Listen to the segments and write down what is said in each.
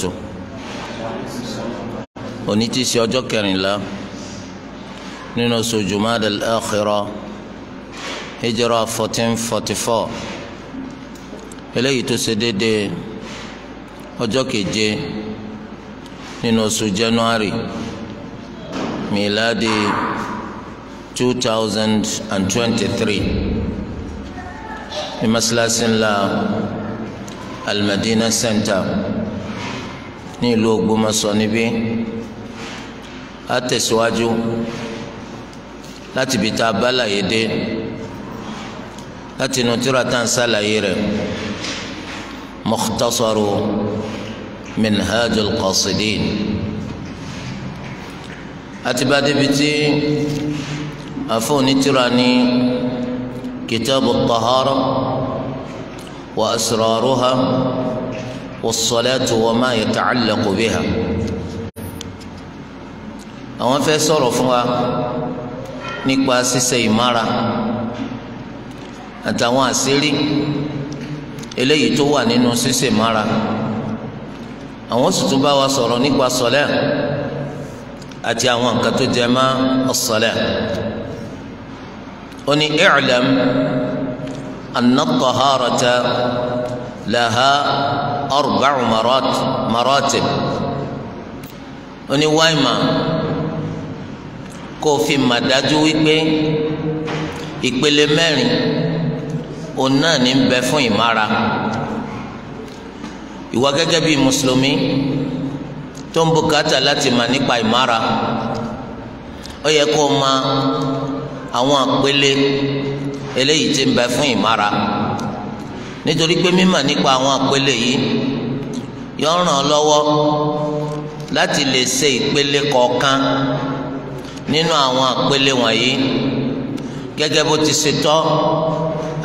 tó òní ti ṣe ọjọ́ kẹrìnlá nínú oṣù Jumada al-Akhira hijira fourteen forty four eléyìí tó ṣe déédéé ọjọ́ keje nínú oṣù January miladi two thousand and twenty three ní masalasi ńlá al Center ní ìlú Ògbómọ̀ṣọ́ níbí a tẹ̀síwájú láti ibi tá a bá láyé dé láti inú tíra tá à ń sàlàyé rẹ̀ Mukhtasaru Minhajul Qasidin àti bá débi tí àfọ̀nìtura ní kitabu Tahara wa asraruha. والصلاة وما يتعلق بها àwọn fẹ́ sọ̀rọ̀ fún wa nípa ṣíṣe ìmára àtàwọn àṣírí eléyìí tó wà nínú ṣíṣe ìmára àwọn sì tún bá wa sọ̀rọ̀ nípa sọ̀lẹ́ àti àwọn nǹkan tó jẹ mọ́ ọ̀sọ̀lẹ́ ó ní لها أربع مرات مراتب kó o fi mà dájú wípé ìpele mẹ́rin òun náà ní bẹ fún ìmára ìwà gẹ́gẹ́ bíi mùsùlùmí tó ń bùkátà láti mà nípa ìmára ó yẹ kó o mọ àwọn àpele eléyìí tí ń bẹ fún ìmára nítorí pé mímọ̀ nípa àwọn àpẹẹlẹ yìí yọ ràn ọ́ lọ́wọ́ láti lè ṣe ìpele kọ̀ọ̀kan nínú àwọn àpẹẹlẹ wọ̀nyí gẹ́gẹ́ bó ti ṣe tọ́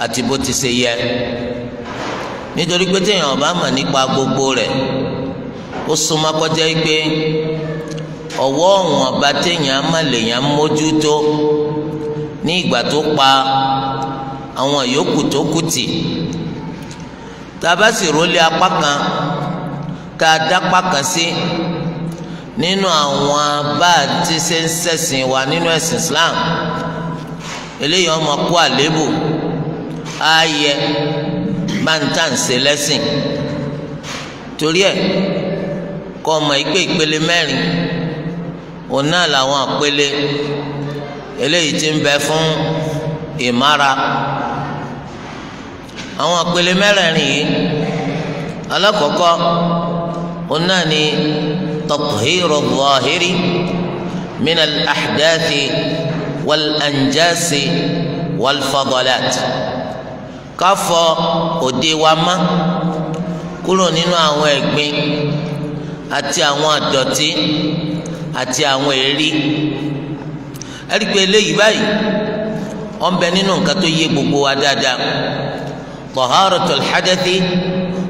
àti bó ti ṣe yẹ nítorí pé téèyàn bá mọ̀ nípa gbogbo rẹ̀ ó súnmọ́ kọjá pé ọwọ́ ọ̀hún ọba téèyàn má lèèyàn mójútó ní ìgbà tó pa àwọn yòókù tó kù tì tàbá sì apá kan tá a dápá kan sí nínú àwọn bá a ti ṣe ń ṣẹ̀sìn wa nínú ẹ̀sìn Islam eléyìí ọmọ kó àléébù ààyè báńtàǹsẹ̀ lẹ́sìn torí ẹ̀ kọ́ ọmọ ìpè ìpele mẹ́rin òun náà làwọn àpele eléyìí ti ń bẹ fún ìmára àwọn àpèlè mẹ́rẹ̀ẹ̀rin yìí alákọ̀ọ́kọ́ òun náà ni tọkìrò wọ́ọ̀hírí mina àdáàtì wàl ànjáàsì wàl fọdọ̀lát káfọ òde wa má kúrò nínú àwọn ẹ̀gbin àti àwọn àdọ̀tí àti àwọn èrí ẹ̀rí pé eléyìí báyìí ọ̀nbẹ nínú nǹkan tó yé gbogbo wa dáadáa taharatul الحدث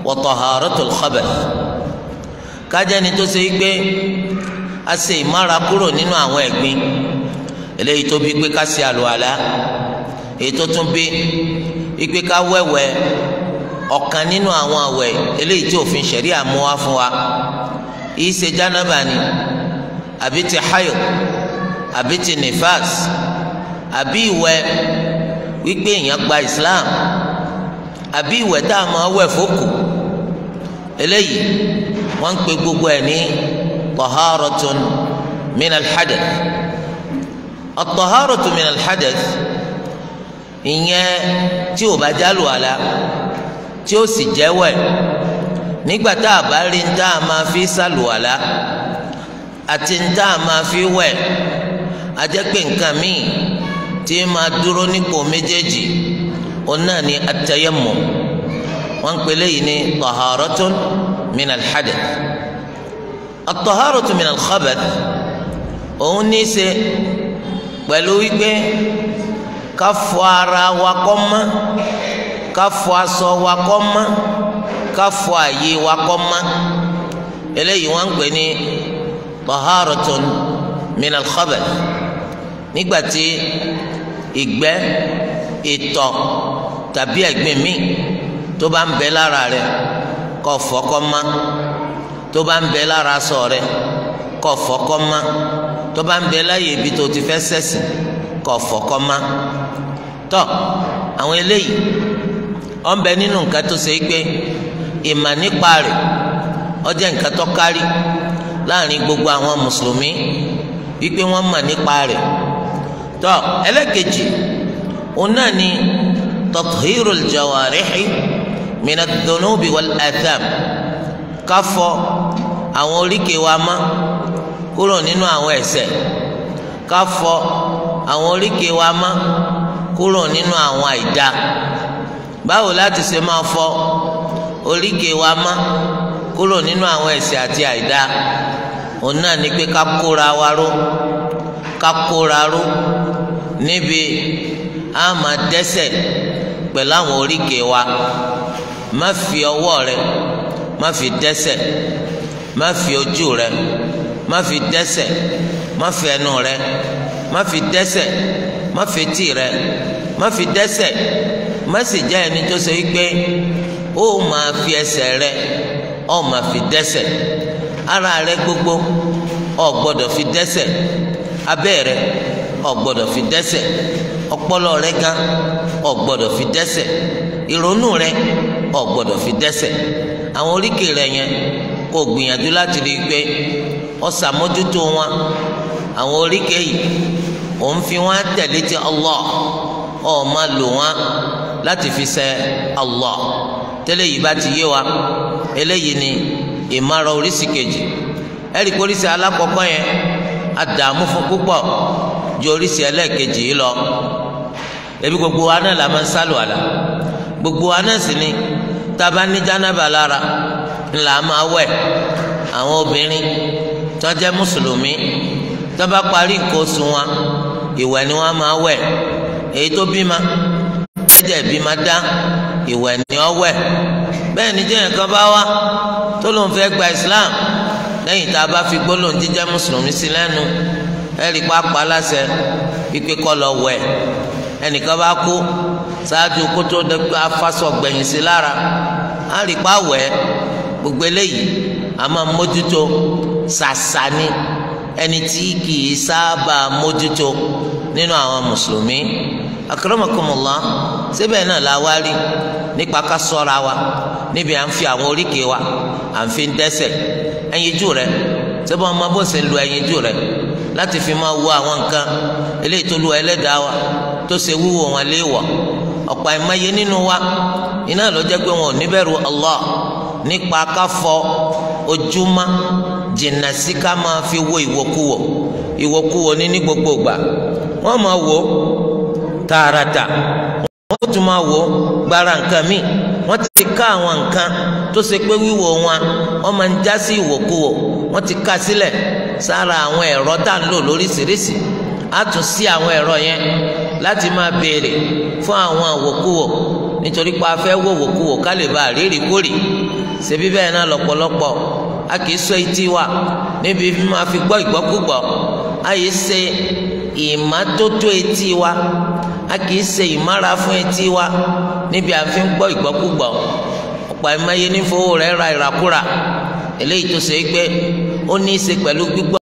wa الخبث khabath kájẹ́ni tó ṣe pé a ṣe ìmára kúrò nínú àwọn ẹ̀gbin eléyìí tó bí pé ká ṣe àlùwàlá èyí tó tún bí ipe ká wẹ̀wẹ̀ ọ̀kan nínú àwọn àwẹ̀ eléyìí tí òfin ṣẹ̀rí àmúwá fún wa yìí ṣe jánábà ni àbí ti hayo àbí ti nifas àbí ìwẹ̀ wípé èèyàn gba Islam àbí ìwẹ̀ tá a máa wẹ̀ fókù eléyìí wọ́n ń pe gbogbo ẹ̀ ní taharatun minal hadath at-taharatu minal hadath ìyẹn tí ò bá jálù àlá tí ó sì jẹ́wẹ̀ nígbà tá a bá rí tá a máa fi sàlùwàlá àti tá a máa fi wẹ̀ a pé nǹkan míì tí máa dúró nípò méjèèjì òun náà ni atayammum wọn ń pè léyìí ní taharatun min alhadath ataharatun min alkhabath òun ní í ṣe pẹ̀lú wípé ká fọ ara wa kó mọ́ ká aṣọ wa kó mọ́ ká àyè wa kó mọ́ eléyìí wọn pè ní taharatun min alkhabath nígbà tí ìgbẹ́ E tàbí ẹ̀gbin míì tó bá ń bẹ lára rẹ kó fọ̀ kó mọ́ tó bá ń bẹ lára aṣọ rẹ kó fọ̀ kó mọ́ tó bá ń bẹ láyè ibi tó ti fẹ́ sẹ̀sìn kó fọ̀ kó mọ́ àwọn eléyìí ó ń bẹ nínú nǹkan tó ṣe é pé ìmà nípa rẹ̀ ó jẹ́ nǹkan tó kárí láàrin gbogbo àwọn mùsùlùmí wípé wọ́n mà nípa rẹ̀ tọ́ ẹlẹ́kejì òun náà ni. تطهير الجوارح من الذنوب والآثام dunubi wal-atham káfọ̀ àwọn oríkèé wa mọ́ kúrò nínú àwọn ẹ̀ṣẹ̀ káfọ̀ àwọn oríkèé wa mọ́ kúrò nínú àwọn àìdá báwo láti ṣe máa fọ oríkèé wa mọ́ kúrò nínú àwọn ẹ̀ṣẹ̀ àti àìdá òun náà ni pé ká kóra wa ró ká kóra ró níbi a máa pẹ̀lú àwọn oríkèé wa má fi ọwọ́ rẹ má fi dẹ́sẹ̀ má fi ojú rẹ má fi dẹ́sẹ̀ má fi ẹnu rẹ má fi dẹ́sẹ̀ má fi etí rẹ má fi dẹ́sẹ̀ má sì jẹ́ ẹni tó ṣe wípé ó máa fi ẹsẹ̀ rẹ ó máa fi dẹ́sẹ̀ ara rẹ gbogbo ó gbọ́dọ̀ fi dẹ́sẹ̀ abẹ́ rẹ ó gbọ́dọ̀ fi dẹ́sẹ̀ ọpọlọ rẹ gan ò gbọ́dọ̀ fi dẹ́ṣẹ̀ ìrònú rẹ ò gbọ́dọ̀ fi dẹ́ṣẹ̀ àwọn oríkèé rẹ yẹn kò gbìyànjú láti rí i pé ó wọn àwọn oríkèé yìí òun fi wọn tẹ̀lé ti Allah ó máa lò wọn láti fi ṣe Allah tẹ́lẹ̀ yìí bá ti yé wa eléyìí ni ìmọ̀ràn oríṣi kejì ẹ̀rí polisi alákọ̀ọ́kọ́ yẹn àdààmú fún púpọ̀ ju oríṣi ẹlẹ́ẹ̀kejì yìí lọ ebi gbogbo wa náà la máa ń sálù àlà gbogbo wa náà sì ni taba ní jánábà lára ńlá máa wẹ̀ àwọn obìnrin tó jẹ́ mùsùlùmí tó bá parí nǹkan oṣù wọn ìwẹ̀ ni wọ́n máa wẹ̀ èyí tó bímọ ẹ̀jẹ̀ bímọ dá ìwẹ̀ ni wọ́n wẹ̀ bẹ́ẹ̀ ni jẹ́yìn kan bá wá tó lóun fẹ́ gba Islam lẹ́yìn tá a bá fi gbólóhùn jíjẹ́ mùsùlùmí sí lẹ́nu ẹ̀rí pápá láṣẹ ikpe kọ́ lọ wẹ̀ ẹnìkan bá kú ṣáájú kótó afasọ gbẹ̀yìn sí lára ẹ̀rí pá wẹ̀ gbogbo eléyìí a mójútó ṣàṣà ni ẹni tí kì í sábà mójútó nínú àwọn mùsùlùmí akramakumullah síbẹ̀ náà la wá rí nípa ká ṣọ́ra wa níbi à ń fi àwọn oríkèé wa à ń fi ń dẹ́ṣẹ̀ ẹyinjú rẹ síbẹ̀ ọmọ bó ṣe ń lu ẹyinjú rẹ. láti fi máa wo àwọn nǹkan eléyìí tó lu ẹlẹ́dàá wa tó ṣe wíwò wọn léèwọ̀ ọ̀pọ̀ àìmọye nínú wa iná ló jẹ́ pé wọn ò níbẹ̀rù Allah nípa káfọ ojúmọ́ jìnnà sí ká máa fi wo ìwòkuwò ìwòkuwò ní ní gbogbo ìgbà wọ́n máa wò ó tààràtà wọ́n tún máa wò ó gbára nǹkan míì wọ́n ti ká àwọn nǹkan tó ṣe pé wíwò wọn wọ́n máa ń já sí ìwòkuwò. wọ́n ti ka sílẹ̀ sára àwọn ẹ̀rọ tá à ń lò lóríṣiríṣi á tún sí àwọn ẹ̀rọ yẹn láti máa béèrè fún àwọn àwòkúwò nítorí pé a fẹ́ wò wòkúwò ká lè bá rírì kórì ṣebí bẹ́ẹ̀ náà lọ́pọ̀lọpọ̀ a kì í sọ etí wa níbi bí máa fi gbọ́ ìgbọ́kúgbọ́ a yìí ṣe ìmátótó etí wa a kì í ṣe ìmára fún etí wa níbi à ń gbọ́ ìgbọ́kúgbọ́ ọ̀pọ̀ ẹ̀máyé ní fowó rẹ̀ ra ìràkúrà eléyìí tó ṣe é gbé ó ní í ṣe pẹ̀lú gbígbọ́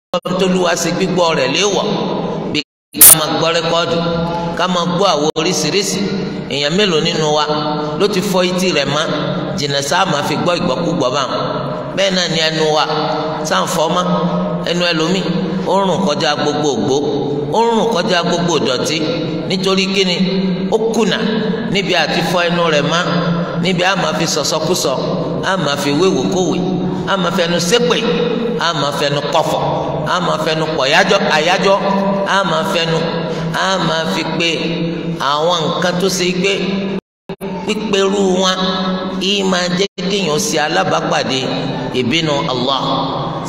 tóluwa ṣe gbígbọ́ rẹ̀ léèwọ̀ bí ká máa gbọ́ rẹ́kọ́ọ̀dù ká máa gbọ́ àwo oríṣiríṣi èèyàn mélòó nínú wa ló ti fọ́ etí rẹ̀ mọ́ jìnnà sáà máa fi gbọ́ ìgbọ́kúgbọ́ bá wọn bẹ́ẹ̀ náà ni ẹnu wa sáǹfọ́mọ́ ẹnu ẹlòmíì ó rùn kọjá gbogbo ògbó ó rùn kọjá gbogbo ìdọ̀tí nítorí kíni ó kùnà níbi àti fọ ẹnu rẹ̀ mọ́ níbi àmàfi sọ̀sọ́kúsọ àmàfi wéwòkówèé a máa fẹnu ṣépè a máa fẹnu kọfọ̀ a máa fẹnu pọ̀ àyájọ́ a máa fẹnu a máa fi pé àwọn nǹkan tó ṣe gbé pípẹ́rú wọn yìí máa jẹ́ kéèyàn ṣe alábàápàdé ìbínú Allah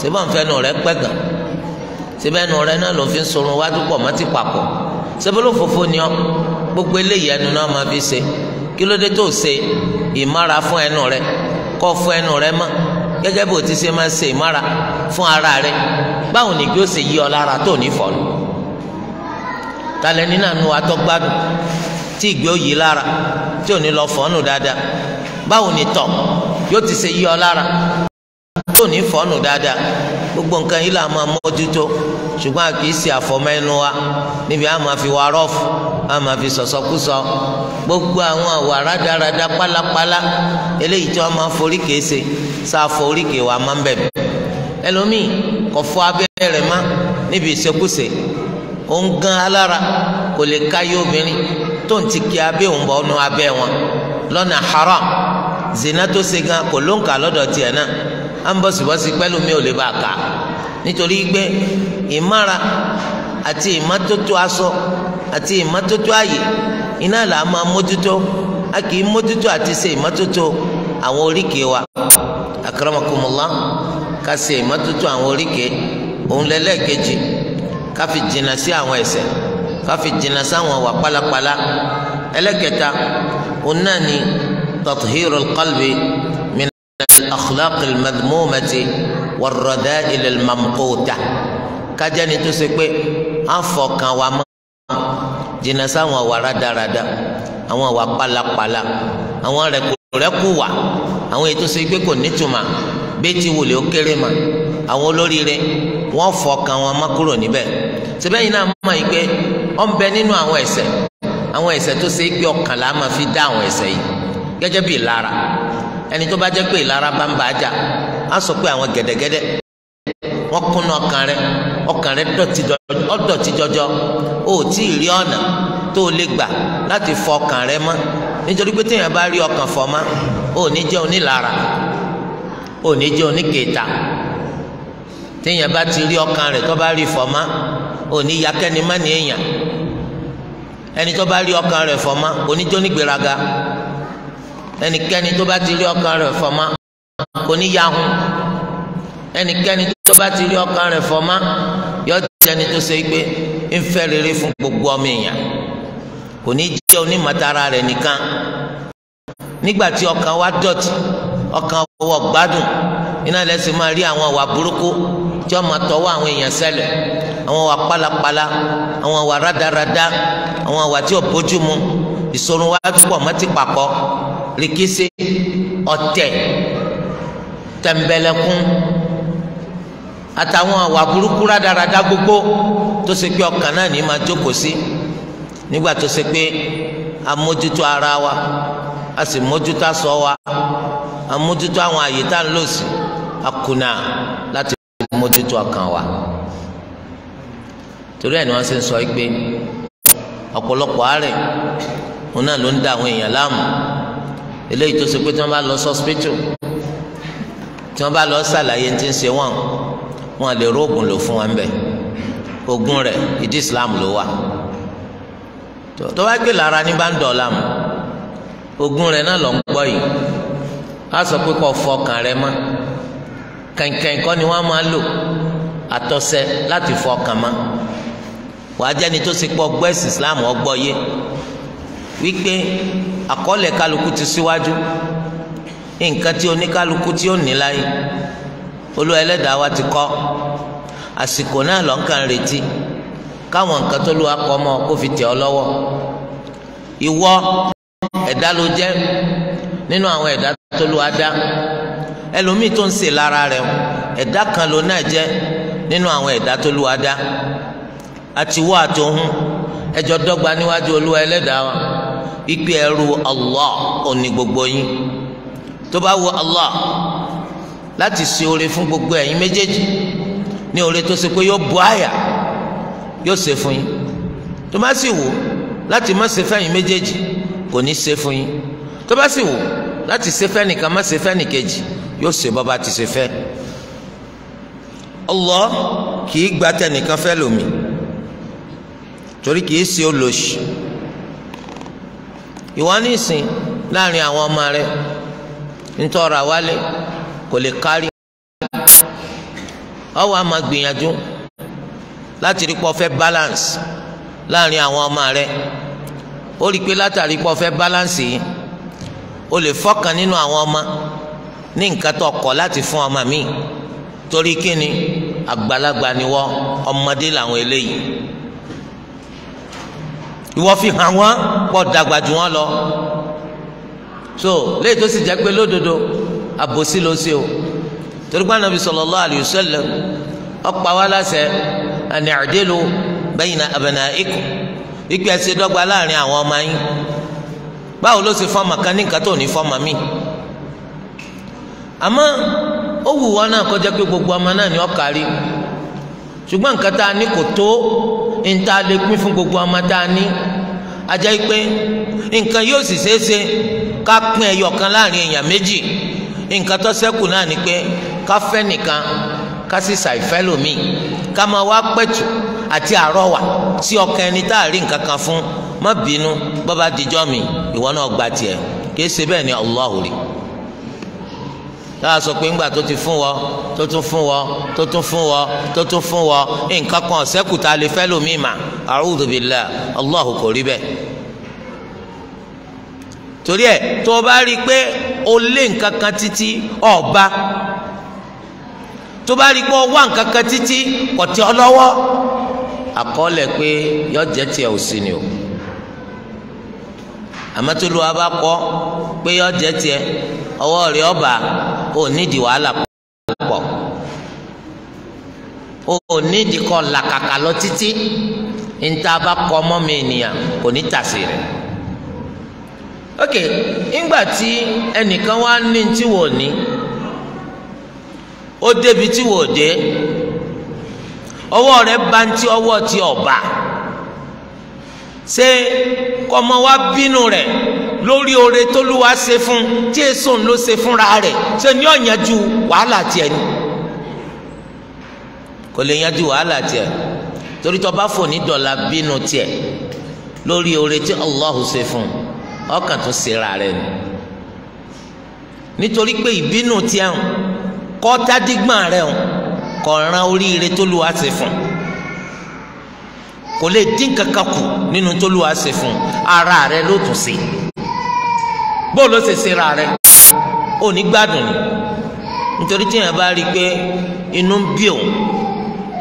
síbọn fẹnu rẹ pẹgàn síbẹnu rẹ náà ló fi ń sorun wájú pọ̀ mọ́ ti papọ̀ sẹbẹlú fòfó ni ọ gbogbo eléyìí ẹnu náà máa fi ṣe kí ló dé tó ṣe ìmára fún ẹnu rẹ kọ́ fún gẹ́gẹ́ bó ti ṣe máa ṣe ìmọ́ra fún ara rẹ báwo ni kí ó ṣe yí ọ lára tó ní fọ̀nù talẹ́ni náà nu atọ́gbádùn tí ìgbé òyì lára tí ò ní lọ fọ̀nù dáadáa báwo ni tọ̀ yóò ti ṣe yí ọ lára tó ní dáadáa gbogbo nǹkan yìí là máa mójútó ṣùgbọ́n a kìí ṣe àfọmẹ́nu wa níbi a máa fi wà rọ́ọ̀fù a máa fi sọ̀sọ́kúsọ gbogbo àwọn àwọ̀ rádaràda pálapàla eléyìí tí wọ́n máa forí kèé ṣe sá forí kèé máa ń ẹlòmíì kò fọ abẹ́rẹ́ rẹ̀ má níbi ìṣekúṣe gan alára kò lè káyé obìnrin tó ń ti kí abẹ́ òun haram zina tó ṣe gan kò à ń bọ̀sibọ́sí pẹ́lú mi ò lè bá a kà nítorí pé ìmára àti ìmọ́tótó aṣọ àti ìmọ́tótó ààyè iná là á máa mójútó a kì í mójútó àti ṣe ìmọ́tótó àwọn oríkèé wa akramakumullah ká ṣe ìmọ́tótó àwọn oríkèé òun lẹ́lẹ́kejì ká fi jìnnà sí àwọn ẹ̀ṣẹ̀ ká fi jìnnà sáwọn wà pálapàla ẹlẹ́kẹta òun náà ni al-akhlaq al-madhmumati war-radha'il al-mamquta kájẹ́ni tó ṣe pé àfọkàn wa mọ́ jìnnà sáwọn wà rádaràda àwọn wà pálapàla àwọn rẹ̀kùrẹ́kù wà àwọn ètò ṣe pé kò nítumà bẹ́ẹ̀ tí wòlé ó kéré mà àwọn olóríire wọ́n fọkàn wọn má kúrò níbẹ̀ sẹ́bẹ̀yìn náà mọ̀ yìí pé ó ń bẹ nínú àwọn ẹ̀ṣẹ̀ àwọn ẹ̀ṣẹ̀ tó ṣe é pé ọkàn la máa fi dá àwọn ẹ̀ṣẹ̀ yìí gẹ́gẹ́ bí ìlara ẹni tó bá jẹ́ pé ìlara bá ń bá a jà á sọ pé àwọn gẹ̀dẹ̀gẹ̀dẹ̀ wọ́n kúnná ọkàn rẹ ọkàn rẹ dọ̀tí jọjọ o ò tí ì rí ọ̀nà tó o lè gbà láti fọ ọkàn rẹ mọ́ nítorí pé téèyàn bá rí ọkàn fọ mọ́ o ò ní jẹ́ onílara o ò ní jẹ́ oníkèéta téèyàn bá ti rí ọkàn rẹ tó bá rí fọ mọ́ o ní ya kẹ́ni ní èèyàn ẹni tó bá rí ọkàn rẹ fọ mọ́ oníjọ́ nígbéraga ẹnikẹ́ni tó bá ti rí ọkàn rẹ̀ fọmá kò ní yahun ẹnikẹ́ni tó bá ti rí ọkàn rẹ̀ fọmá yọ jẹni tó ṣe gbé ń fẹ́ rere fún gbogbo ọmọ èèyàn kò ní jẹ́ onímọ̀tara rẹ̀ nìkan nígbà tí ọkàn wa dọ̀tí ọkàn wa gbádùn iná lẹ́sìn máa rí àwọn àwà burúkú tí wọ́n máa àwọn èèyàn sẹ́lẹ̀ àwọn àwà pálapàla àwọn àwà rádaràda àwọn àwà tí ò bójú mu ìṣòro wa pọ̀ mọ́ pàkọ́ Likisi ọ̀tẹ̀ tẹ̀mbẹ̀lẹ̀kún àtàwọn àwà burúkú rádaràda gbogbo tó ṣe pé ọkàn náà ní máa jókòó sí nígbà tó ṣe pé amójútó ara wa a sì mójútó aṣọ wa amójútó àwọn àyè tá à ń lò sí akùnà láti mójútó ọkàn wa torí ẹ̀ ni wọ́n ṣe ń sọ pé ọ̀pọ̀lọpọ̀ àárẹ̀ òun náà ló ń da àwọn èèyàn láàmú eléyìí tó ṣe pé tí wọ́n bá lọ sọ́spítù tí wọ́n bá lọ ṣàlàyé tí ń ṣe wọ́n wọ́n lè róògùn lò fún wọn bẹ́ẹ̀ ogun rẹ̀ ìdí Islam ló wà tó bá gbé lára ní bá ń dọ̀ọ́lá mu ogun rẹ̀ náà lọ ń gbọ́ yìí á sọ pé kò fọkàn rẹ mọ́ kẹ̀kẹ́ kọ́ ni wọ́n máa lò àtọ̀sẹ̀ láti fọkàn mọ́ wàá jẹ́ni tó ṣe pọ̀ gbẹ́sì Islam ọgbọ́ yé wípé àkọọ́lẹ̀ kálukú ti síwájú nǹkan tí oníkálukú tí ó ní láyé olú wa ti kọ́ àsìkò náà lọ́n retí káwọn nǹkan tó lù wá kó fi tẹ̀ ọ́ lọ́wọ́ ìwọ ẹ̀dá nínú àwọn ẹ̀dá tó lù wá dá tó ń lára kan ló náà jẹ́ nínú àwọn ẹ̀dá tó lù wá dá àtòhún ikpe ẹrú Allah òní gbogbo yín tó bá wù Allah láti ṣe oore fún gbogbo ẹ̀yin méjèèjì ní oore tó ṣe pé yóò bu àyà yóò ṣe fún yín tó bá sì wù láti má ṣe fẹ́yìn méjèèjì kò ní ṣe fún yín tó bá sì wù láti ṣe fẹ́ nìkan má ṣe fẹ́ nìkejì yóò ṣe bọ́ bá ti ṣe fẹ́ Allah kì í gba tẹnìkan fẹ́ lómi torí kì í ṣe olóṣì. ìwọ ní ìsìn láàrin àwọn ọmọ rẹ ntọ́ra wálé kò lè kárí ọwọ́ a máa gbìyànjú láti rí pọ́ balance láàrin àwọn ọmọ rẹ ó rí i pé látàrí balance yìí o lè fọ́kàn nínú àwọn ọmọ ní nǹkan tó kọ̀ láti fún ọmọ mi torí kíni àgbàlagbà ni wọ́n ọmọdé làwọn eléyìí. ìwọ fi hàn wọn pọ̀ dàgbà jù wọn lọ so léyìí tó sì jẹ́ pé lódodo àbòsí ló ṣe o torí pé anabi sallallahu alayhi wa sallam ó pa wá láṣẹ àní i'dilu bayna abna'ikum ìpè ẹsẹ dọ́gba láàrin àwọn ọmọ yín báwo mi ó wù wọn náà kọjá gbogbo ọmọ náà ni ṣùgbọ́n nǹkan tá níta lè pín fún gbogbo amata ni a ní ajá yìí pé nǹkan yóò sì ṣeé ṣe ká pín ẹyọ kan láàrin èèyàn méjì nǹkan tó ṣẹ́kù náà ni pé ká fẹ́ nìkan ká sì ṣàìfẹ́ lòmíì ká máa wá pẹ̀tù àti àrọ́wà sí ọkàn ẹni tá a rí nǹkan kan fún má bínú bọ́ba dijọ́ mi ìwọ náà gba tiẹ̀ kì í ṣe bẹ́ẹ̀ ni Allah rí. tá a sọ pé ńgbà tó ti fún wọ tó tún fún wọ tó tún fún wọ tó tún fún wọ nǹkan kan lè fẹ́ lómi mà torí ẹ tó o bá rí i pé o lé nǹkan kan títí ọba tó o bá rí i pé o wá nǹkan kan títí àkọọ́lẹ̀ pé yọjẹ́ tiẹ̀ ò ni o àmọ́ tó ò nídìí wàhálà púpọ̀ ò nídìí kọ́ làkàkà lọ títí níta bá ọmọ mi ènìyàn kò ní tàsí rẹ̀ ok ńgbà tí ẹnìkan wá ní tí wò ní ó débi tí wò dé ọwọ́ rẹ̀ bá ń tí ọwọ́ tí ọba. ṣé kọ́mọ wa bínú rẹ̀ lórí oore t'Olúwa ṣe fún tí èso ń lọ ṣe fúnra rẹ̀ ṣé ní ọ̀yanjú wàhálà tiẹ̀ ni kò lè yanjú wàhálà tiẹ̀ torí tó bá fò ní dọ̀la bínú tiẹ̀ lórí oore tí Allahu ṣe fún ọkàn tó ṣe ra ni nítorí pé ìbínú tiẹ̀ ń kọ́ tádígbọ̀n rẹ̀ ń kọ̀ ran oríire t'Olúwa ṣe fún kò lè dín kankan kù nínú t'Olúwa ṣe fún ara rẹ ló tún ṣe bó ló ṣe ṣe ra rẹ ò ní gbádùn ni nítorí tí èèyàn bá rí i pé inú ń bí òun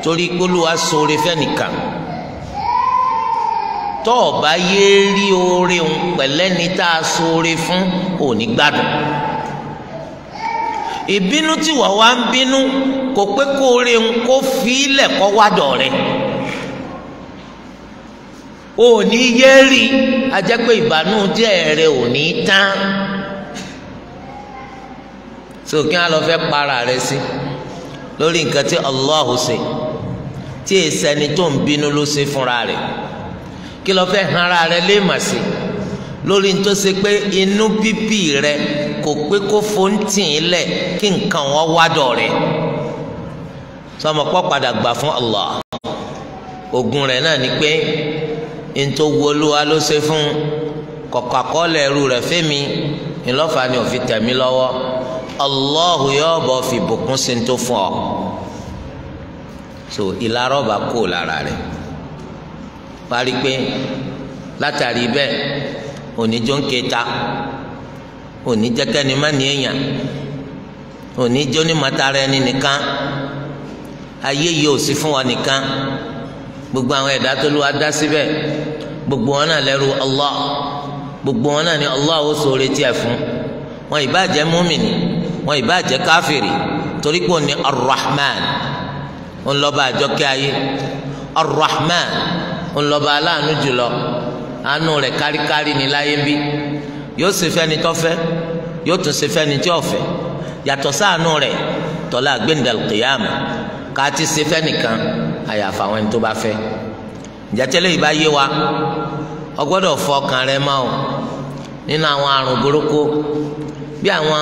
torí pé Olúwa ṣoore fẹ́nìkan tó o bá yé rí oore òun pẹ̀lẹ́ni tá a ṣoore fún ò ní gbádùn ìbínú tí wàá wá ń bínú kò pé kóore òun kó fi í lẹ̀ wádọ̀ rẹ̀ ò ní yé rí ajẹ́ pé ìbànújẹ́ rẹ ò ní tán sókè á lọ fẹ́ para rẹ sí lórí nǹkan tí Allah ṣe tí èsẹni tó ń bínú ló ṣe fúnra rẹ kí lọ fẹ́ hanra rẹ léèmà sí lórí tó ṣe pé inú bíbí rẹ kò pé kó fóńtìn lẹ kí nǹkan wọn wá dọ̀ rẹ sọmọ pọ́ padà gbà fún Allah ogun rẹ náà ni pé ntò wọlúwa ló ṣe fún kọ̀kọ́ àkọọ́lẹ̀ ẹrú rẹ̀ fẹ́mi ńlọ́fà ni òfin tẹ̀mí lọ́wọ́ Allahu yóò bọ̀ fi bùkún sí ntò fún ọ so ìlarọ̀ bá kó lára rẹ̀ parí pé látàrí bẹ́ẹ̀ òní jó ń kẹta òní jẹ́kẹ́ ni má ní èèyàn òní ní màtara ẹni nìkan ayé yìí ò sí fún wa nìkan gbogbo àwọn ẹ̀dá tó lù wá dá síbẹ̀ gbogbo wọn náà lẹ́rù Allah gbogbo wọn náà ni Allah ó so retí ẹ̀ fún wọn ìbá jẹ́ múmìnì wọn ìbá jẹ́ káfìrì torí pé òun ni Ar-Rahman òun lọ́ba àjọkẹ́ ayé Ar-Rahman òun lọ́ba aláàánú jùlọ àánú rẹ̀ káríkárí ni láyé bí yóò ṣe fẹ́ni tó fẹ́ yóò tún ṣe fẹ́ni tí ò fẹ́ yàtọ̀ sáànú rẹ̀ tọ́lá gbẹ̀ndàlùkìyàmù ká àyàfà àwọn ẹni tó bá fẹ́ ìjàtẹ́lẹ̀ yìí bá yé wa o gbọ́dọ̀ fọ ọkàn rẹ mọ́ o nínú àwọn àrùn burúkú bí àwọn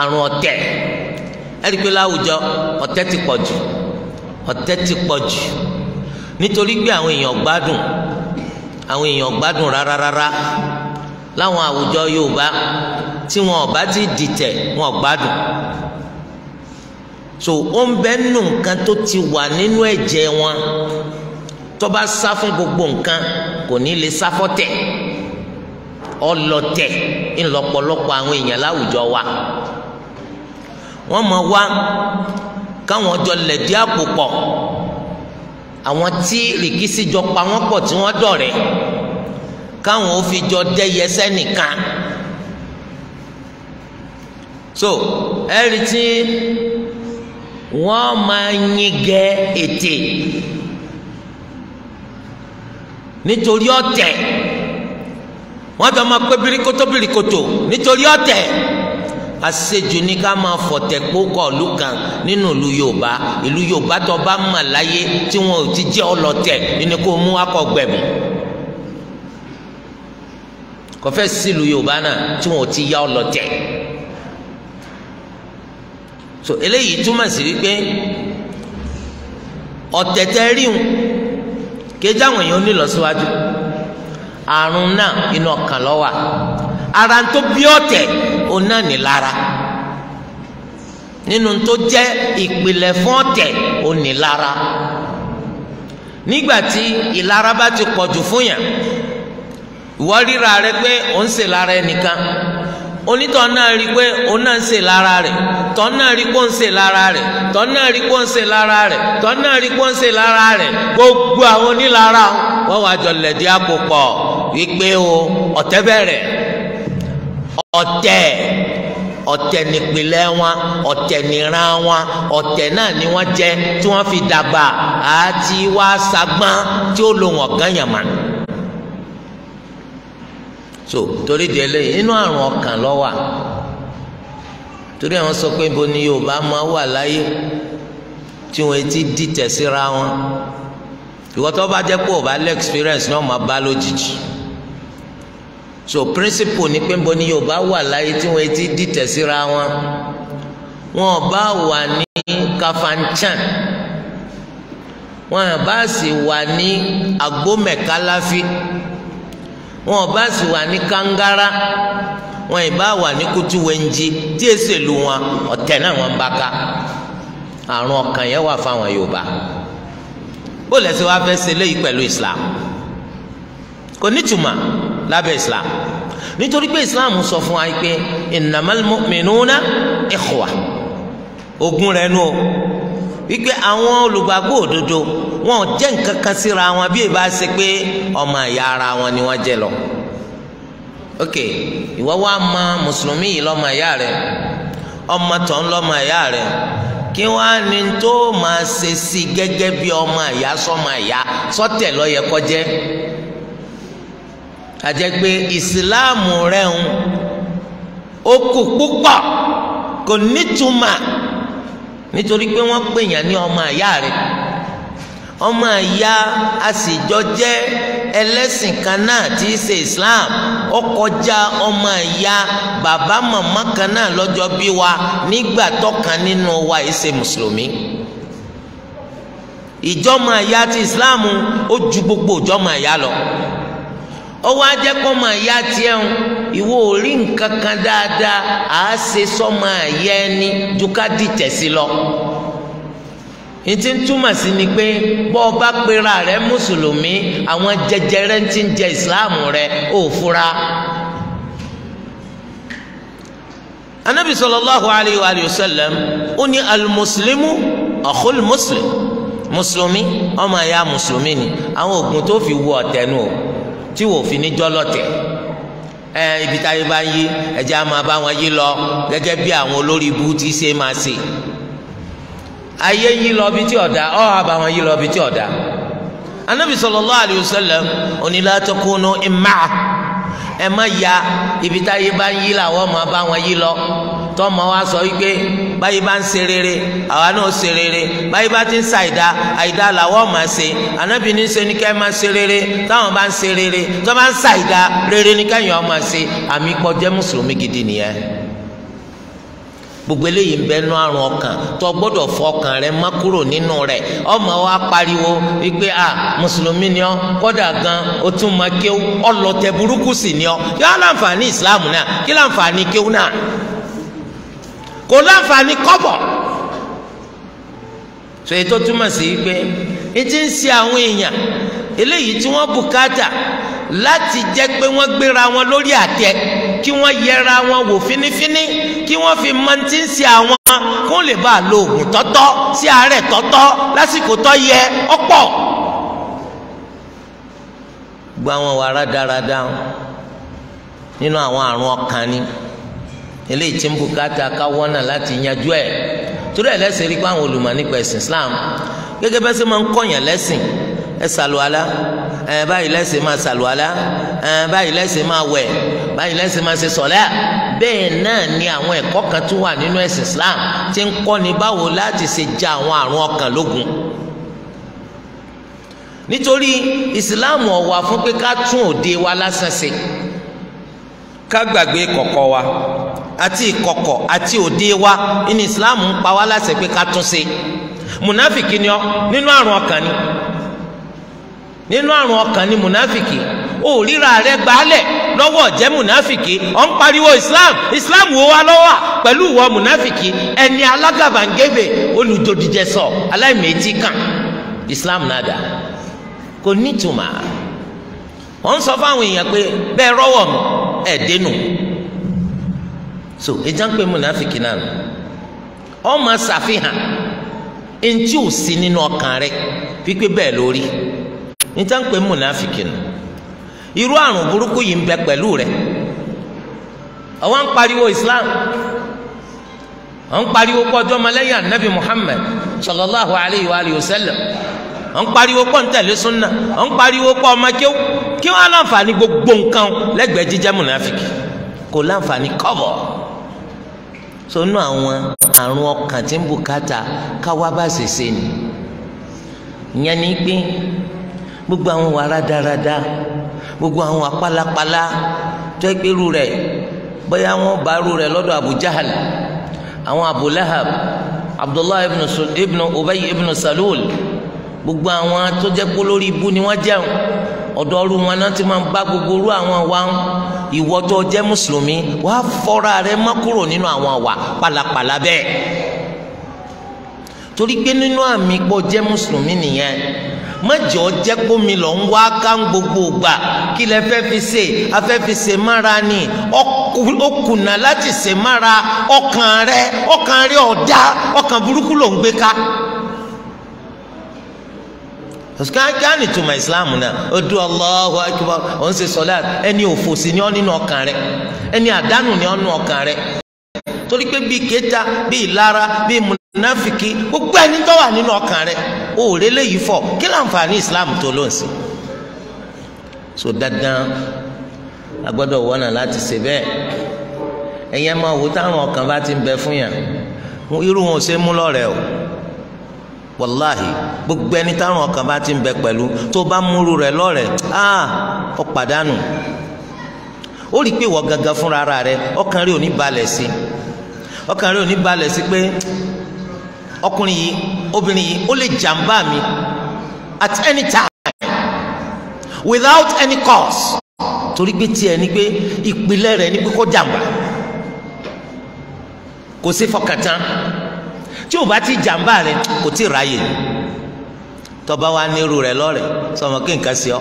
àrùn ọ̀tẹ̀ ẹ̀rí pé láwùjọ ọ̀tẹ̀ ti pọ̀ jù ọ̀tẹ̀ ti pọ̀ jù nítorí pé àwọn èèyàn gbádùn àwọn èèyàn gbádùn rárárárá láwọn àwùjọ Yorùbá tí wọn ò ti dìtẹ̀ wọn gbádùn so ó ń bẹ nù nǹkan tó ti wà nínú ẹ̀jẹ̀ wọn tó bá sá fún gbogbo nǹkan kò ní lè sá fọ́tẹ̀ ọlọ̀tẹ̀ ńlọ́pọ̀lọpọ̀ àwọn èèyàn láwùjọ wa wọ́n mọ̀ wá káwọn jọ lẹ̀dí àpò pọ̀ àwọn tí rìkísí jọ pa wọ́n pọ̀ tí wọ́n dọ̀rẹ́ káwọn ó fi jọ dẹ́yẹ sẹ́nìkan so ẹ̀rí tí wọ́n máa yin gẹ ètè nítorí ọ̀tẹ̀ wọ́n jọ máa pé birikoto birikoto nítorí ọ̀tẹ̀ àṣejù ni ká máa fọ̀tẹ̀ kpókọ̀ ìlú kan nínú ìlú Yorùbá ìlú Yorùbá tó bá mà láyé tí wọn ò ti jẹ́ ọlọ́tẹ̀ ẹni kó mú akọgbẹ̀mù kọfẹ́ sílùú Yorùbá náà tí wọn ò ti yá ọlọ́tẹ̀ so eléyìí túmọ̀ sí wípé ọ̀tẹ̀tẹ̀ ríhun kéjà àwọn èèyàn onílọsíwájú àrùn náà inú ọkàn ló wà ara ń tó bí ọ̀tẹ̀ òun náà ní lára nínú tó jẹ́ ìpìlẹ̀ fún ọ̀tẹ̀ òun lára nígbà tí ìlara bá ti pọ̀jù fún yàn ìwọ ríra rẹ pé òun ṣe lára ẹnìkan onítọ̀ náà rí i pé òun náà ń ṣe lára rẹ̀ tọ́ náà rí i pé òun ń ṣe lára rẹ̀ tọ́ náà rí i pé òun ń ṣe lára rẹ̀ tọ́ náà rí i pé òun ń ṣe lára rẹ̀ gbogbo àwọn onílára wọn wàá jọ lẹ̀dí àpò pọ̀ wípé o ọ̀tẹ̀ bẹ̀rẹ̀ ọ̀tẹ̀ ọ̀tẹ̀ nípìlẹ̀ wọn ọ̀tẹ̀ níran wọn ọ̀tẹ̀ náà ni wọ́n jẹ́ tí wọ́n fi dàgbà àti wá sagbọ́n tí ó lo wọn gán so torí di eléyìí inú àrùn ọkàn ló wà torí àwọn sọ pé bo ni Yorùbá máa wà láyé tí wọn ti dìtẹ̀ síra wọn ìwọ tó bá jẹ́ pé ò bá lé experience náà máa bá lójijì so principle ni pé bo ni Yorùbá wà láyé tí wọn ti dìtẹ̀ síra wọn wọn bá wà ní Kafanchan wọn bá sì wà ní agbómẹkáláfí wọn bá sì wà ní kangara wọn ì bá wà ní kutu wẹnji tí èsì lu wọn ọ̀tẹ̀ náà wọn bá ká àrùn ọkàn yẹn wà fáwọn Yorùbá bó lẹsẹ wàá fẹ́ ṣe léyìí pẹ̀lú Islam kò nítumọ̀ lábẹ́ Islam nítorí pé Islam sọ fún wa pé innamal mu'minuna ikhwa ogun rẹ nù o wípé àwọn olùgbàgbọ́ òdodo wọn ò jẹ́ nǹkan kan síra wọn bí ìbá ṣe pé ọmọ ìyá ara wọn ni wọ́n jẹ́ lọ. ok ìwọ wá ma mùsùlùmí yìí lọ́mọ ìyá rẹ ọmọ tó ń lọ́mọ ìyá rẹ kí wọ́n á ní tó máa ṣe sí gẹ́gẹ́ bí ọmọ ìyá sọ́mọ ìyá sọ́tẹ̀ lọ́yẹ kọjẹ́ àjẹ́ pé ìsìláàmù rẹ̀ ń ó kù púpọ̀ kò nítumọ̀ nítorí pé wọ́n pèèyàn ní ọmọ àyá rẹ̀ ọmọ àyá àsìjọ jẹ́ ẹlẹ́sìn kan náà tí í ṣe Islam ó kọjá ọmọ àyá bàbá màmá kan náà lọ́jọ́ bí wa nígbà tọ́kan nínú wa yìí ṣe mùsùlùmí ìjọmọ àyá ti Islam ó ju gbogbo ìjọmọ àyá lọ ó wá jẹ́ kọ́mọ àyá tiẹ̀ ń ìwọ ò rí nǹkan kan dáadáa à á ṣe sọ́mọ àyẹ ẹni ju ká dìtẹ̀ sí lọ. n ti ń túmọ̀ sí ni pé bọ́ ọ bá pera rẹ mùsùlùmí àwọn jẹjẹrẹ ti ń jẹ ìsìláàmù rẹ ò fura. anabi sallallahu alayhi wa sallam ó ní alimuslimu akhul muslim mùsùlùmí ọmọ ẹ̀yà mùsùlùmí ni àwọn oògùn tó fi wọ ọ̀tẹ̀ nù tí wò fi ní jọ́lọ́tẹ̀ ẹ ibi táyé bá ń yí ẹjẹ á máa bá wọn yí lọ gẹ́gẹ́ bí àwọn olórí ibú ti ṣe máa ṣe ayé yí lọ bí tí ọ̀dà ọ̀ àbá wọn yí lọ bí tí ọ̀dà anabi sallallahu alayhi wa ẹ má ya ibi táyé bá ń yí làwọn máa bá wọn yí lọ tọmọ wa sọ wípé báyìí bá ń se rere àwa náà se rere báyìí bá ti ń ṣàìdá àìdá làwọn máa ṣe ànábì ní ṣe ni máa se rere táwọn bá ń rere tó bá ń rere ni kẹ́yìn ọ máa ṣe àmì kò jẹ́ mùsùlùmí gidi gbogbo eléyìí ń ọkàn tó gbọdọ̀ fọ ọkàn rẹ má nínú rẹ ọmọ pariwo wípé a mùsùlùmí ni ọ kódà gan o ni ọ kí kò láǹfààní kọ́bọ̀ so èyí tó túmọ̀ sí pé etí ń ṣe àwọn èèyàn eléyìí tí wọ́n bùkátà láti jẹ́ pé wọ́n gbéra wọn lórí àtẹ kí wọ́n yẹra wọn wò fínífíní kí wọ́n fi mọ́tí ń ṣe àwọn kó lè bá a lo oògùn tọ́tọ́ sí àárẹ̀ tọ́tọ́ lásìkò tó yẹ ọ̀pọ̀ gbọ́ àwọn wàrà dáradára nínú àwọn àrùn ọkàn ni. Wa eléyìí tí ń bùkátà ká wọ́nà láti yanjú ẹ̀ torí ẹ̀ lẹ́sìn rí pé àwọn olùmọ̀ nípa ẹ̀sìn Islam gẹ́gẹ́ bẹ́sẹ̀ máa ń kọ̀yàn lẹ́sìn ẹ ṣàlùwàlá ẹ báyìí lẹ́sìn máa ṣàlùwàlá ẹ báyìí lẹ́sìn máa wẹ̀ báyìí lẹ́sìn máa ṣe sọ̀lẹ́ bẹ́ẹ̀ náà ni àwọn ẹ̀kọ́ kan tún wà nínú ẹ̀sìn Islam tí ń kọ́ni báwo láti ṣe ja àwọn àrùn ọkàn lógun nítorí Islam ọ̀wà fún pé ká tún òde wa lásán ṣe ká gbàgbé kọ̀kọ̀ wa àti ìkọ̀kọ̀ àti òde wa ní islam ń pa wá láṣẹ pé ká tún ṣe munafiki ni ọ nínú àrùn ọkàn ni nínú àrùn ọkàn ni munafiki ó ríra rẹ gbálẹ̀ lọ́wọ́ jẹ́ munafiki ọ̀ ń pariwo islam islam wo wa lọ́wọ́ pẹ̀lú ìwọ munafiki ẹni alágàbàǹgẹ̀bẹ̀ olùdòdìjẹsọ aláìmẹtì kan islam náà dà kò nítumọ̀ wọ́n sọ fáwọn èèyàn pé bẹ́ẹ̀ rọ́wọ́ mi ẹ̀ dénú. so ẹja ń pè múnàfíkì náà nù ọ máa ṣàfihàn eŋti ò sí nínú ọkàn rẹ wípé bẹ́ẹ̀ lórí ẹja ń pè múnàfíkì nù irú àrùn burúkú yìí ń bẹ pẹ̀lú rẹ pariwo Islam àwọn ń pariwo pọ̀ ọjọ́ ọmọlẹ́yìn anabi Muhammad sallallahu alayhi wa alayhi wa sallam àwọn ń pariwo pọ̀ ntẹ̀lé sunna àwọn ń pariwo pọ̀ ọmọ kéw kí wọ́n á láǹfààní gbogbo nǹkan lẹ́gbẹ̀ẹ́ jíjẹ́ múnàfíkì kò láǹfààní kọ́bọ̀. so nínú àwọn àrùn ọkàn tí ń bùkátà káwá bá ṣe ṣe ni ìyẹn ni pé gbogbo àwọn wà rádaràda gbogbo àwọn apálapàla tó ẹ pé irú rẹ̀ bóyá wọn bá irú rẹ̀ lọ́dọ̀ Abu Jahal àwọn Abu Lahab Abdullahi ibn Ubay ibn Salul gbogbo àwọn tó jẹ́ lórí ibú ni wọ́n jẹun ọ̀dọ̀ ọrú wọn náà ti máa bá gbogbo orú àwọn wa ń ìwọ tó jẹ́ mùsùlùmí wàá fọ́ra rẹ mọ́ kúrò nínú àwọn àwà pàlàpàlà bẹ́ẹ̀ torí pé nínú àmì pọ̀ jẹ́ mùsùlùmí nìyẹn mọ̀jọ́ jẹ́ pómi lọ ń wá ká ń gbogbo gbà kí lẹ fẹ́ fi ṣe afẹ́ fi ṣe mára ni ó kùnà láti ṣe mára ọkàn rẹ ọkàn rẹ ọ̀dá ọkàn burúkú ló ń gbé ká. kí á ní islamu ìsìláàmù náà ó dún Allahu akbar ó ń ṣe ẹni òfòsí ni ọ nínú ọkàn rẹ ẹni àdánù ni ọ nínú ọkàn rẹ torí pé bíi kéta bíi ìlara bíi múnáfìkì gbogbo ẹni tó wà nínú ọkàn rẹ ó rẹ léyìí fọ kí láǹfààní ìsìláàmù tó ló ń so dandan agbọ́dọ̀ wọnà láti ṣe bẹ́ẹ̀ ẹ̀yin máa wò táwọn ọkàn bá ti ń bẹ fún yàn irú wọn ò ṣe é mú o. wàláhì gbogbo ẹni táwọn ọkàn bá ti ń bẹ pẹ̀lú tó bá múru rẹ̀ lọ́rẹ̀ áà ah, ó pàdánù ó rí i pé wọ́n gangan fúnra ara rẹ̀ ọkàn rẹ̀ ò ní balẹ̀ sí ọkàn rẹ̀ ò balẹ̀ sí pé ọkùnrin yìí obìnrin yìí ó lè jàǹbá mi at any time without any cause torí pé tiẹ̀ ni pé ìpìlẹ̀ rẹ̀ ni pé kó jàǹbá kò sí fọkàntán tí o bá ti jàǹbá rẹ kò tí ì ráyè tọba wa nírú rẹ lọrẹ sọmọ kí nǹkan sí ọ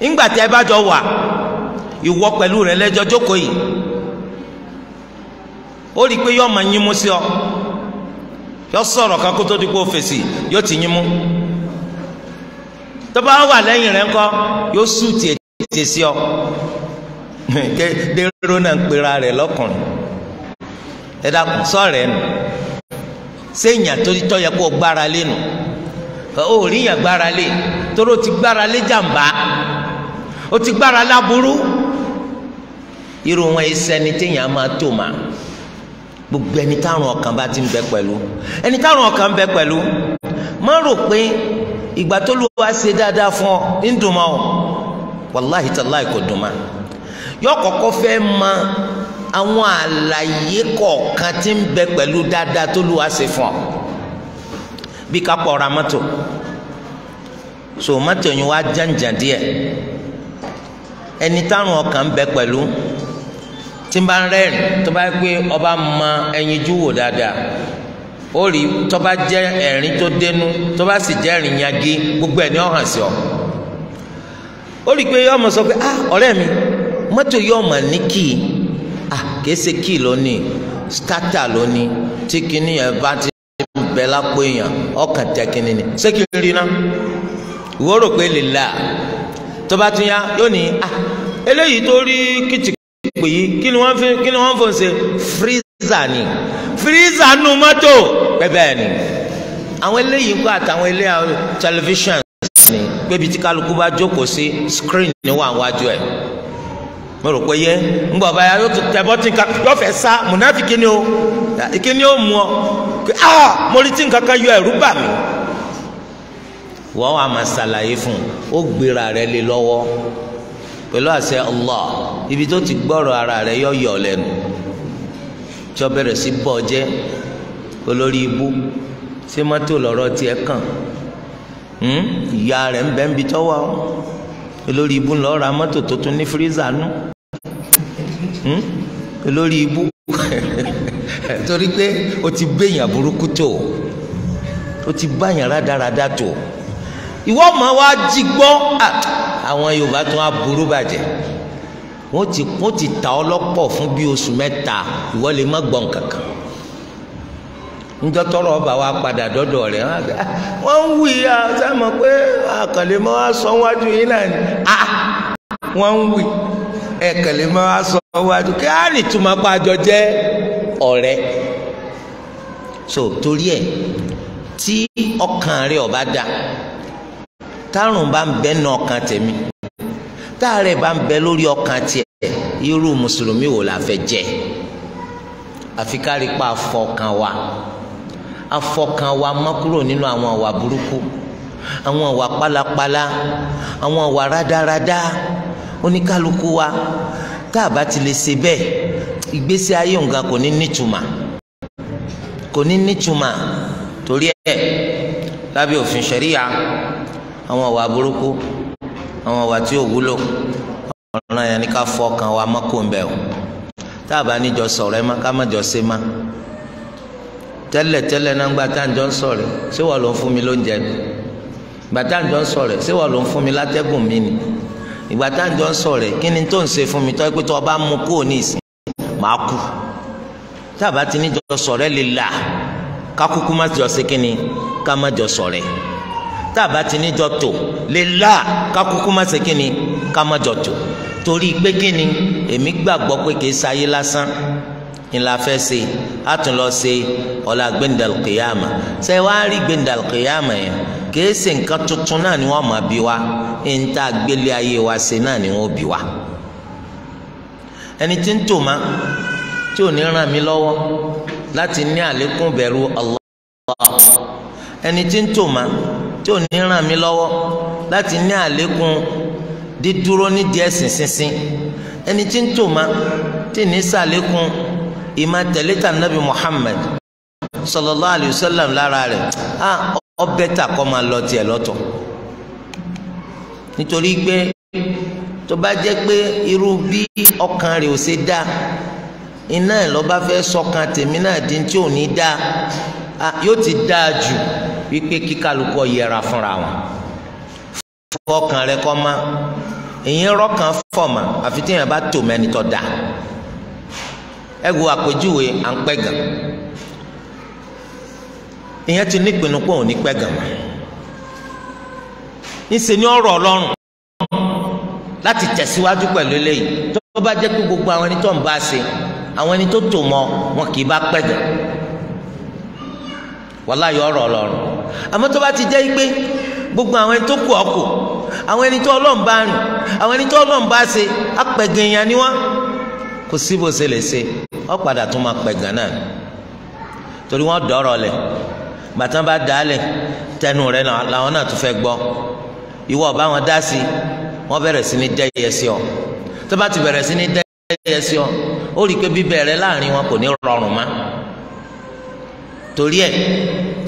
ńgbà tí ẹ bá jọ wà ìwọ pẹ̀lú rẹ lẹ́jọ́ jókòó yìí ó rí i pé yọọ máa yínmú sí ọ yọ sọ̀rọ̀ kan kó tó di pé ó fèsì yóò ti yínmú tọba wà lẹ́yìn rẹ ńkọ́ yóò sùn tiẹ̀ tiẹ̀ sí ọ dèrò náà ń pera rẹ lọ́kùnrin ẹ dákun sọ̀rọ̀ ẹ nù séèyàn tó tọ́ yẹ kó gbára lé nu ó rí yàn gbára lé tóró ti gbára lé jàǹbá ó ti gbára láburú irú wọn ìsẹni téèyàn máa tó ma gbogbo ẹni táwọn ọkàn bá ti ń bẹ pẹ̀lú ẹni táwọn ọkàn ń bẹ pẹ̀lú má rò pé ìgbà tó lù wá ṣe dáadáa fún ọ ń dùn mọ́ ọ wàláhìí tàláì kò dùn mọ́ yọ kọ́kọ́ fẹ́ máa àwọn àlàyé kọ̀ọ̀kan tí ń bẹ pẹ̀lú dáadáa tó lù wá ṣe fún ọ bí ká ra mọ́tò so mọ́tò yẹn wá jàǹjàǹ díẹ̀ ẹni táwọn ọkàn ń bẹ pẹ̀lú tí ń bá ń rẹ́rìn tó bá pé ọba mọ ẹyinjú wò dáadáa ó rí tó bá jẹ́ ẹ̀rín tó dénú tó bá sì jẹ́ ẹ̀rín yagi gbogbo ẹ̀ ní ọ̀hàn sí ọ ó rí pé yọ́ọ̀mọ̀ sọ pé ah ọ̀rẹ́ mi mọ́tò yọ́ọ̀mọ̀ ní kì ah kìí ṣe kíì lónìí skata lónìí tí kinní yẹn bá ti bẹ lápò èèyàn ọkàn tẹ kinní ni ṣé kí n rí iná ìwọ rò pé lèlá tó bá tún yá yóò ní ah eléyìí tó rí kìtìkìtì yìí kí ni wọ́n fi kí ni wọ́n fò ṣe fírízà ni fírízà nu mọ́tò bẹ́ẹ̀ ni àwọn eléyìí kọ́ àtàwọn eléyìí tẹlifíṣàn ni pébi tí kálukú bá jókòó sí screen ní wàá wájú ẹ̀. mo rò pé yé ńgbà báyà yóò tún tẹbọ tí nǹkan yóò fẹ́ sá o ìkíni ó mú ọ pé ah! mo rí tí nǹkan kan yọ ẹ̀rù bà mí wọ́n wà máa ṣàlàyé fún un ó gbéra le lé lọ́wọ́ pẹ̀lú àṣẹ Allah ibi tó ti gbọ́rọ̀ ara rẹ yọ yọ̀ lẹ́nu tí ó bẹ̀rẹ̀ sí bọ́ jẹ́ olórí ibú ṣé mọ́tò lọ́rọ́ tiẹ̀ kàn hmm? ìyá rẹ̀ ń bẹ́ ń bi tọ́wọ́ olórí ibú ńlọ́ọ́ mọ́tò tó tún ní Hmm? lórí ibú torí pé o ti béèyàn burúkú tó o ti báyàn rádaràda tó ìwọ máa wá jí gbọ́ àwọn Yorùbá tún á burú bàjẹ́ wọ́n ti wọ́n ti ta ọlọ́pọ̀ fún bí oṣù mẹ́ta ìwọ lè má gbọ́n kankan njọtọrọ ọba wa padà dọdọ rẹ ah, wọ́n ń wí ya sẹ mọ̀ pé àkànlè mọ asọ yìí náà ni ah, wọ́n ń wí ẹ kẹlẹ máa sọ wájú kí á ní túmọ̀ pa àjọ jẹ́ ọ̀rẹ́ so torí ẹ tí ọkàn rẹ ọba dà tárùn bá ń bẹ nà ọkàn tèmi táàrẹ̀ bá ń bẹ lórí ọkàn tiẹ̀ irú mùsùlùmí wo la fẹ́ jẹ́ àfi kárí pa afọkàn wa afọkàn wa mọ́ kúrò nínú àwọn àwà burúkú àwọn àwà pálapàla àwọn àwà rádaràda. Rada oníkálukú wa tá a bá ti lè ṣe bẹ́ẹ̀ ìgbésí ayé òǹga kò ní nítumà kò ní nítumà torí ẹ̀ lábẹ́ òfin ṣẹ̀ríya àwọn ìwà burúkú àwọn ìwà tí ò wúlò ọ̀ràn yẹn ni ká fọkàn wa mọ́kànbẹ́ o tá a bá níjọ sọ̀rọ̀ ẹ má ká má jọ ṣe má tẹ́lẹ̀ náà gba ń jọ ń sọ̀rọ̀ ṣé wọ́n ló ń fún mi lóúnjẹ gbàtà ń jọ ń sọ̀rọ̀ ṣé wọ́n ló ń fún mi látẹ́gùn mi ni ìgbà tá à ń jọ ń sọ̀rọ̀ kí ni tó ń ṣe fún mi tó pé tó o bá mú kó o ní ìsìn màá kú tá a bá ti ní jọ sọ̀rọ̀ lè là ká kúkú má jọ ṣe kí ni ká má jọ sọ̀rọ̀ tá a bá ti ní jọ tò lè là ká kúkú má ṣe kí ni ká má jọ tò torí pé kí ni èmi gbàgbọ́ pé kì í ṣayé lásán ńlá fẹ́ ṣe á tún lọ ṣe ọ̀la gbẹ̀ndàlùkìyàmà ṣé wàá rí gbẹ̀ndàlùkìyàmà yẹn kìí ṣe nǹkan tuntun náà ni wọ́n máa bi wa níta gbélé ayé wa ṣe náà ni wọ́n bi wa ẹni tí ń tò ma tí ò ní ràn mí lọ́wọ́ láti ní àlékún bẹ̀rù Allah ẹni tí ń tò ma tí ò ní ràn mí lọ́wọ́ láti ní àlékún dídúró nídìí ẹ̀sìn sísìn ẹni tí ń tò ma tí ní sàlékún ìmọ̀ tẹ̀lé tà nàbì Muhammad sallallahu alayhi wa sallam lára rẹ̀ ah, ọbẹ̀ tà kọ́ máa lọ tiẹ̀ lọ́tọ̀ nítorí pé tó bá jẹ́ pé irú bí ọkàn rẹ̀ ò ṣe dá iná ẹ̀ lọ́ba fẹ́ sọkàn tèmi náà dín tí ò ní dá yóò ti dáa jù wípé kíkálukọ yẹra fúnra wọn fọkàn rẹ kọ́ ma èyí rọ́kàn fọ̀mà àfi tí yẹn bá tò mẹ́ni tó ẹ wo àpèjúwe à ń pẹ́ gan ìyẹn ti nípinnu pé òun ní pẹ́ gàmà ńṣe ní ọ̀rọ̀ ọlọ́run láti tẹ̀síwájú pẹ̀lú eléyìí tó bá jẹ́ pé gbogbo àwọn ẹni tó ń bá ṣe àwọn ẹni tó tò mọ́ wọn kì í bá pẹ́ gàmà wàláyé ọ̀rọ̀ ọlọ́run àmọ́ tó bá ti jẹ́ pé gbogbo àwọn ẹni tó kù ọkù àwọn ẹni tó ọlọ́run bá rìn àwọn ẹni tó ọlọ́run bá ṣe apẹ̀gẹ̀yàn ni wọ́n kò sí bó ṣe lè ṣe ó padà máa pẹ̀gàn náà torí wọ́n dọ̀rọ̀ lẹ̀ bàtà bá dàálẹ̀ tẹnu rẹ làwọn náà tún fẹ́ gbọ́ ìwọ ọba wọn dá sí wọn bẹ̀rẹ̀ sí ní dẹ́yẹ sí ọ tó bá ti bẹ̀rẹ̀ sí ní dẹ́yẹ sí ọ ó rí i pé bíbẹ̀rẹ̀ láàrin wọn kò ní rọrùn má torí ẹ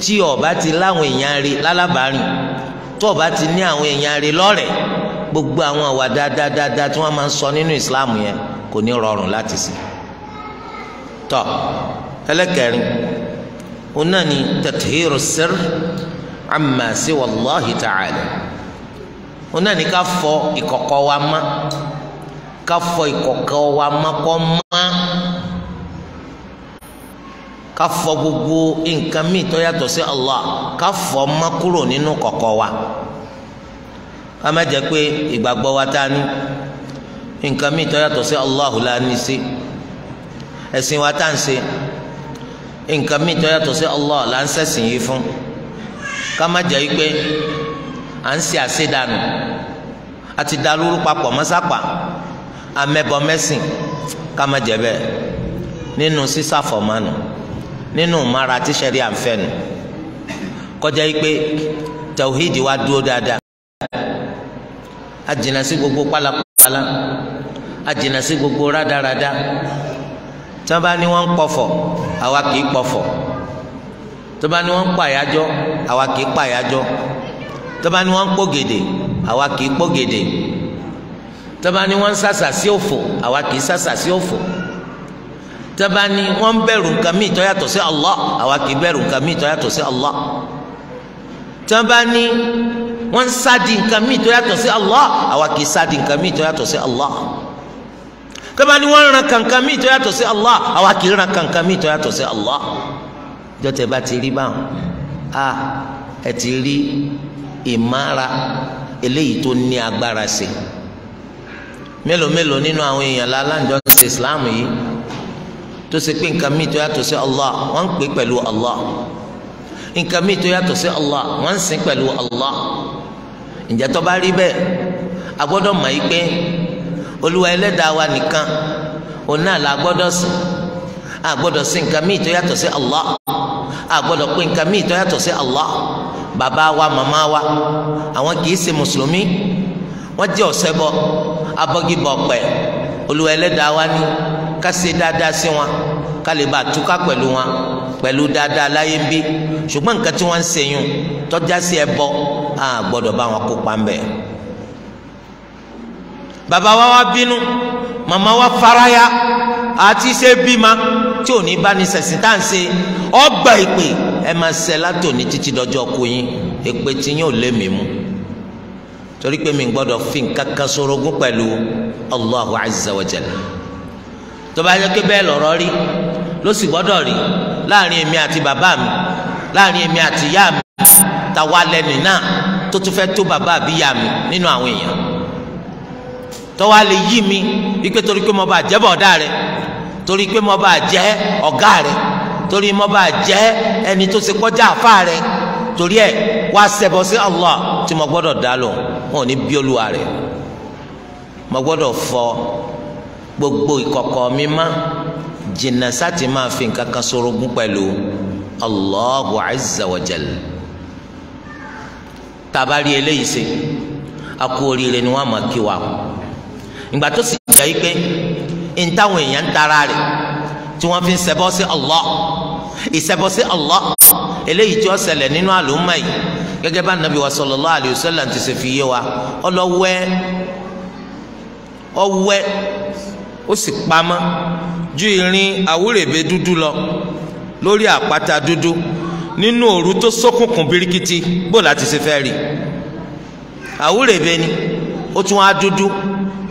tí ọba ti láwọn èèyàn rí lálábàárìn tó ọba ti ní àwọn èèyàn rí lọ́rẹ̀ẹ́ gbogbo àwọn àwà dáadáa tí wọ́n máa ń sọ nínú Islam yẹn kò ní rọrùn láti ṣe tọ́ ẹlẹ́kẹrin òun náà ni tathiru sir amma siwa Allahi ta'ala òun náà ni ká fọ ìkọ̀kọ̀ wa mọ́ ká fọ ìkọ̀kọ̀ wa mọ́ kọ́ mọ́ ká fọ gbogbo nǹkan míì tó yàtọ̀ sí Allah ká fọ mọ́ kúrò nínú kọ̀kọ̀ wa ká má pé ìgbàgbọ́ wa ta ni nǹkan míì tó yàtọ̀ sí Allah la ní sí ẹ̀sìn wa tá ń ṣe nǹkan mi tó yàtọ̀ sí Allah là ń ṣẹ̀sìn yìí fún ká má jẹ́ yí pé à ń ṣe àṣedànù àti dalúrú papọ̀ mọ́sápà amẹ́bọ mẹ́sìn ká má jẹ́ bẹ́ẹ̀ nínú sísàfọ̀mánu nínú mara tí sẹ́rí à ń fẹ́ kọjá yí pé tawhidi wa dúró dáadáa a jìnnà sí gbogbo pálapàla a jìnnà sí gbogbo rádaràda tí wọ́n bá ní wọ́n ń pọ̀fọ̀ àwa kì í pọ̀fọ̀ tí wọ́n bá ní wọ́n ń pàyájọ́ àwa kì í pàyájọ́ tí wọ́n bá ní wọ́n ń pògèdè àwa kì í pògèdè tí wọ́n wọ́n ń sàṣà sí òfò àwa kì í sàṣà sí òfò tí wọ́n wọ́n ń bẹ̀rù nǹkan míì tó yàtọ̀ sí Allah àwa kì í bẹ̀rù nǹkan míì tó yàtọ̀ sí Allah tí wọ́n bá ní wọ́n ń sádi nǹkan míì tó yàtọ̀ sí Allah àwa kì í sádi nǹkan míì tó yàtọ̀ sí Allah kaba ni wọ́n ran kankan míì tó yàtọ̀ sí Allah àwa kì í ran kankan míì tó yàtọ̀ sí Allah jọtẹ bá ti rí báwọn a ẹ ti rí ìmára eléyìí tó ní agbára sí mélòó mélòó nínú àwọn èèyàn lálàjọsìn Islam yìí tó ṣe pé nǹkan míì tó yàtọ̀ sí Allah wọ́n ń pè pẹ̀lú Allah nǹkan míì tó yàtọ̀ sí Allah wọ́n ń sìn pẹ̀lú Allah ǹjẹ́ bá rí bẹ́ẹ̀ a gbọ́dọ̀ mọ̀ yìí pé olúwa ẹlẹ́dàá wa nìkan òun náà la gbọ́dọ̀ sìn a gbọ́dọ̀ nǹkan míì tó yàtọ̀ sí Allah a gbọ́dọ̀ pé nǹkan míì tó yàtọ̀ sí Allah bàbá wa màmá wa àwọn kì í ṣe mùsùlùmí wọ́n jẹ́ ọ̀ṣẹbọ abọ́gibọ̀ pẹ̀ olúwa ẹlẹ́dàá wa ní ká ṣe dáadáa sí wọn ká lè bá a túká pẹ̀lú wọn pẹ̀lú dáadáa láyé bí ṣùgbọ́n nǹkan tí wọ́n ń ṣe yún tọ́já sí ẹbọ a gbọ́dọ̀ bá wọn kópa ń bẹ̀. Baba wa wá bínú màmá wa faraya àti ṣe bímá tí ò ní bá ní sẹ̀sìn tá à ń ṣe ọgbà ìpè ẹ máa ṣe látòní títí dọjọ́ kú yín èpè tí yín ò lé mi mú torí pé mi gbọ́dọ̀ fi nǹkan kan sorogún pẹ̀lú Allahu azza wa jalla tó bá yẹ kí bẹ́ẹ̀ lọ̀rọ̀ rí ló sì gbọ́dọ̀ rí láàrin èmi àti bàbá mi láàrin èmi àti ìyá mi tàwa lẹ́nu náà tó tún fẹ́ tó bàbá àbí ìyá mi nínú àwọn èèyàn tọ́wá lè yí mi wípé torí pé mo bá jẹ́ bọ̀dá rẹ torí pé mo bá jẹ́ ọ̀gá rẹ torí mo bá jẹ́ ẹni tó ṣe kọjá àfa rẹ torí ẹ wá ṣẹbọ sí Allah tí mo gbọ́dọ̀ dá lò wọn ò ní bí olúwa rẹ mo gbọ́dọ̀ fọ gbogbo ìkọ̀kọ̀ mi má jìnnà sátì máa fi nǹkan kan sorogún pẹ̀lú Allahu azza wa eléyìí ṣe akó ni wọn máa kí wa ìgbà tó sì jẹ́ pé n táwọn èèyàn ń tara rẹ̀ tí wọ́n fi ń ṣẹbọ sí Allah ìṣẹbọ sí Allah eléyìí tí ó ṣẹlẹ̀ nínú àlùmọ́ yìí gẹ́gẹ́ bá nàbí wa sallallahu alayhi wa sallam ti ṣe fi yé wa ọlọ́wẹ́ ọwẹ́ ó sì pamọ́ ju irin àwúrèbè dúdú lọ lórí àpáta dúdú nínú òru tó ṣókùnkùn birikiti bó láti ṣe fẹ́ rí àwúrèbè ni ó tún á dúdú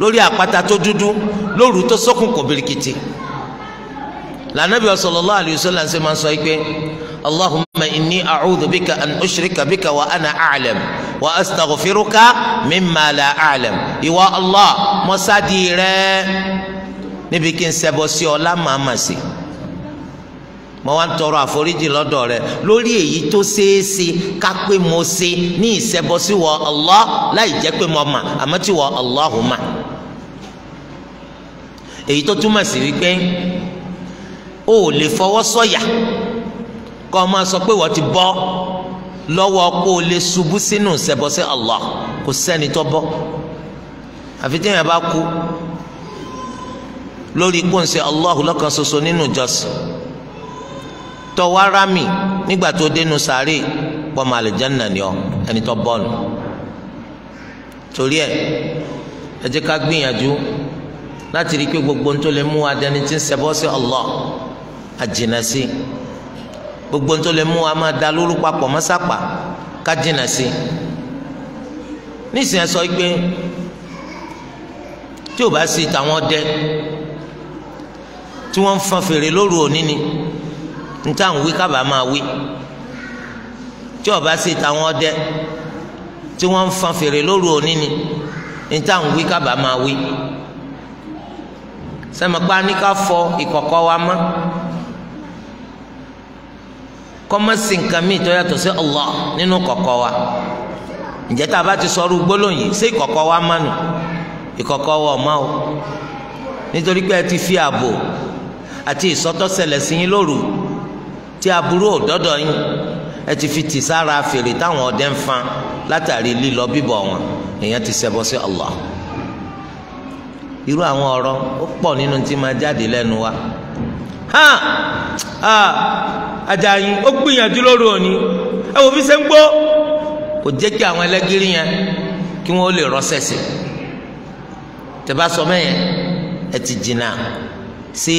lórí àpáta tó dúdú lóru tó ṣókùnkùn birikiti lànàbí sallallahu alayhi wa sallam ṣe máa sọ yìí pé allahumma inni a'udhu bika an ushrika bika wa ana a'lam wa astaghfiruka mimma la a'lam ìwà allah mọ́sádìí rẹ̀ níbi kí n ṣẹbọ sí ọ lámàá màsí mo wá ń tọrọ àforíjì lọ́dọ̀ rẹ lórí èyí tó ṣeéṣe ká pé mo ṣe ní ìṣẹbọ sí Allah láì jẹ́ pé mo mà àmọ́ tí wọ Allahu mà èyí tó túmọ̀ sí wípé o ò lè fọwọ́ sọ̀yà kọ́ ọ máa sọ pé wọ́n ti bọ́ lọ́wọ́ kó o lè ṣubú sínú ìṣẹbọ sí Allah kò sẹ́ni tó bọ́ àfi tí èèyàn bá kú lórí kó n ṣe Allah lọ́kan ṣoṣo nínú ìjọsìn tọwarami nígbà tó dénú sáré pọmọ àlùjáná ni ọ ẹni tó bọ́ọ̀nù torí ẹ ẹ jẹ́ ká gbìyànjú láti rí i pé gbogbo ń tó lè mú wa dẹni tí ń ṣẹbọ sí Allah àjìnà sí gbogbo ń tó lè mú wa máa da lóru papọ̀ mọ́sápà ká jìnà sí nísìnyẹn sọ pé tí ò bá sí tàwọn ọdẹ tí wọ́n ń fọn fèrè lóru òní ni. Ni níta ń wí kábàá máa wí tí ọba sì táwọn ọdẹ tí wọn ń fan fèrè lóru òní ni níta ń wí kábàá máa wí sẹmọpá ní ká fọ ìkọ̀kọ̀ wa mọ́ kọmọsí nǹkan míì tó yàtọ̀ sí Allah nínú kọ̀kọ̀ wa ǹjẹ́ tá a bá ti sọrú gbólóyìn sí ìkọ̀kọ̀ wa mánu ìkọ̀kọ̀ wa ọ̀ma o nítorí pé ẹ ti fi ààbò àti ìsọtọ́sẹlẹ̀ sí yín lóru tí aburú òdọdọ yín ẹ ti fi tì sára fèrè táwọn ọdẹ ń fan látàrí lílọ bíbọ̀ wọn èèyàn ti ṣẹbọ sí Allah irú àwọn ọ̀rọ̀ ó pọ̀ nínú tí máa jáde lẹ́nu wa hàn Àjàyí ó gbìyànjú lóru òní ẹ wò fi ṣe ń gbó kò jẹ́ kí àwọn ẹlẹ́gìrì yẹn kí wọ́n lè rọ́ṣẹ̀ṣẹ̀ tẹ́ bá sọ mẹ́yẹn ẹ ti jìnnà sí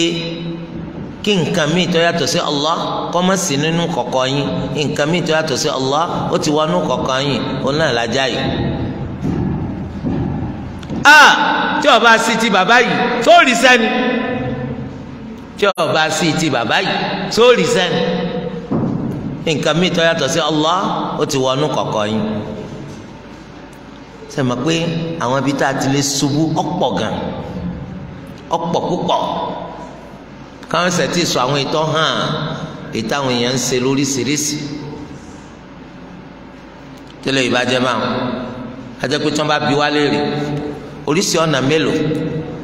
kí nǹkan míì tó yàtọ̀ sí Allah kó má sí nínú kọ̀kọ̀ yín nǹkan míì tó yàtọ̀ sí Allah ó ti wọnú kọ̀kọ̀ yín òun náà lájà yìí. a tí ọba sí ti bàbá yìí sóòrì sẹ́ni tí ọba sí ti bàbá yìí sóòrì sẹ́ni nǹkan míì tó yàtọ̀ sí Allah ó ti wọnú kọ̀kọ̀ yín. sẹ́mi pé àwọn ibi tá a ti lè ṣubú ọ̀pọ̀ gan ọ̀pọ̀ púpọ̀ káwọn ẹsẹ̀ ti sọ àwọn ìtọ́ hàn ètò àwọn èèyàn ń ṣe lóríṣiríṣi tẹ́lẹ̀ ìbàjẹ́ máa ajẹ́ pé tí wọ́n bá bi wá léèrè oríṣi ọ̀nà mélòó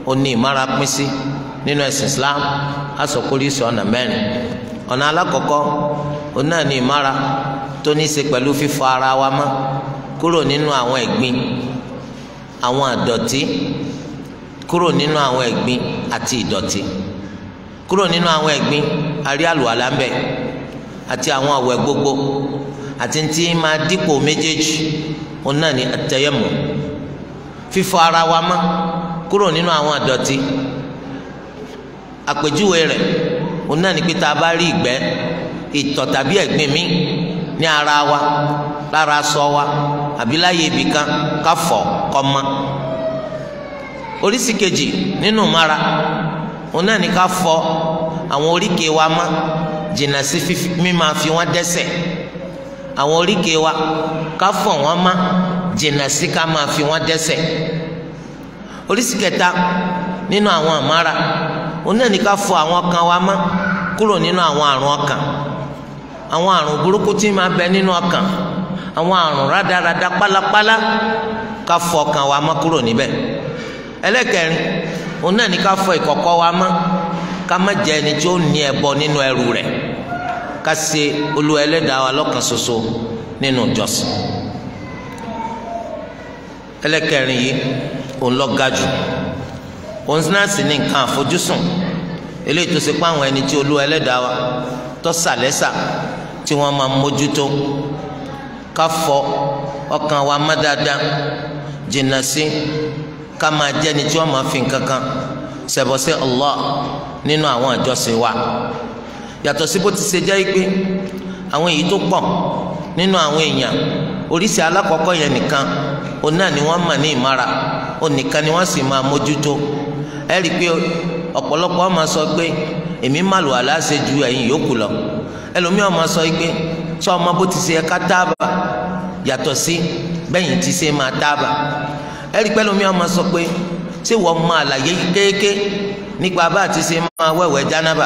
ó ìmára pín sí nínú ẹ̀sìn Islam á sọ pé oríṣi ọ̀nà mẹ́rin ọ̀nà alákọ̀ọ́kọ́ òun náà ní ìmára tó ní í ṣe pẹ̀lú fífọ ara wa mọ́ kúrò nínú àwọn ẹ̀gbin àwọn àdọ̀tí kúrò nínú àwọn ẹ̀gbin àti ìdọ̀tí kúrò nínú àwọn ẹ̀gbin àrí àlùwàlà ń bẹ àti àwọn àwẹ̀ gbogbo àti ntí máa dípò méjèèjì òun náà ni àtẹyẹmọ fífọ ara wa mọ́ kúrò nínú àwọn àdọ̀tí àpèjúwe rẹ̀ òun náà ni pé tá a bá rí ìgbẹ́ ìtọ̀ tàbí ẹ̀gbin mi ní ara wa lára aṣọ wa àbí ibì kan ká fọ̀ mọ́ oríṣi kejì nínú mara òun náà ní ká fọ àwọn oríkèé wa ma jìnnà sí mímá fi wọ́n dẹ́ṣẹ̀ àwọn oríkèé wa ká fọ wọ́n ma jìnnà sí ká máa fi wọ́n dẹ́ṣẹ̀ oríṣi kẹta nínú àwọn àmárà òun náà ní ká fọ àwọn ọkàn wa kúrò nínú àwọn àrùn ọkàn àwọn àrùn burúkú tí bẹ nínú ọkàn àwọn àrùn rádaràda ká fọ wa kúrò òun náà ní ká fọ ìkọ̀kọ̀ wa mọ́ ká má jẹ́ ẹni tí ó ní ẹbọ nínú ẹrù rẹ̀ ká ṣe Olúwa ẹlẹ́dàá wa lọ́kan ṣoṣo nínú ìjọsìn ẹlẹ́kẹrin yìí òun lọ ga jù òun náà sì ní nǹkan àfojúsùn eléyìí tó ṣe pé àwọn ẹni tí Olúwa ẹlẹ́dàá wa tó sàlẹ́sà tí wọ́n máa mójútó ká fọ ọkàn wa má dáadáa jìnnà sí ká máa jẹ́ni tí wọ́n máa fi nǹkan kan ṣẹbọ sí Allah nínú àwọn àjọsìn wa yàtọ̀ sí bó ti ṣe jẹ́ pé àwọn èyí tó pọ̀ nínú àwọn èèyàn oríṣi alákọ̀ọ́kọ́ yẹn nìkan òun náà ni wọ́n mà ní ìmára òun nìkan ni wọ́n sì máa mójútó ẹ rí i pé ọ̀pọ̀lọpọ̀ máa sọ pé èmi má lò aláṣẹ ju ẹ̀yin yòókù lọ ẹlòmíràn máa sọ pé sọ ọmọ bó ti ṣe ẹ̀ka táàbà yàtọ̀ sí bẹ́yìn ti ṣe máa táàbà ẹ̀rí pẹ́lú mi ọmọ sọ pé ṣé wọ́n mọ àlàyé kéèké nípa bá àti ṣe máa wẹ̀wẹ̀ jánábà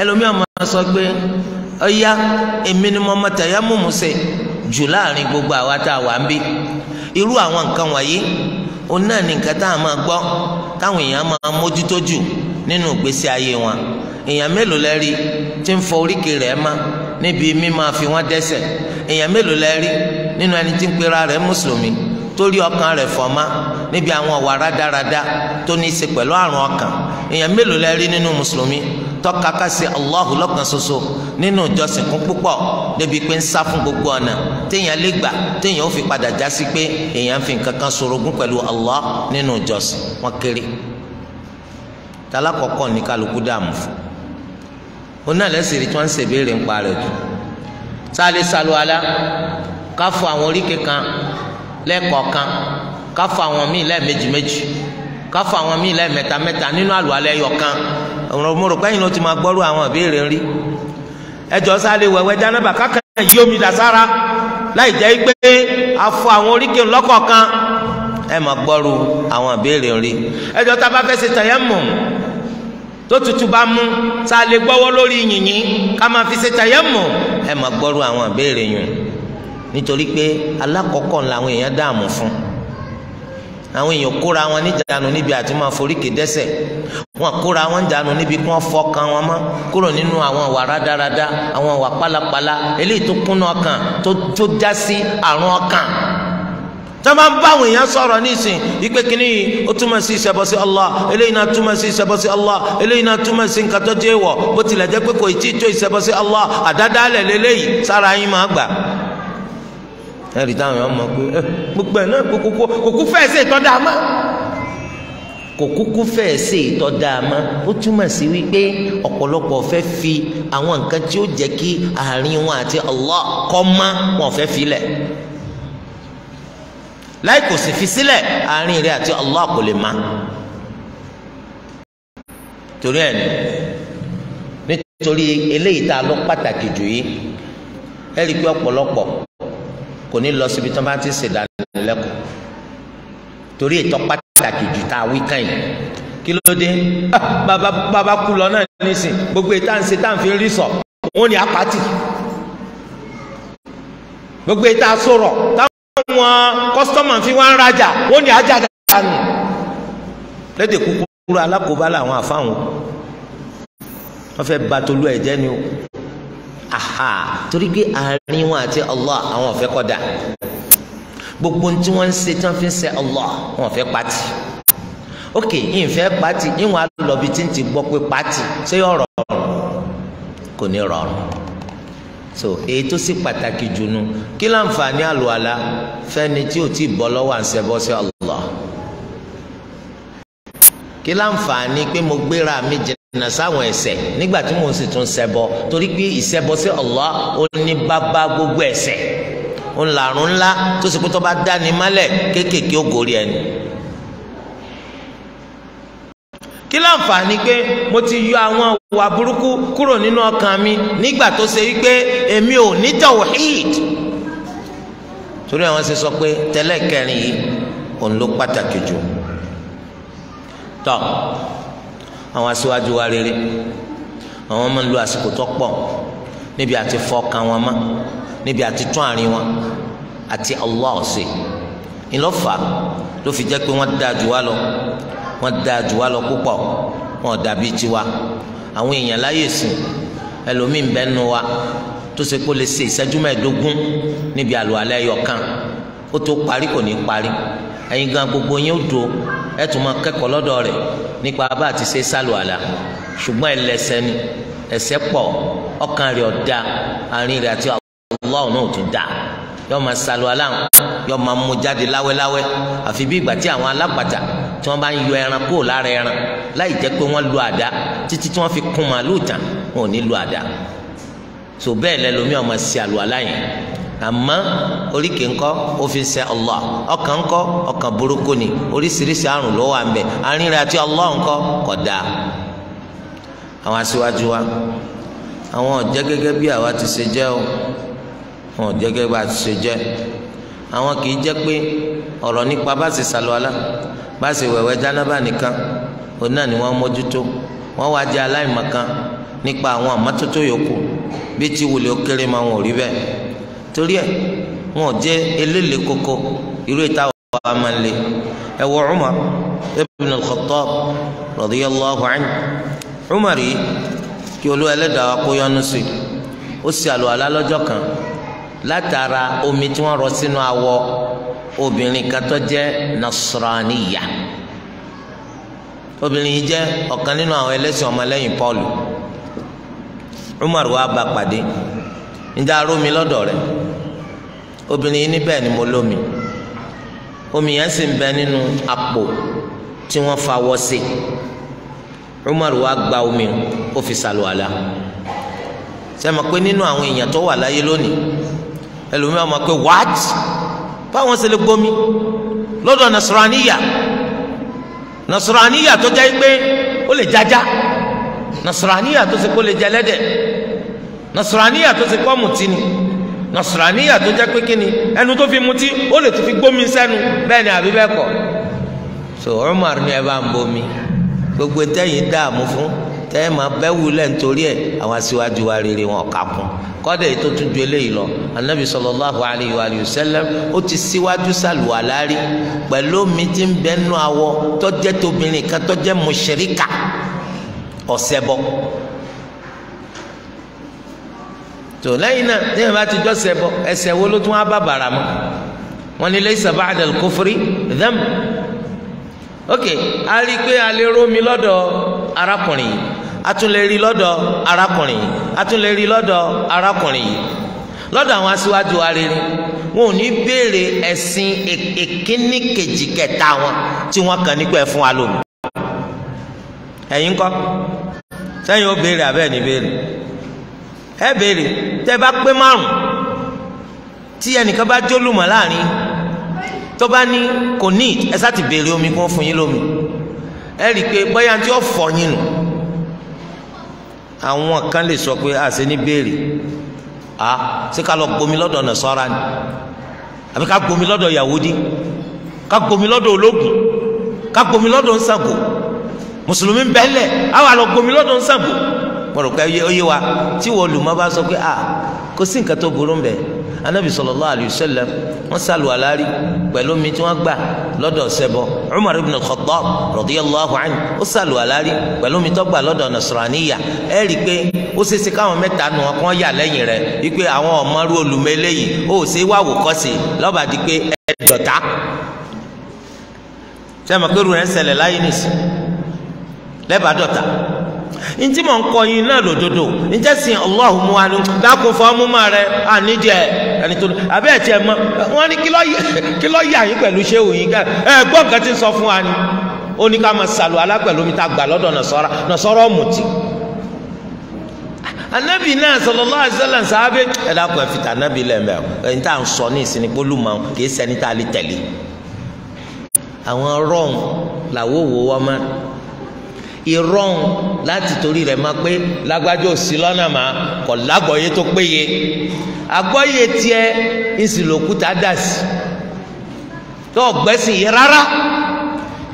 ẹlòmíràn máa sọ pé ọ̀yá èmi ni mo mọ tẹ̀yẹ́mùmù ṣe jù láàrin gbogbo àwa tá a wà ń bí irú àwọn nǹkan wọ̀nyí òun náà ni nǹkan tá a máa gbọ́ táwọn èèyàn máa mójútó jù nínú ìgbésí ayé wọn èèyàn mélòó lẹ rí tí ń fọ oríkèé rẹ̀ mọ́ níbi mímáa fi wọ́n èèyàn mélòó lẹ rí nínú ẹni tí ń pera rẹ̀ mùsùlùmí torí ọkàn rẹ̀ fọ́má níbi àwọn ọ̀wà rádaràda tó ní í ṣe pẹ̀lú àrùn ọkàn èèyàn mélòó lẹ rí nínú mùsùlùmí tọ́ka ká sí Allahu lọ́kàn ṣoṣo nínú ìjọsìn kún púpọ̀ débi pé ń sá fún gbogbo ọ̀nà téèyàn lè gbà téèyàn ó fi padà já sí pé èèyàn fi nǹkan kan sorogún pẹ̀lú Allah nínú ìjọsìn wọn kéré talakọ̀kọ́ ní kálukú dààmú fún un náà lẹ́sìn rí tí wọ́n ń ṣèbéèrè ń parẹ́ jù sáà lè salu ala ká fọ àwọn oríkèé kan lẹ́ẹ̀kọ̀ọ̀kan ká fọ àwọn míì lẹ́ẹ̀mejì méjì ká fọ àwọn míì lẹ́ẹ̀mẹ́ta mẹ́ta nínú àlùwalẹ̀ ẹyọ̀kan mo rò pé ẹ̀yin ló ti máa gbọ́rú àwọn ìbéèrè rí ẹjọ́ sáré wẹ̀wẹ̀ jánábà kákan yí omi dà sára láì jẹ́ pé a fọ àwọn oríkèé lọ́kọ̀ọ̀kan ẹ máa gbọ́rú àwọn ìbéèrè rí ẹjọ́ tá a bá fẹ́ ṣe tayammum tó tutù bá mú tá a lè gbọ́wọ́ lórí yìnyín ká máa fi ṣe tayammum ẹ máa gbọ́rú àwọn ìbéèrè yìí nítorí pé alákọ̀ọ́kọ́ làwọn èèyàn dààmú fún àwọn èèyàn kóra wọn níjànú níbi àti máa foríkè dẹ́ṣẹ̀ wọn kóra wọn jànú níbi kí wọn fọkàn wọn mọ́ kúrò nínú àwọn ìwà rádaràda àwọn ìwà pálapàla eléyìí tó kúnná ọkàn tó tó já sí àrùn ọkàn tó máa ń bá àwọn èèyàn sọ̀rọ̀ nísìn ipe kínní yìí ó túmọ̀ sí ìṣẹ̀bọ̀ sí Allah eléyìí náà túmọ̀ sí ìṣẹ̀bọ̀ sí Allah eléyìí náà túmọ̀ sí nǹkan tó jẹ́ ìwọ̀ bó tilẹ̀ jẹ́ pé kò tí ì tó ìṣẹ̀bọ̀ sí Allah àdádálẹ̀ lélẹ́yìí sára yín máa gbà ẹ̀rí táwọn èèyàn mọ̀ pé eh, gbogbo ẹ̀ náà kòkó fẹ́ ṣe ìtọ́dá mọ́ kòkúkú fẹ́ ṣe ìtọ́dá mọ́ ó túmọ̀ sí wípé ọ̀pọ̀lọpọ̀ fẹ́ fi àwọn nǹkan tí ó jẹ́ kí àárín wọn àti Allah kọ́ mọ́ wọn fẹ́ filẹ̀ láì kò sì fi sílẹ̀ àárín rẹ̀ àti Allah kò lè má torí ẹ̀ nítorí eléyìí tá a lọ pàtàkì jù yìí ẹ̀ rí i pé ọ̀pọ̀lọpọ̀ kò ní lọ síbi tó bá ti ṣèdánilẹ́kọ̀ọ́ torí ètò pàtàkì jù tá a wí kàn yìí kí ló dé ah, bàbá bàbá kú lọ náà nísìn gbogbo ètò à ń ṣe tá à ń fi rí sọ wọn ni apáti gbogbo ètò àsọ̀rọ̀ táwọn kọ́sítọ́mà fi wá rajà wọn ni ajá dànù lédè kúkúrú alákòóbá làwọn àfáwọn wọn fẹ́ bà tolú ni o aha torí pé àárín wọn àti Allah àwọn ò fẹ́ kódà gbogbo tí wọ́n ń ṣe tí wọ́n fi ń ṣe Allah wọn ò fẹ́ pati ok ìfẹ́ pati ìwọn alọbi tí ń ti gbọ́ pé pati ṣé yọ rọrùn kò ní rọrùn so èyí tó sì pàtàkì jùnú kí láǹfààní àlùwàlá fẹ́ni tí ò tí ì bọ́ lọ́wọ́ à ń ṣẹbọ sí Allah kí láǹfààní pé mo gbéra mi jìnnà sáwọn ẹ̀ṣẹ̀ nígbà tí mò ń sì tún ṣẹbọ torí pé ìṣẹbọ sí Allah ó ní bàbá gbogbo ẹ̀ṣẹ̀ ń làrún ńlá tó sì pé tó bá dání mọ́lẹ̀ kéékèèké ó gorí ẹni. kí láǹfààní pé mo ti yọ àwọn ìwà burúkú kúrò nínú ọkàn mi nígbà tó ṣe wípé èmi ò ní tawhid torí àwọn ṣe sọ pé tẹ́lẹ̀ kẹrin yìí òun ló pàtàkì jù tọ àwọn aṣíwájú wa rere àwọn máa ń lo àsìkò tó pọ̀ níbi àti fọkàn wọn mọ́ níbi àti tún àárín wọn àti Allah ṣe ìlọ́fà ló fi jẹ́ pé wọ́n dáa jù wá lọ wọ́n dáa jù wá lọ púpọ̀ wọn ò dàbí tiwa àwọn èèyàn láyè sìn ẹlòmíín bẹ́ẹ̀ nu wa tó ṣe kó lè ṣe ìṣẹ́jú mẹ́ẹ̀ẹ́dógún níbi àlùalẹ́ ẹyọ kan ó tó parí kò ní parí ẹ̀yin gan gbogbo yín ó do ẹ tún máa kẹ́kọ̀ọ́ lọ́dọ̀ rẹ̀ nípa bá a ti ṣe sálùwàlà ṣùgbọ́n ẹlẹ́ṣẹ̀ ni ẹ̀ṣẹ̀ pọ̀ ọkàn rẹ̀ ọ̀dà àárín rẹ̀ àti Allah náà tún dà yóò máa sálùwàlà yóò máa mú jáde láwẹ́láwẹ́ àfi bí ìgbà tí àwọn alápàtà tí wọ́n bá ń yọ ẹran kúrò lára ẹran láì jẹ́ pé wọ́n lu àdá títí tí wọ́n fi kún màálù tán wọn ò ní lu àdá so bẹ́ẹ̀ lẹ́lòmíọ̀ máa ṣe àlùwàlà yẹn àmọ́ oríkè ńkọ́ ó fi ṣe Allah ọkàn ńkọ́ ọkàn burúkú ni oríṣiríṣi àrùn ló wà ńbẹ̀ arìnrìn àti Allah ńkọ́ kò dáa àwọn aṣíwájú wa àwọn ọ̀jẹ́ gẹ́gẹ́ bí àwa ti ṣe jẹ́ o àwọn ọ̀jẹ́ gẹ́gẹ́ bá ti ṣe jẹ́ àwọn kì í jẹ́ pé ọ̀rọ̀ nípa bá ṣe ṣàlùwàlá bá ṣe wẹ̀wẹ̀ jánábà nìkan òun náà ni wọ́n mójútó wọ́n wá jẹ́ aláìmọ̀kan nípa àwọn àmọ́tótó yòókù bí ti wùlé ó kéré máa wọn ò rí bẹ́ẹ̀ torí ẹ wọn ò jẹ eléle koko irú ìta wà á máa le ẹ wọ Umar ibn al-Khattab radiyallahu anhu Umar yìí kí olú ẹlẹ́dàá kó yọ́nú sí ó sì àlùwàlá lọ́jọ́ kan látara omi tí wọ́n rọ sínú awọ obìnrin kan tó jẹ́ obìnrin yìí jẹ́ ọ̀kan nínú àwọn ẹlẹ́sìn ọmọlẹ́yìn Paul Umar wá bá pàdé ǹjẹ́ arómi lọ́dọ̀ rẹ̀ obìnrin yìí níbẹ̀ ni mo lómi omi yẹn sì ń bẹ nínú àpò tí wọ́n fa wọ́ sí Umar wa gba omi ó fi ṣàlùwàlà sẹ́mi pé nínú àwọn èèyàn tó wà láyé lónìí ẹlòmíràn máa pé what báwọn ṣe lè gbomi lọ́dọ̀ nasaraniya nasaraniya tó jẹ́ pé ó lè jájá nasaraniya tó ṣe pé lè jẹ lẹ́dẹ̀ẹ́ nasaraniya tó ti kọ́ mutí ni nasaraniya tó jẹ́ pé kíni ẹnu tó fi mutí ó lè tó fi gbómi sẹ́nu bẹ́ẹ̀ ni àbí bẹ́ẹ̀ kọ́ so Umar ni ẹ bá ń bomi gbogbo tẹ́yìn dààmú fún tẹ́yìn máa bẹ́ wulẹ̀ nítorí ẹ̀ àwọn aṣíwájú wa rere wọn kà kún kọ́dà yìí tó tún ju eléyìí lọ anabi sallallahu alayhi wa sallam ó ti síwájú sàlùwàlárí pẹ̀lú omi tí ń bẹ́ẹ̀ nú awọ tọ́jẹ́ tóbìnrin kan tọ́jẹ́ mùṣírikà ọ̀sẹ̀ bọ́ tó lẹ́yìn náà lẹ́yìn bá ti jọ́sẹ̀ bọ ẹsẹ̀ wo ló tún wá bá bàrà mọ́ wọn ni laysa ba'da al-kufri dhanb ok a rí i pé a lè rómi lọ́dọ̀ arákùnrin yìí a tún lè rí i lọ́dọ̀ arákùnrin yìí a tún lè rí i lọ́dọ̀ arákùnrin yìí lọ́dọ̀ àwọn aṣíwájú wa rere wọn ò ní béèrè ẹ̀sìn ìkíní kejì kẹta wọn tí wọ́n kàn nípa fún wa lómi ẹ̀yin kọ́ sẹ́yìn ó béèrè àbẹ́ẹ̀ ní béèrè ẹ béèrè tẹ bá pé márùn tí ẹnìkan bá jólùmọ̀ láàrin tó bá ní kò ní ẹ sá ti béèrè omi kún fún yín lómi ẹ rí i pé bóyá tí ó fọ yín nù àwọn kan lè sọ pé àṣẹ ní béèrè a ṣé ká lọ gbomi lọ́dọ̀ nàṣọ́ra ni àbí ká gbomi lọ́dọ̀ Yahudi ká gbomi lọ́dọ̀ ológun ká gbomi lọ́dọ̀ nsàgò mùsùlùmí bẹ́lẹ̀ àwa lọ gbomi lọ́dọ̀ nsàgò mo rò pé ó yé wa tí wọ́n olùmọ̀ bá sọ pé a kò sí nǹkan tó burú mbẹ̀ anabi sallallahu alayhi wa sallam wọn sálù alárí pẹ̀lú omi tí wọ́n gbà lọ́dọ̀ ṣẹbọ umar ibn al-khattab radiyallahu anhu ó sálù alárí pẹ̀lú omi tó gbà lọ́dọ̀ nasraniya ẹ rí i pé ó ṣeéṣe káwọn mẹ́ta nù wọn kàn yà lẹ́yìn rẹ̀ wípé àwọn ọmọrú olùmọ̀ eléyìí ó ṣe wá wòkọ́sì lọ́ba di pé ẹ dọ̀tá sẹ́mi pé rú rẹ̀ ń ṣẹlẹ̀ láyé nìsín lẹ́bàá dọ̀tá ntí mò ń kọ yín náà lòdodo njẹ́ sìn ọlọ́hùn mu àánú dákun fọ́ mú ma rẹ àníjẹ ẹni tó abẹ́ ẹ̀ tiẹ̀ mọ́ wọ́n ní kí lọ́ọ́ yà yín pẹ̀lú ṣéwù yín ká ẹ gbọ́ nǹkan tí ń sọ fún wa ni ó ní ká máa sàlù alápẹ̀lú mi ta gbà lọ́dọ̀ nàṣọ́rọ́ nàṣọ́rọ́ mùtì anabi náà sallallahu alaihi wasallam sàábé ẹ dákun ẹ fi tà anabi lẹ́mẹ̀ ẹ ní tá à ń sọ ní ìsinmi gbólùmọ̀ kì í ṣẹni tá a lè tẹ̀lé àwọn rọ́ọ̀n làwọ̀ wò wọ́n máa ìrọ̀hún láti torí rẹ̀ máa pé lágbájọ́ òsì lọ́nà mà kọ̀ lágbọ̀ọ́yé tó péye àgbọ́yé tiẹ̀ ìsìlòkúta dà sí tó ọ̀gbẹ́sìn yìí rárá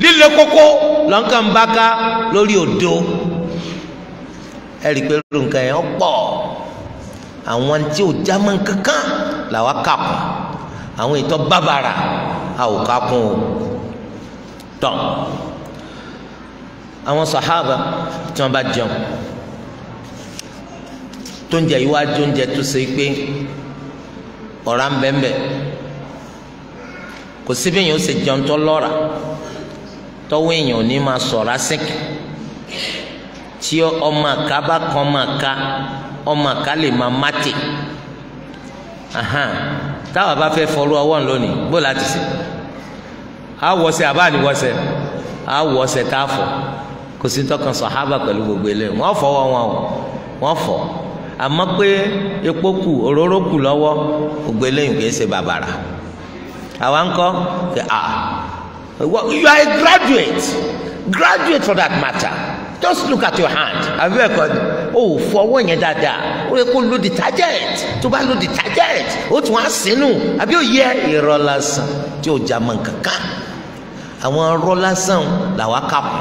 líle kókó lọ́nkànbáká lórí òdo ẹ̀rí pé lórí nǹkan yẹn ọ̀pọ̀ àwọn tí ò já mọ́ kankan làwa kàkùn àwọn ìtọ́ bàbàrà a ò kàkùn tán àwọn sàhábà tí wọ́n bá jẹun tó ń jẹ iwájú oúnjẹ tó ṣe pé ọ̀rá ń bẹ́ẹ̀ bẹ́ẹ̀ kò síbi èèyàn ó ṣe jẹun tó lọ́ra tọ́wọ́ èèyàn ò ní máa sọ̀rá sínkì tí ọmọ àká bá kan ọmọ àká ọmọ àká lè máa mátì táwa bá fẹ́ fọrú ọwọ́ lónìí bó láti ṣe àwọ̀sẹ̀ àbáàníwọ̀sẹ̀ àwọ̀sẹ̀ tá a fọ̀ kò sí tọkàn sàhábà pẹ̀lú gbogbo ilé wọn fọwọ́ wọn o wọn fọ àmọ́ pé epo kù òróró kù lọ́wọ́ gbogbo ilé yìí kì í ṣe bàbàrà àwa ń kọ́ kí a you are a graduate graduate for that matter just look at your hand àbí ẹ̀kọ́ ni o ò fọwọ́ yẹn dáadáa o yẹ kó lo detergent tó bá lo detergent o tún á sínú àbí o yẹ irọ́ lásán tí o jà mọ́ nǹkan àwọn irọ́ lásán kà kù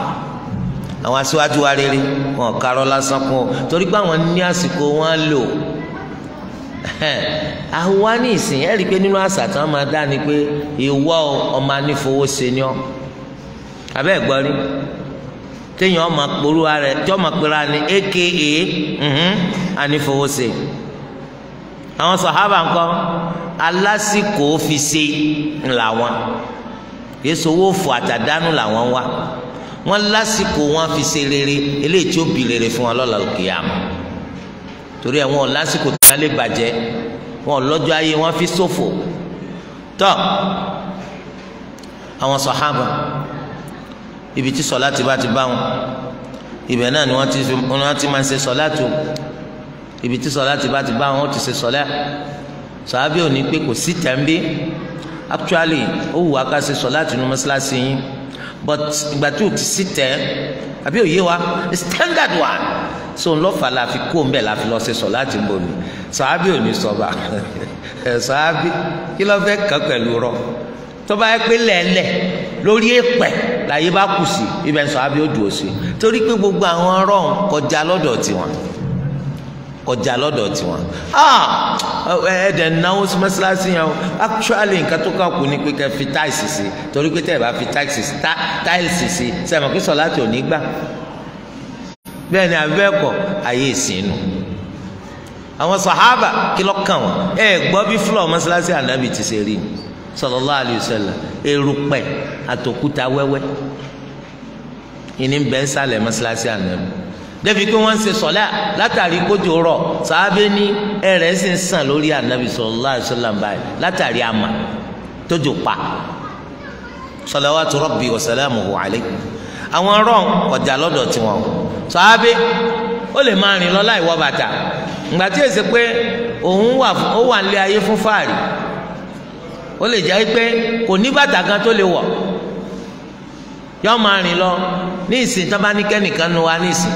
àwọn aṣíwájú wa rere wọn karọ́ lásán kún o torí pé àwọn ní àsìkò wọn lò àwa ní ìsìn ẹ rí i pé nínú àṣà tí wọn máa dá ni pé ìwọ ọmọ anífowóṣe ni ọ abẹ́ ẹ̀gbọ́n rí téèyàn ọmọ akpọ̀rọ̀ rẹ tí ọmọ akpọ̀rọ̀ ni aka mhm, anífowóṣe àwọn sọ̀hábà ńkọ́ alásìkò fi ṣe ńlá wọn yéṣu owó fò àtàdánù làwọn wá wọn lásìkò wọn fi ṣe rere eléyìí tí ó bi rere fún wọn lọ́la kìyàmù torí ẹ̀ wọn lásìkò tí wọn lè bàjẹ́ wọn lọ́jọ́ ayé wọn fi ṣòfò tọ́ àwọn sàhábà ibi tí sọláàtì bá ti bá wọn ibẹ̀ náà ni wọ́n ti fi wọ́n ti máa ń ṣe sọláàtì o ibi tí sọláàtì bá ti bá wọn ó ti ṣe sọláà sàábì ò ní pé kò sí tẹ̀m̀bí actually ó wù wá ká ṣe sọláàtì ní mọ́ṣáláṣí yín but ìgbà tí o ti sí tẹ àbí òye wa the standard one so ń lọ́fà la fi kó mbẹ́ la fi lọ́ọ́ ṣe sọ láti ń bomi sàábì ò ní sọba sàábì kí ló fẹ́ kàn pẹ̀lú rọ tọ́ba yẹ pé lẹ́lẹ̀ lórí èpẹ̀ láyé bá kù sí ibẹ̀ sàábì ó dùn ó sí torí pé gbogbo àwọn ọ̀rọ̀ kọjá lọ́dọ̀ tiwọn kọjá lọ́dọ̀ tiwọn ah, ẹ̀ẹ́dẹ̀ náwó sí mọ́ṣáláṣí yẹn o actually nǹkan tó kà kú ni pé kẹ́ fi táìsì sí torí pé tẹ́ẹ̀ bá fi táìsì sí táìsì sí sẹ́mi kí sọ̀lá tí ò ní gbà bẹ́ẹ̀ ni abẹ́ẹ̀kọ́ ayé ìsìnú àwọn sàhábà kí ló kàn wọ́n ẹ̀ gbọ́ bí fúlọ̀ mọ́ṣáláṣí ànábì ti ṣe rí sallallahu alaihi wasallam erùpẹ̀ àtòkúta wẹ́wẹ́ ìní bẹ́ẹ̀ sálẹ̀ mọ́ṣáláṣí ànábì débi pé wọ́n ń ṣe sọ́lá látàrí kójú rọ̀ sàábé ní ẹ̀rẹ̀ sì ń sàn lórí ànábì sallallahu alaihi wasallam báyìí látàrí àmà tójú pa salawatu rabbi wa salamuhu alayhi àwọn rọ̀n ọ̀jà lọ́dọ̀ tiwọn sàábé ó lè máa rìn lọ láì wọ bàtà ìgbà tí èsì pé òun ó wà nílé ayé fún fáàrí ó lè jẹ́ pé kò ní bàtà kan tó lè wọ̀ yọ máa rìn lọ ní ìsìn tó bá ní kẹ́nìkan nu wa ní ìsìn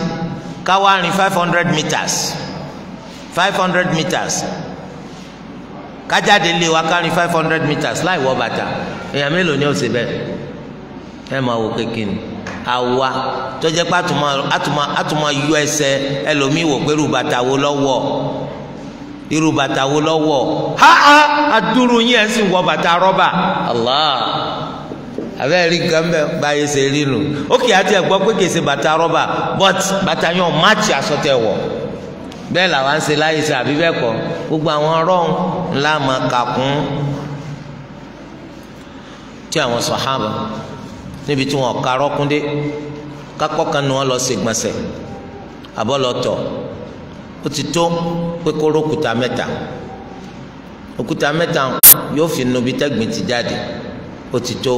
káwá rìn five hundred meters five hundred meters kájáde lé wa kárin five hundred meters láì wọ bàtà èèyàn mélòó ni ó ṣe bẹ́ẹ̀ ẹ máa wò kékeré àwa tó jẹ́ pé àtùmọ̀ àtùmọ̀ àtùmọ̀ yọ ẹsẹ̀ ẹlòmíì wò pé irú wo lọ́wọ́ irú bàtà wo lọ́wọ́ ha ha adúrú yín ẹ̀ sì wọ bàtà rọ́bà Allah abẹ́ rí nǹkan bẹ́ẹ̀ báyìí ṣe rí nù ó kì í àti ẹ̀gbọ́ pé kì í ṣe bàtà rọ́bà but bàtà yàn máàcì aṣọ tẹ̀ wọ̀ bẹ́ẹ̀ làwa ń ṣe láyé ṣe àbí bẹ́ẹ̀ kọ́ gbogbo àwọn rọ́ọ̀n ńlá máa kà kún tí àwọn sàhábà níbi tí wọn kà rọ́kúndé kápọ́ kan ni wọ́n lọ ṣe gbọ̀nsẹ̀ àbọ̀ ó ti tó pé kó rókúta mẹ́ta òkúta mẹ́ta yóò fi nu bí tẹ́gbìn ti jáde ó ti tó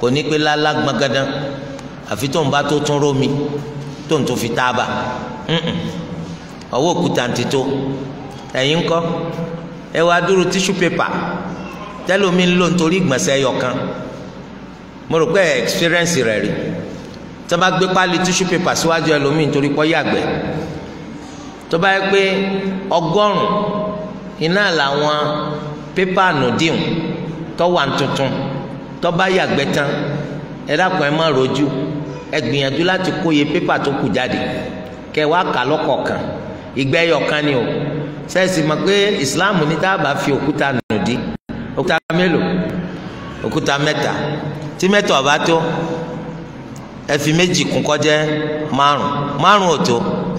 kò ní pé lálá gbọ̀ngàdàn àfi tóun bá tó tún rómi tóun tó fi tábà ọwọ́ òkúta ti tó ẹ̀yin ńkọ́ ẹ wá dúró tíṣù pépà tẹ́lómi ń lò nítorí ìgbọ̀nsẹ̀ yọkan mo rò pé experience rẹ̀ rí tó bá gbé pálí tíṣù pépà síwájú ẹlòmíì nítorí pọ́ yàgbẹ́ tó yẹ pé ọgọ́rùn-ún iná làwọn pépà nù díùn tó tuntun tó bá yàgbẹ́ tán ẹ dákun ẹ má rojú ẹ gbìyànjú láti kó iye pépà tó kù jáde kẹ wá kà lọ́kọ̀ọ̀kan ìgbẹ́ ẹyọ̀kan ni o sẹ́ẹ̀sì mọ̀ pé ìsìláàmù ní tá a bá fi òkúta nù dí òkúta mélòó òkúta mẹ́ta tí mẹ́ta ò tó ẹ fi méjì kún kó márùn márùn ò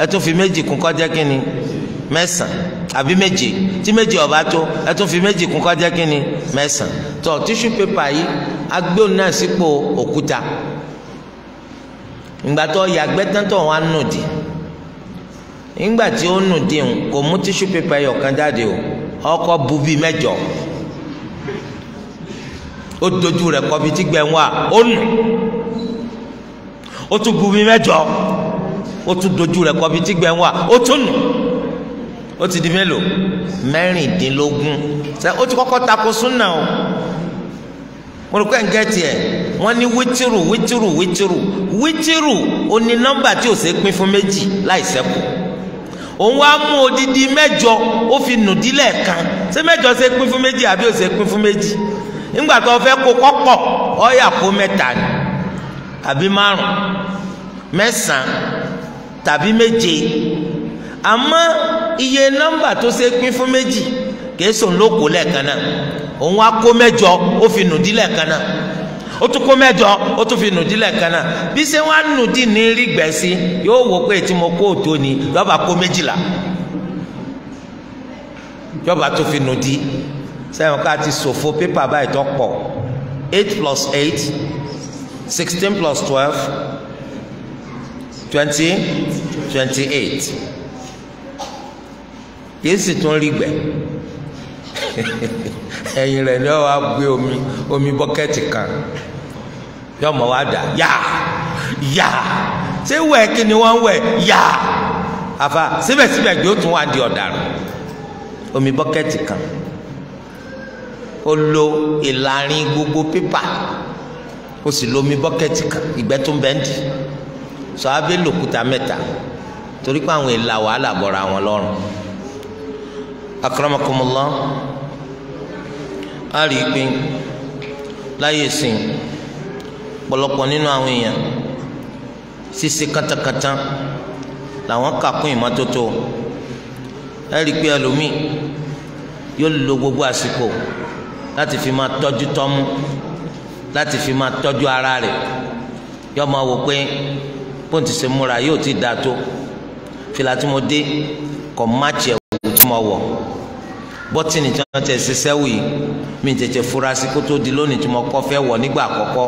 ẹ tún fi méjì kún kó kínni mẹ́sàn àbí méje tí méje ọba tó ẹ tún fi méje kún kọjá kínní mẹ́sàn tó tíṣù pépà yìí agbóhùn náà sípò òkúta ìgbà tó yàgbẹ́ tán tó wọn á nù dì ìgbà tí ó nù dì kò mú tíṣù pépà yìí ọ̀kan jáde o ọkọ bu bíi mẹ́jọ ó dojú rẹ̀ kọbi tí gbẹ wá ó nù ó tún bu bíi mẹ́jọ ó tún dojú rẹ̀ kọbi tí gbẹ wá ó tún nù. ó ti di mélòó mẹ́rìndínlógún ṣe ó ti kọ́kọ́ tako súnà o mo rò pé ń gẹ́tì ẹ̀ wọ́n ní wítírù wítírù wítírù wítírù ó ní nọ́mbà tí ò ṣe pín fún méjì láì ṣẹ́kù òun wá mú odidi mẹ́jọ ó fi nùdílẹ̀ kan ṣé mẹ́jọ ṣe pín fún méjì àbí ò ṣe pín fún méjì nígbà tó fẹ́ kó kọ́pọ̀ ó yá kó mẹ́ta àbí márùn mẹ́sàn tàbí méje àmọ́ iye nọ́mbà tó ṣe pín fún méjì kèésùn ló kó lẹ́ẹ̀kan náà òun á kó mẹ́jọ ó fi nùdí lẹ́ẹ̀kan náà ó tún kó mẹ́jọ ó tún fi nùdí lẹ́ẹ̀kan náà bí ṣé wọn á nùdí ní rí gbẹ̀sí yóò wò pé tí mo kó òtó ni yọba kó méjìlá yọba tó fi nùdí sẹ́yìn ká ti ṣòfò pépà báyìí tó pọ̀ eight plus eight sixteen plus twelve twenty twenty eight kìí sì tún rí gbẹ ẹ̀yìn rẹ̀ ni wọ́n á gbé omi omi bọ́kẹ́tì kan yọ ọmọ wa dà yá yá ṣé wẹ̀ kí ni wọ́n wẹ̀ ya, àfa síbẹ̀síbẹ̀ gbé ó tún wá di ọ̀daràn omi bọ́kẹ́tì kan ó lo ìlàrin gbogbo pépà ó sì lo omi bọ́kẹ́tì kan ìgbẹ́ tó ń bẹ́ ń sọ abẹ́ lòkúta mẹ́ta torí pé àwọn ìlà wàhálà bọ̀ra wọn lọ́rùn akramakumullah a rí i pé láyé sìn pọ̀lọpọ̀ nínú àwọn èèyàn ṣíṣe kátàkátà làwọn kà kún ìmọ́tótó ẹ rí i pé ẹlòmíì yóò lo gbogbo àsìkò láti fi máa tọ́jú tọ́mú láti fi máa tọ́jú ara rẹ̀ yóò máa wò pé bó ti ṣe múra yóò ti dáa tó fìlà tí mo dé kò má tiẹ̀ wù tí mo wọ̀ bọ́tìnì tí wọ́n tẹ̀ ṣiṣẹ́ wì í mi tètè fura sí kó tó di lónìí tí mo kọ́ fẹ́ wọ̀ nígbà àkọ́kọ́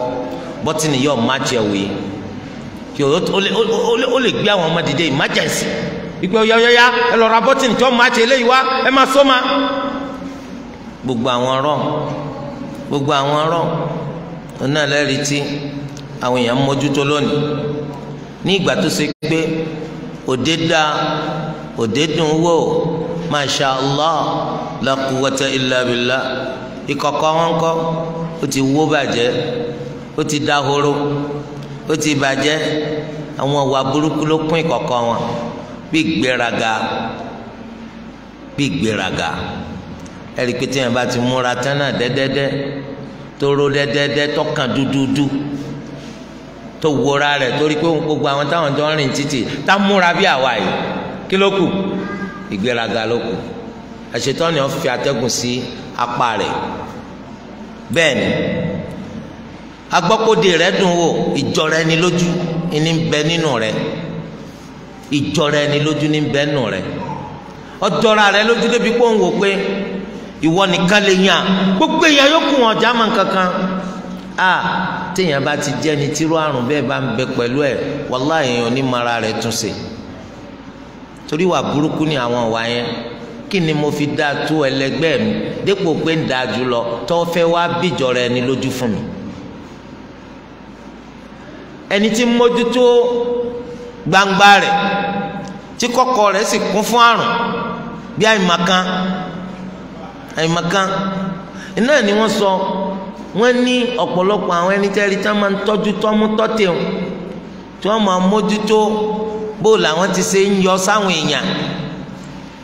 bọ́tìnì yóò má tiẹ̀ wì í kí o lè gbé àwọn ọmọ dìde emergency ìpè ọ̀yọ́yọ́yá ẹ lọ ra bọ́tìnì tí wọ́n má tiẹ̀ léyìí wá ẹ má sọ́ ma. gbogbo àwọn ọ̀rọ̀ gbogbo àwọn ọ̀rọ̀ ọ̀nà lẹ́rìí tí àwọn èèyàn mójútó lónìí ní ìgbà tó ṣe pé òde dá òde dùn wò masha allah la quwwata illa billah ìkọ̀kọ̀ wọn kọ́ ó ti wó bàjẹ́ ó ti dahoro ó ti bàjẹ́ àwọn ìwà burúkú ló kún ìkọ̀kọ̀ wọn bí gbéraga bí gbéraga ẹ̀rí pé tí yẹn bá ti múra tán náà dẹ́dẹ́dẹ́ tó ro dẹ́dẹ́dẹ́ tó kàn dúdúdú tó wora rẹ̀ torí pé gbogbo àwọn táwọn jọ ń rìn títì tá múra bí àwa yìí kí ló kù ìgbéraga ló kù àṣetọ́ni ó fi atẹ́gùn sí apá rẹ̀ bẹ́ẹ̀ ni agbọ́kòde rẹ̀ dùn wò ìjọra ẹni lójú ní bẹ nínú rẹ̀ ìjọra ẹni lójú ní bẹ nínú rẹ̀ ọjọra rẹ̀ lójú débi kó ń wò pé ìwọ nìkan lè yàn gbogbo èèyàn yóò kún ọjà mọ kankan a téèyàn bá ti jẹ́ ni tírú àrùn bẹ́ẹ̀ bá ń bẹ pẹ̀lú ẹ̀ wàláhì èèyàn ní mara rẹ̀ tún ṣe torí wà burúkú ni àwọn wà yẹn kí ni mo fi dáa tó ẹlẹgbẹ́ mi dépò pé ń dáa jù lọ tó fẹ́ wá bìjọ rẹ ni lójú fún mi ẹni tí mójútó gbangba rẹ tí kọ̀kọ̀ rẹ sì kún fún àrùn bí àìmọ̀kan àìmọ̀kan iná ni wọ́n sọ wọ́n ní ọ̀pọ̀lọpọ̀ àwọn ẹni tẹ́rí tí wọ́n máa ń tọ́jú tọ́mú tọ́tẹ̀ tí wọ́n máa mójútó bó làwọn ti ṣe ń yọ sáwọn èèyàn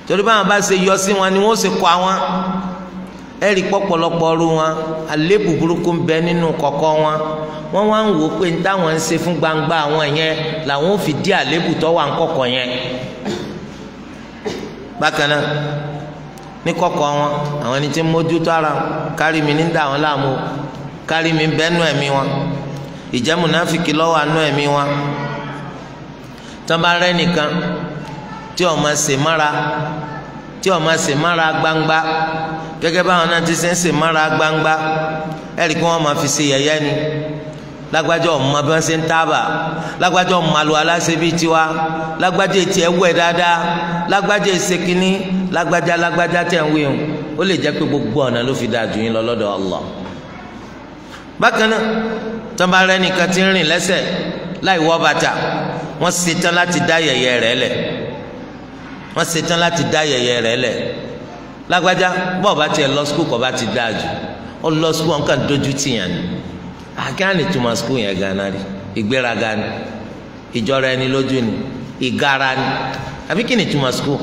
torí báwọn bá ṣe yọ sí wọn ni wọn ó sì kọ àwọn ẹ̀rí pọ̀pọ̀lọpọ̀ ọrú wọn àlébù burúkú ń bẹ nínú kọ̀kọ́ wọn wọ́n wá ń wò ó pé ní táwọn ń ṣe fún gbangba àwọn yẹn làwọn ò fi dí àlébù tó wà ń kọ̀kọ̀ yẹn bákan náà ní kọ̀kọ̀ wọn àwọn ẹni tí ń mójútó ara kárí mi ní dà wọn láàmú kárí mi bẹ́ẹ̀ nú ẹ̀mí wọn ìjẹ́ lọ́wọ́ àánú ẹ̀mí wọn tọ́ba rẹ nìkan tí ọmọ ṣe mára tí ọmọ ṣe mára gbangba gẹ́gẹ́ báwọn náà ti ṣe ń ṣe mára gbangba ẹ̀rí kí wọ́n máa fi ṣe yẹ̀yẹ́ ni lágbájá ọmọ bí wọ́n ṣe ń tábà lágbájá ọmọ àlọ́ aláṣẹ bíi tiwa lágbájá etí ẹ̀ wẹ̀ dáadáa lágbájá ìṣèkínní lágbájá lágbájá tẹ̀ ń wíwọ̀n ó lè jẹ́ pé gbogbo ọ̀nà ló fi dáa jù yín lọ lọ́dọ̀ Allah bákan náà tọ́ba rẹ nìkan ti ń rìn lẹ́sẹ̀ láì wọ bàtà wọ́n ṣetán láti dá yẹ̀yẹ́ rẹ̀ lẹ̀ wọ́n ṣetán láti dá yẹ̀yẹ́ rẹ̀ lẹ̀ lágbájá bọ́ọ̀ bá tiẹ̀ lọ skul kọ́ bá ti dáa jù ó lọ skul ọ̀nkà dojú tìyàn ni àgáàní tó máa skul yẹn gánà rí ìgbéraga ni ìjọra ẹni lójú ni ìgara ni àbí kí ni tó máa skul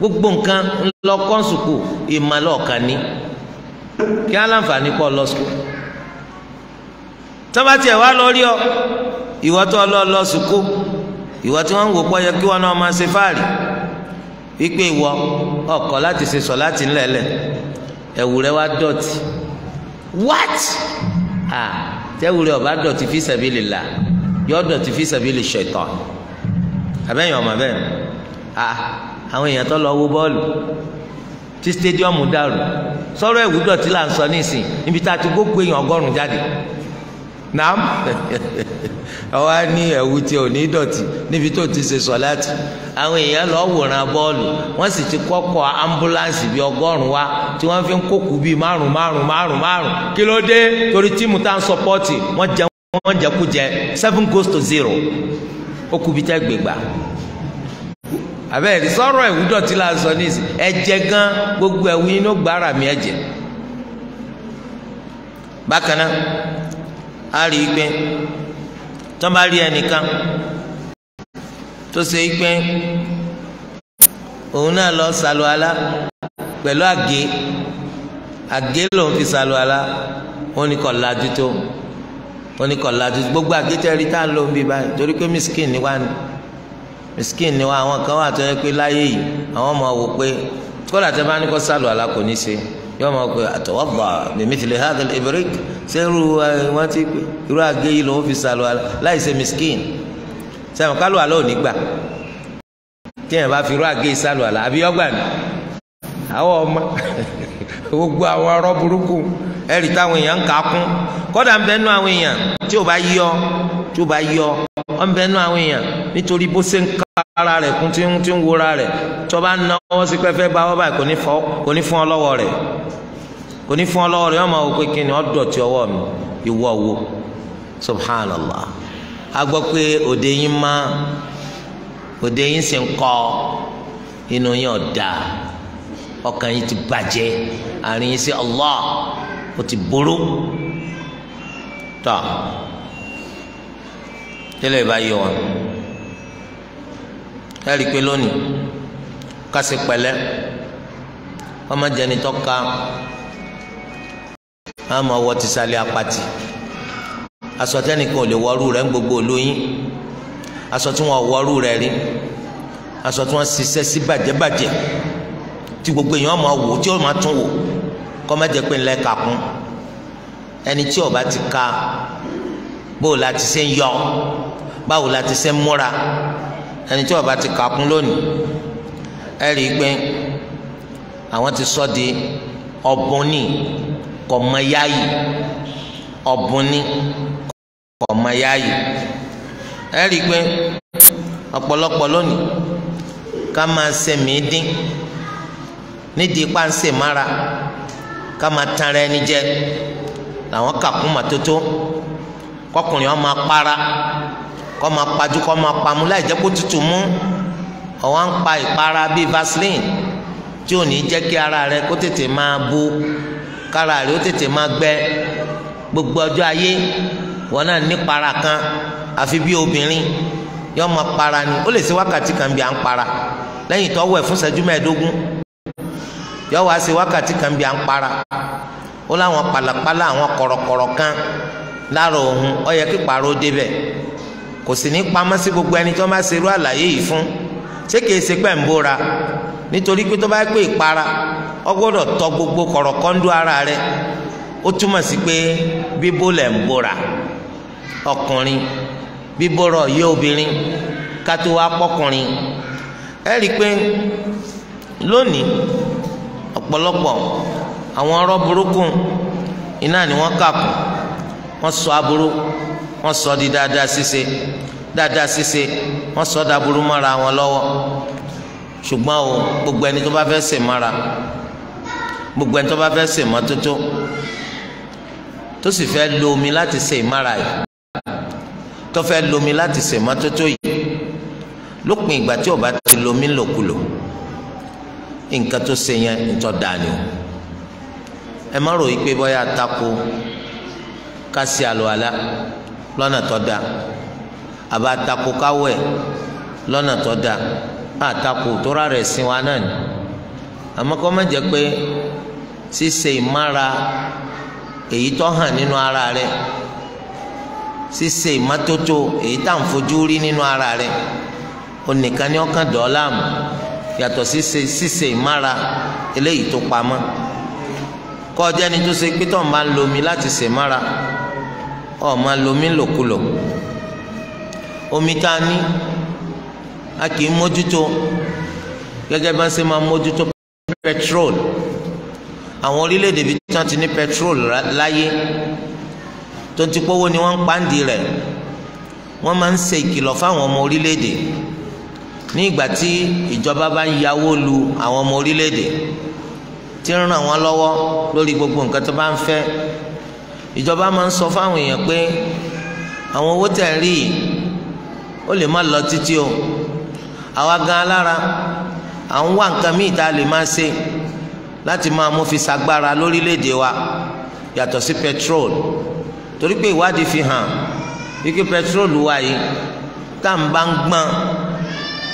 gbogbo nǹkan lọ kọ́ńsùkù ìmàlọ́ọ̀kan ni kí á kọ́ lọ skul tọ́ba tiẹ̀ wá lọ rí ọ ìwọ tó lọ lọ sùkú ìwọ tí wọ́n ń wò pọ̀ yẹ kí wọ́n náà máa ṣe fáàrí wípé ìwọ ọkọ̀ láti ṣe sọ láti ńlẹ̀lẹ̀ ẹ̀wù rẹ wá dọ̀tí what ah tẹ́wù rẹ ọba dọ̀tí fi sabilillah yọ dọ̀tí fi sabili shaitan abẹ́yẹn ọmọ bẹ́ẹ̀ ah àwọn èèyàn tó lọ wo bọ́ọ̀lù tí stadium dàrú sọ̀rọ̀ ẹ̀wù dọ̀tí là ń sọ nísìn níbi tá a ti gbogbo èèyàn ọgọ́rùn-ún jáde naam ọwọ́ ní ẹ̀wù tí ò ní dọ̀tí níbi tó ti ṣe sọ̀láàtì àwọn èèyàn lọ́ọ́ wòran bọ́ọ̀lù wọ́n sì ti kọ́kọ́ ambulance bíi ọgọ́rùn wa tí wọ́n fi ń kókù bíi márùn márùn márùn márùn kí ló dé torí tíìmù tá à ń sọpọ́ọ̀tì wọ́n jẹ wọ́n jẹ kú jẹ seven goes to zero ó kú bíi tẹ́ gbègbà àbẹ́rẹ́ sọ̀rọ̀ ẹ̀wù dọ̀tí la sọ ní ìsìn ẹ̀jẹ̀ gan gbogbo ẹ̀wù inú gbára mi ẹ̀jẹ̀ bákan náà á rí i pé tó bá rí ẹnìkan tó ṣe é pé òun náà lọ ṣàlùwàlá pẹ̀lú àgé àgé lòun fi ṣàlùwàlá ó ní kọ̀ lajú tó ó ní kọ̀ lajú gbogbo àgé tẹ́rí tá à ń lò ń bí báyìí torí pé miskin ni wá ni miskin ni wá àwọn kan wà tó yẹ pé láyé yìí àwọn ọmọ wò pé kó làtẹ́ bá ní kó ṣàlùwàlá kò ní ṣe yọ ọmọ pé àtọwọ́gbà bimithli hadha al-ibrik sẹ́rù wọn ti pé irú àgé yìí lòún fi sàlù láì ṣe miskin sẹ́wọ̀n kálù àlọ́ òní gbà tíyẹn bá fi irú àgé yìí sàlù àlọ́ àbí ọgbà ni àwọn ọmọ gbogbo àwọn ọ̀rọ̀ burúkú ẹ̀rí táwọn èèyàn ń kà kún kọ́dà ń bẹ́ẹ̀ àwọn èèyàn tí ò bá yọ tí ò bá yọ wọn bẹ nú àwọn èèyàn nítorí bó ṣe ń ká ara rẹ̀ kún tí ń tí ń wora rẹ̀ tó bá ná ọwọ́ sí pẹ́fẹ́ bá ọwọ́ báyìí kò ní fọ́ kò ní fún ọ lọ́wọ́ rẹ̀ kò ní fún ọ lọ́wọ́ rẹ̀ yọ̀ọ́ máa wò pé kíni ọ̀dọ̀ ti ọwọ́ mi ìwọ wo subhanallah a gbọ́ pé òde yín má òde yín sì ń kọ́ inú yín ọ̀dà ọkàn yín ti bàjẹ́ àárín yín sí Allah ó ti burú tọ́ tẹ́lẹ̀ bá yọ wọn ẹ̀rí pé lónìí kásì pẹ̀lẹ́ ọmọ jẹni tọ́ka àmọ́ ti sálẹ̀ apati aṣọ tẹ́nìkan ò lè wọ́ọ́rù rẹ̀ ń gbogbo olóyin aṣọ tí wọ́n wọ́ọ́rù rẹ̀ rí aṣọ tí wọ́n ṣiṣẹ́ sí bàjẹ́bàjẹ́ tí gbogbo èèyàn máa wò tí ó tún wò kọ́ pé ńlẹ́ kàkún ẹni tí ó ti ka bó o láti ṣe ń yọ báwo la ti ṣe múra ẹni tí ó bá ti kà kún lónìí ẹ rí i pé àwọn ti sọ di ọ̀bùn ní kọ̀mọ̀yáyì ọ̀bùn ní kọ̀mọ̀yáyì ẹ rí i pé ọ̀pọ̀lọpọ̀ lónìí ká máa sẹ̀mí dín nídìí pàǹsẹ̀ mára ká máa tanra ẹni jẹ làwọn kà màtótó kọkùnrin ọmọ apára kọ́ máa pajú kọ́ máa pamú láì jẹ́ kó tutù mú ọ̀wá ń pa ìpara bíi vaseline tí ò ní jẹ́ kí ara rẹ kó tètè máa bó kára rẹ ó tètè máa gbẹ gbogbo ọjọ́ ayé wọn náà ní para kan àfi bí obìnrin yọ máa para ni ó lè ṣe wákàtí kan bí à ń para lẹ́yìn tó wẹ̀ fún ṣẹ́jú mẹ́ẹ̀ẹ́dógún yọ wá ṣe wákàtí kan bí à ń para ó láwọn pàlàpàlà àwọn kọ̀rọ̀kọ̀rọ̀ kan lára òun ó yẹ kí pàrọ̀ débẹ̀ kò sì ní pamọ́ sí gbogbo ẹni tó bá ṣe irú àlàyé yìí fún ṣé kìí ṣe pẹ́ ń bóra nítorí pé tó bá pé ìpara ọ gbọ́dọ̀ tọ gbogbo kọ̀rọ̀kọ́ndú ara rẹ ó túmọ̀ sí pé bíbó lẹ̀ ń bóra ọkùnrin bíbórọ̀ yé obìnrin kátó wá pọ́kùnrin ẹ rí i pé lónìí ọ̀pọ̀lọpọ̀ àwọn ọ̀rọ̀ burúkú iná ni wọ́n kà kù wọ́n sọ aburú wọ́n sọ di dada ṣíṣe dáadáa ṣíṣe wọ́n sọ dàbúrú mọ́ra wọn lọ́wọ́ ṣùgbọ́n o gbogbo ẹni tó bá fẹ́ ṣe mọ́ra gbogbo ẹni tó bá fẹ́ ṣe mọ́tótó tó sì fẹ́ lo omi láti ṣe ìmára yìí tó fẹ́ lo omi láti ṣe mọ́tótó yìí lópin ìgbà tí o bá ti lo omi lòkulò nǹkan tó ṣe yẹn ń tọ́ o ẹ má ròyìn pé bọ́yá tako ká àlọ́ àlá lọ́nà tó da àbá àtakò káwẹ̀ lọ́nà tó da àtakò tó rà rẹ̀ sin wa náà ni àmọ́ kọ́ má jẹ́ pé ṣíṣe ìmára èyí tó hàn nínú ara rẹ̀ ṣíṣe ìmọ́tótó èyí tá à ń fojú rí nínú ara rẹ̀ onìkan ni ọkàn dọ́ọ̀láàmù yàtọ̀ ṣíṣe ṣíṣe ìmára eléyìí tó pamọ́ kọjá ni tó ṣe pé tó ń bá ń láti ṣèmára ọ máa lomi lòkulò omi tá a ní a kì í mójútó gẹ́gẹ́ bá ń ṣe máa mójútó petrol àwọn orílẹ̀-èdè bíi tí wọ́n ti ní petrol láyé tó ń ti pọ́wọ́ ni wọ́n ń pàǹdì rẹ̀ wọ́n máa ń ṣe ìkìlọ̀ fáwọn ọmọ orílẹ̀-èdè ní ìgbà tí ìjọba bá ń yáwó lu àwọn ọmọ orílẹ̀-èdè tí ń ràn wọ́n lọ́wọ́ lórí gbogbo nǹkan tó bá ń fẹ́ ìjọba máa ń sọ fáwọn èèyàn pé àwọn owó tẹ̀ ń rí yìí ó lè má lọ títí o àwa gan alára à ń wá nǹkan míì tá a lè máa ṣe láti máa mú fi ṣagbára lórílẹ̀‐èdè wa yàtọ̀ sí petrol torí pé ìwádìí fi hàn wípé petrol wa yìí tá à ń bá ń gbọ́n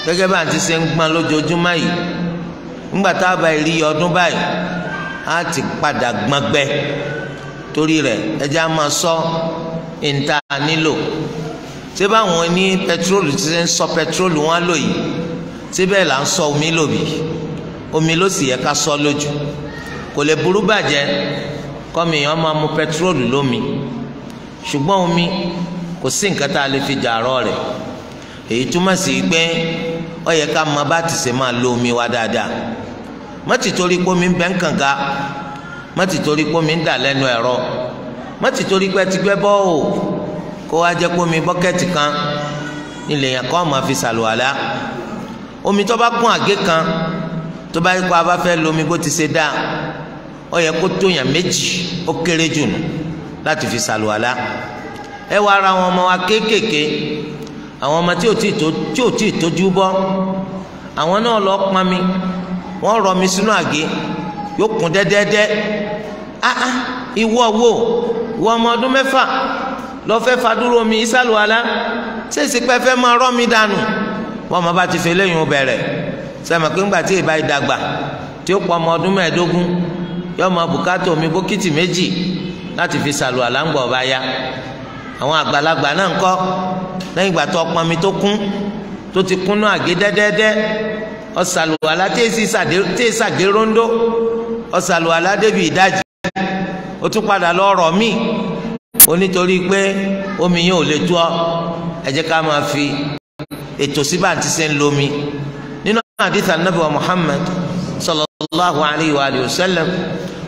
gẹ́gẹ́ bá àti ṣe ń gbọ́n lójoojúmọ́ yìí ńgbà tá a bá rí ọdún báyìí á ti padà gbọ́n gbẹ́ torí rẹ̀ ẹja máa sọ ìta nílò ṣé báwọn ní pẹtrólù ti ń sọ pẹtrólù wọn lò yìí síbẹ̀ là ń sọ omi lòbì omi ló sì yẹ ká sọ lójú kò lè burú bàjẹ́ kọ́mìyàn máa mu pẹtrólù lómi ṣùgbọ́n omi kò sí nǹkan tá a lè fi jàrọ́ rẹ̀ èyí túmọ̀ sí pé ó yẹ ká mọ bá ti ṣe máa lo omi wa dáadáa mọ́tì torí pé omi ń bẹ́ ń kànga má ti torí pé omi ń dà lẹ́nu ẹ̀rọ má ti torí pé ti gbẹ́ bọ́ọ̀ kó wá jẹ́ pé omi bọ́kẹ́tì kan ilẹ̀ yẹn kọ́ máa fi ṣàlùwàlá omi tó bá kún àgé kan tó bá yẹ kó a bá fẹ́ lomi bó ti ṣe dá ó yẹ kó tóyàn méjì ó kéré jù nù láti fi ṣàlùwàlá ẹ wá ara àwọn ọmọ wa kéékèèké àwọn ọmọ tí ò tí ì tójú bọ́ àwọn náà lọ pọnmi wọ́n rọ mi sínú àgé yóò kún dẹ́dẹ́dẹ́ ah ah ìwọ wo ìwọ ọmọ ọdún mẹ́fà lọ́fẹ́ fadúró omi ìsàlùwàlá ṣèṣì pẹ́ fẹ́ máa rọ́ mi dànù wọ́n mọ̀ bá ti fi eléyìí bẹ̀rẹ̀ sẹ́mi pé ńgbà tí ìbá ìdàgbà tí ó pọ̀ ọmọ ọdún mẹ́ẹ̀ẹ́dógún yóò mọ bùkátà omi bókítì méjì láti fi sàlùwàlá ńgbà ọba ya àwọn àgbàlagbà náà ń kọ́ lẹ́yìn ìgbà tó ọpọ́n mi tó kún tó ti kúnnú àgé dẹ́dẹ́dẹ́ ọ̀sàlùwàlá tí èsì sàgé róńdó ọ̀sàlù aládébì ìdájì ó tún padà lọ́rọ̀ míì onítorí pé omi yẹn ò lè tó ọ ẹ jẹ́ ká máa fi ètò síbà tí ṣe ń lomi nínú àdìsá nàbẹ wa Muhammad sallallahu alayhi wa alihi wa sallam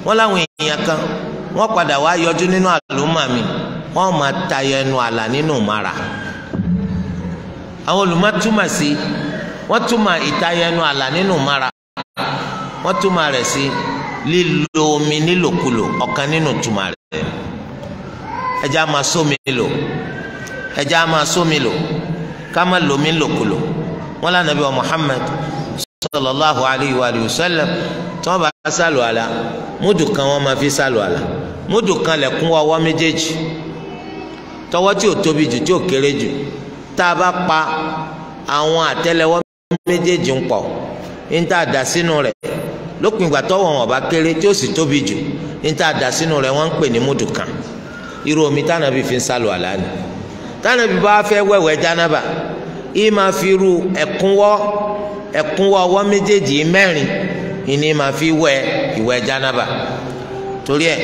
wọn láwọn èèyàn kan wọn padà wá yọjú nínú àlùmọ mi wọn máa tayọ ẹnu àlà nínú mara àwọn olùmọ̀ túmọ̀ sí wọn túmọ̀ ìtayọ ẹnu àlà nínú mara wọn túmọ̀ rẹ̀ sí. Si, lílo omi nílòkulò ọ̀kan nínú tuma rẹ̀ ẹja máa sómi lò ẹja máa sómi lò ká má lomi lòkulò wọn lànà bí wa Muhammad sallallahu alayhi wa sallam tí wọn bá sálò àlà múdù kan wọn máa fi sálò àlà múdù kan lẹ̀kún ọwọ́ méjèèjì tọwọ́ tí ò tóbi jù tí ò kéré jù tá a bá pa àwọn àtẹ́lẹwọ́ méjèèjì ń pọ̀ ń tà dá sínú rẹ̀ lópin ìgbà tọ́wọ́ wọn ọba kéré tí ó sì tóbi jù ní tá a dà sínú rẹ̀ wọ́n ń pè ní mùdùkàn irú omi tánàbí fi ń sálù àlá ni tánàbí bá fẹ́ wẹ̀wẹ̀ jánábà yìí máa fi irú ẹ̀kúnwọ́ ẹ̀kúnwọ́ ọwọ́ méjèèjì mẹ́rin ìní máa fi wẹ̀ ìwẹ̀ jánábà torí ẹ̀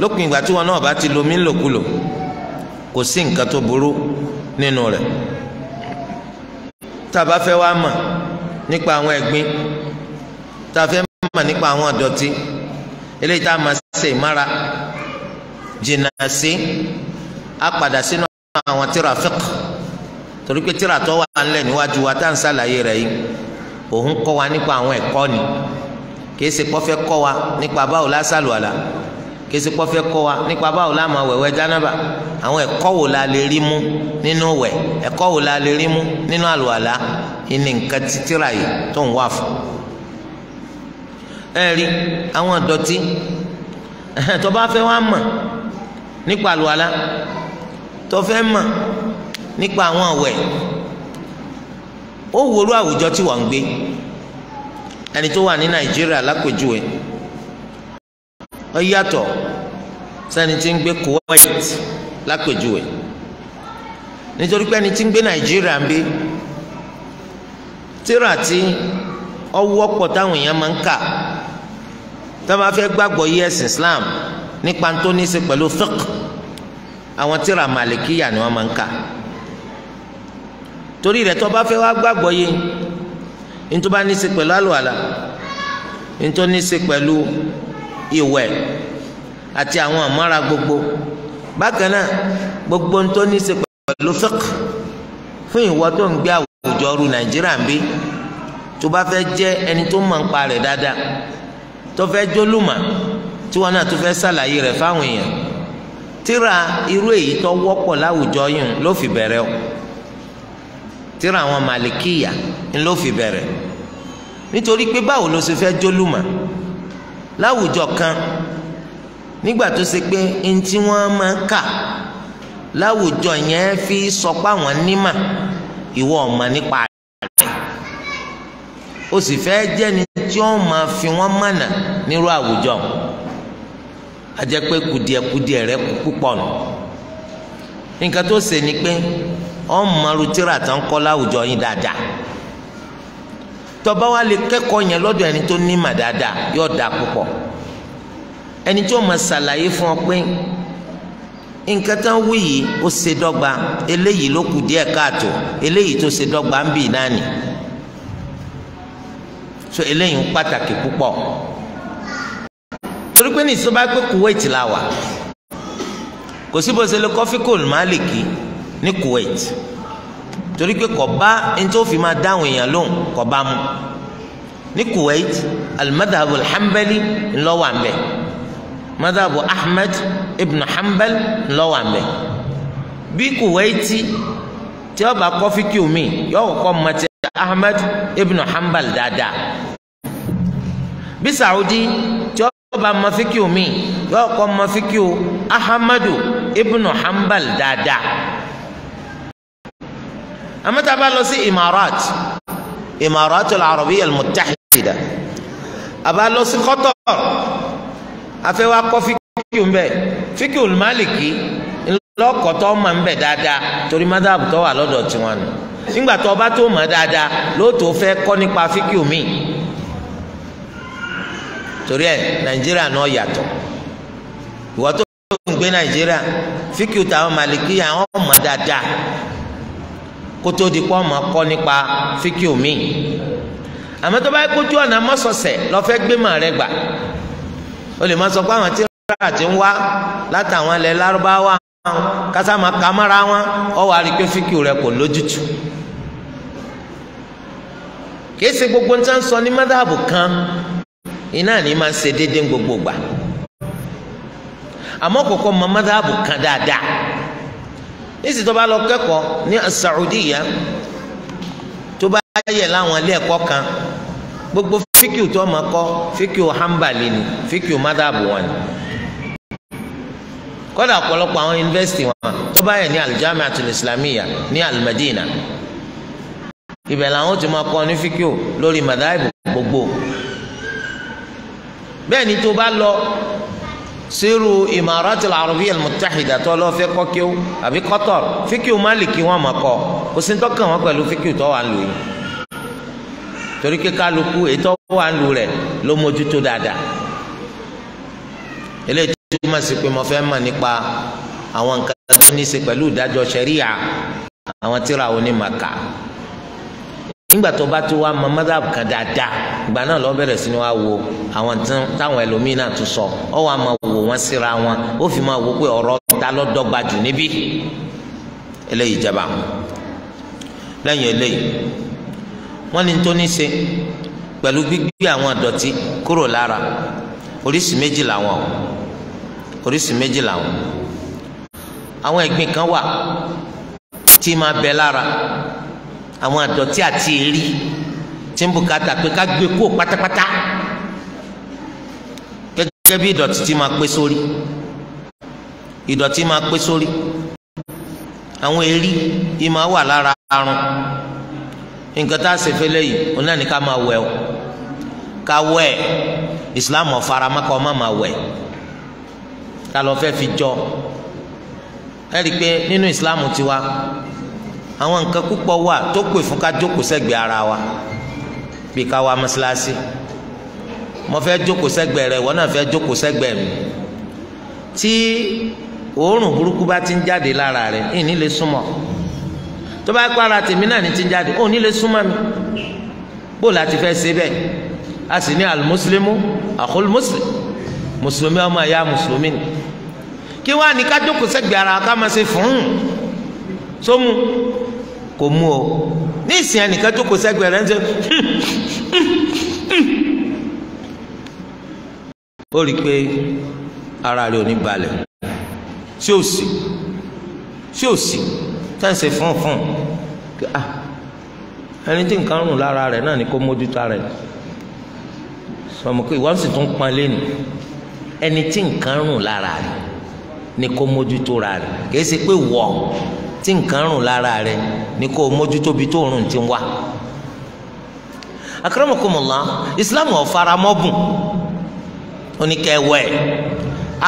lópin ìgbà tí wọn náà bá ti lo mí lòkulò kò sí nǹkan tó burú nínú rẹ̀ tá a bá fẹ́ wá mọ̀ nípa àwọn ẹ̀gbin tá a fẹ́ mọ̀ nípa àwọn àdọ̀tí eléyìí tá a máa ṣe ìmára jìnnà sí a padà sínú àwọn tíra fiqh torí pé tíra tó wà ńlẹ̀ níwájú wa tá à ń ṣàlàyé rẹ̀ yìí òun kọ́ wa nípa àwọn ẹ̀kọ́ ni kìí ṣe pọ́fẹ́ kọ́ wa nípa báwo la ṣàlùwàlà kìí ṣe pọ́fẹ́ kọ́ wa nípa báwo la máa wẹ̀wẹ̀ jánábà àwọn ẹ̀kọ́ wo la lè rí mú nínú wẹ̀ ẹ̀kọ́ wo la lè rí mú nínú àlùwàlà ìní nǹkan títíra yìí tó ń wà fún ẹ rí àwọn ìdọ̀tí tó bá fẹ́ wá mọ̀ nípa àlùwàlá tó fẹ́ mọ̀ nípa àwọn àwẹ̀ ó wòlú àwùjọ tí wọ́n ń gbé ẹni tó wà ní nàìjíríà lápèjúwe ó yàtọ̀ sẹ́ni tí ń gbé Kuwait lápèjúwe nítorí pé ẹni tí ń gbé nàìjíríà ń bí tíra tí ọwọ́ pọ̀ táwọn èèyàn máa ń kà tó máa fẹ́ gbàgbọ́ yí Islam nípa tó ní í pẹ̀lú fiqh àwọn tíra màlìkíyà ni wọ́n máa ń kà torí rẹ̀ tó bá fẹ́ wá gbàgbọ́ yí ntó bá ní í ṣe pẹ̀lú àlùwàlà ntó ní í ṣe pẹ̀lú ìwẹ̀ àti àwọn àmọ́ra gbogbo bákan náà gbogbo ntó ní í ṣe pẹ̀lú fiqh fún ìwọ tó ń gbé àwùjọ ru Nàìjíríà ń bí tó bá fẹ́ jẹ́ ẹni tó mọ̀ ń pa rẹ̀ dáadáa tó fẹ́ jólùmọ̀ tí wọn náà tó fẹ́ ṣàlàyé rẹ̀ fáwọn èèyàn tíra irú èyí tó wọ́pọ̀ láwùjọ yìí ló fi bẹ̀rẹ̀ o tíra àwọn màlìkíyà ló fi bẹ̀rẹ̀ nítorí pé báwo ló ṣe fẹ́ jólùmọ̀ láwùjọ kan nígbà tó ṣe pé ẹni tí wọ́n máa kà láwùjọ yẹn fi sọ pé àwọn ìwọ ọ̀mà nípa ó sì fẹ́ jẹ́ni tí ó máa fi wọ́n mọ̀nà nírú àwùjọ a jẹ́ pé kùdìẹ̀kùdìẹ̀ rẹ kú púpọ̀ nù nǹkan tó ṣe ni pé ọ́ mọ̀rú tíra tán kọ́ láwùjọ yín dáadáa tọba wa lè kẹ́kọ̀ọ́ yẹn lọ́dọ̀ ẹni tó ní mà dáadáa yóò dáa púpọ̀ ẹni tó máa ṣàlàyé fún ọ pé nǹkan tán wí yìí ó ṣe dọ́gba eléyìí ló kù káàtó eléyìí tó ṣe dọ́gba ń bì náà nì so eléyìí ń pàtàkì púpọ̀ torí pé ní ìsọba pé Kuwait la wà kò sí bó ṣe lè kọfí kò Málìkì ní Kuwait torí pé kò bá ẹni tó fi máa dáhùn èèyàn lóhùn kò bá mu ní Kuwait al-madhhabu al-hanbali ńlọ́wọ́ àmbẹ madhhabu Ahmed ibn hambal ńlọ́wọ́ àmbẹ bí Kuwaiti tí ó bá kọfí kí omi yọ kọ́kọ́ mọtẹ Ahmed ibn hambal dáadáa bí Saudi tí ó bá mọ fíkìú mi yóò kọ́ mọ fíkìú Ahmadu ibnu Hanbal dáadáa àmọ́tá bá lọ sí Imarat Imaratul Arabiyyal Muttahida àbá lọ sí Qatar afẹ́wà kọ́ fíkìú mbẹ́ fíkìú Maliki lọ́kọ̀tọ́ ọmọ ń bẹ̀ dáadáa torí mádàbù tó wà lọ́dọ̀ tiwọn nígbà tó o bá tó mọ̀ dáadáa lóòótọ́ fẹ́ kọ́ nípa fíkìú mi torí ẹ nàìjíríà náà yàtọ̀ ìwọ tó ń gbé nàìjíríà fíkìú táwọn màlìkì àwọn ọmọ dáadáa kótó di pọ́ ọmọ kọ́ nípa fíkìú mi àmọ́ tó bá yẹ kójú ọ̀nà mọ́sọ̀sẹ̀ lọ́fẹ́ gbé màá rẹ gbà o lè má sọ pé àwọn tí rárá ti ń wá látàwọn ilẹ̀ lárúbáwá kásámà kámára wọn ọ wà rí pé fíkìú rẹ kò lójútùú kìí ṣe gbogbo nǹkan sọ ní mádàbù kan iná ni máa ń ṣe déédéé gbogbo gbà àmọ́ kọ̀kọ́ mọ mọ́tàbù kan dáadáa níṣì tó bá lọ kẹ́kọ̀ọ́ ní Saudiya tó bá yẹ láwọn ilé ẹ̀kọ́ kan gbogbo fíkìú tó máa kọ́ fíkìú Hanbali ni fíkìú mọ́tàbù wọn ni kọ́dà ọ̀pọ̀lọpọ̀ àwọn yunifásitì wọn tó bá yẹ ní Al-Jami'atul Islamiyya ní Al-Madina ibẹ̀ làwọn ti máa kọ́ ní fíkìú lórí mọ́tàbù gbogbo bẹ́ẹ̀ ni tó bá lọ sírù Imaratul Arabiyyal Muttahida tó lọ fẹ́ kọ́ kí ó àbí Qatar fíkìú Málìkì wọn mọ̀ kọ́ kò sí tọ́kàn wọn pẹ̀lú fíkìú tó wà ń lò yìí torí pé kálukú ètò wà ń lò rẹ̀ ló mójútó dáadáa eléyìí tó túmọ̀ sí pé mo fẹ́ mọ̀ nípa àwọn nǹkan tó ní í ṣe pẹ̀lú ìdájọ́ ṣẹ̀ríyà àwọn tíra onímọ̀ọ́ká nígbà tó bá ti wá ma madhab kan dáadáa ìgbà náà lọ bẹ̀rẹ̀ sí ni wá wo àwọn táwọn ẹlòmíín náà tún sọ ọ wá ma wò wọn síra wọn ó fi ma wò pé ọ̀rọ̀ ta ló dọ́gba jù níbí eléyìí jẹba lẹ́yìn eléyìí wọ́n ní tó ní ṣe pẹ̀lú gbígbé àwọn ìdọ̀tí kúrò lára oríṣìí méjì làwọn oríṣìí méjì làwọn àwọn ẹ̀gbin kan wà tí máa bẹ lára àwọn àdọ̀tí àti èrí tí ń bùkátà pé ká gbé kó pátápátá gẹ́gẹ́ bí ìdọ̀tí tí máa pé sórí ìdọ̀tí máa pé sórí àwọn èrí yìí máa wà lára arun nǹkan tá a ṣe fẹ́ lẹ́yìn òun náà ní ká máa wẹ̀ o ká wẹ̀ Islam ọ̀farama kọ́ má máa wẹ̀ ká lọ fẹ́ fi jọ ẹ rí i pé nínú Islam tiwa àwọn nǹkan púpọ̀ wà tó pè fún ká jókòó sẹ́gbẹ̀ẹ́ ara wa bí ká wá mọ́ṣáláṣí mo fẹ́ jókòó sẹ́gbẹ̀ẹ́ rẹ ìwọ náà fẹ́ jókòó sẹ́gbẹ̀ẹ́ mi tí òórùn burúkú bá ti ń jáde lára rẹ ìní lè súnmọ́ tó bá pa ara tèmi náà ní ti ń jáde ó ní lè súnmọ́ mi bó láti fẹ́ ṣe bẹ́ẹ̀ a sì ní alimuslimu àkọlù muslim mùsùlùmí ọmọ ẹ̀yà mùsùlùmí ni kí wọ́n á ní ká jókòó sẹ́gbẹ̀ẹ́ ara ká máa ṣe fún un sómu kò mú o ní ìsìn ẹnìkan tó kò sẹ́gbẹ̀ẹ́ rẹ̀ ń sọ ó rí i pé ara rẹ̀ ò ní balẹ̀ sí òsì sí òsì tẹ́sí fúnfún ah, ẹni tí nǹkan rùn lára rẹ̀ náà ni kó mójútó ara rẹ̀ sọmọ pé ìwọ́n sì tún pọn lẹ́nu ẹni tí nǹkan rùn lára rẹ̀ ni kó mójútó ara rẹ̀ kì í ṣe pé wọ̀ tí nǹkan rùn lára rẹ ni kó o mójútó bi tó rùn ti ń wá akramakumullah islam ọ̀faramọ́bùn oníkẹwẹ́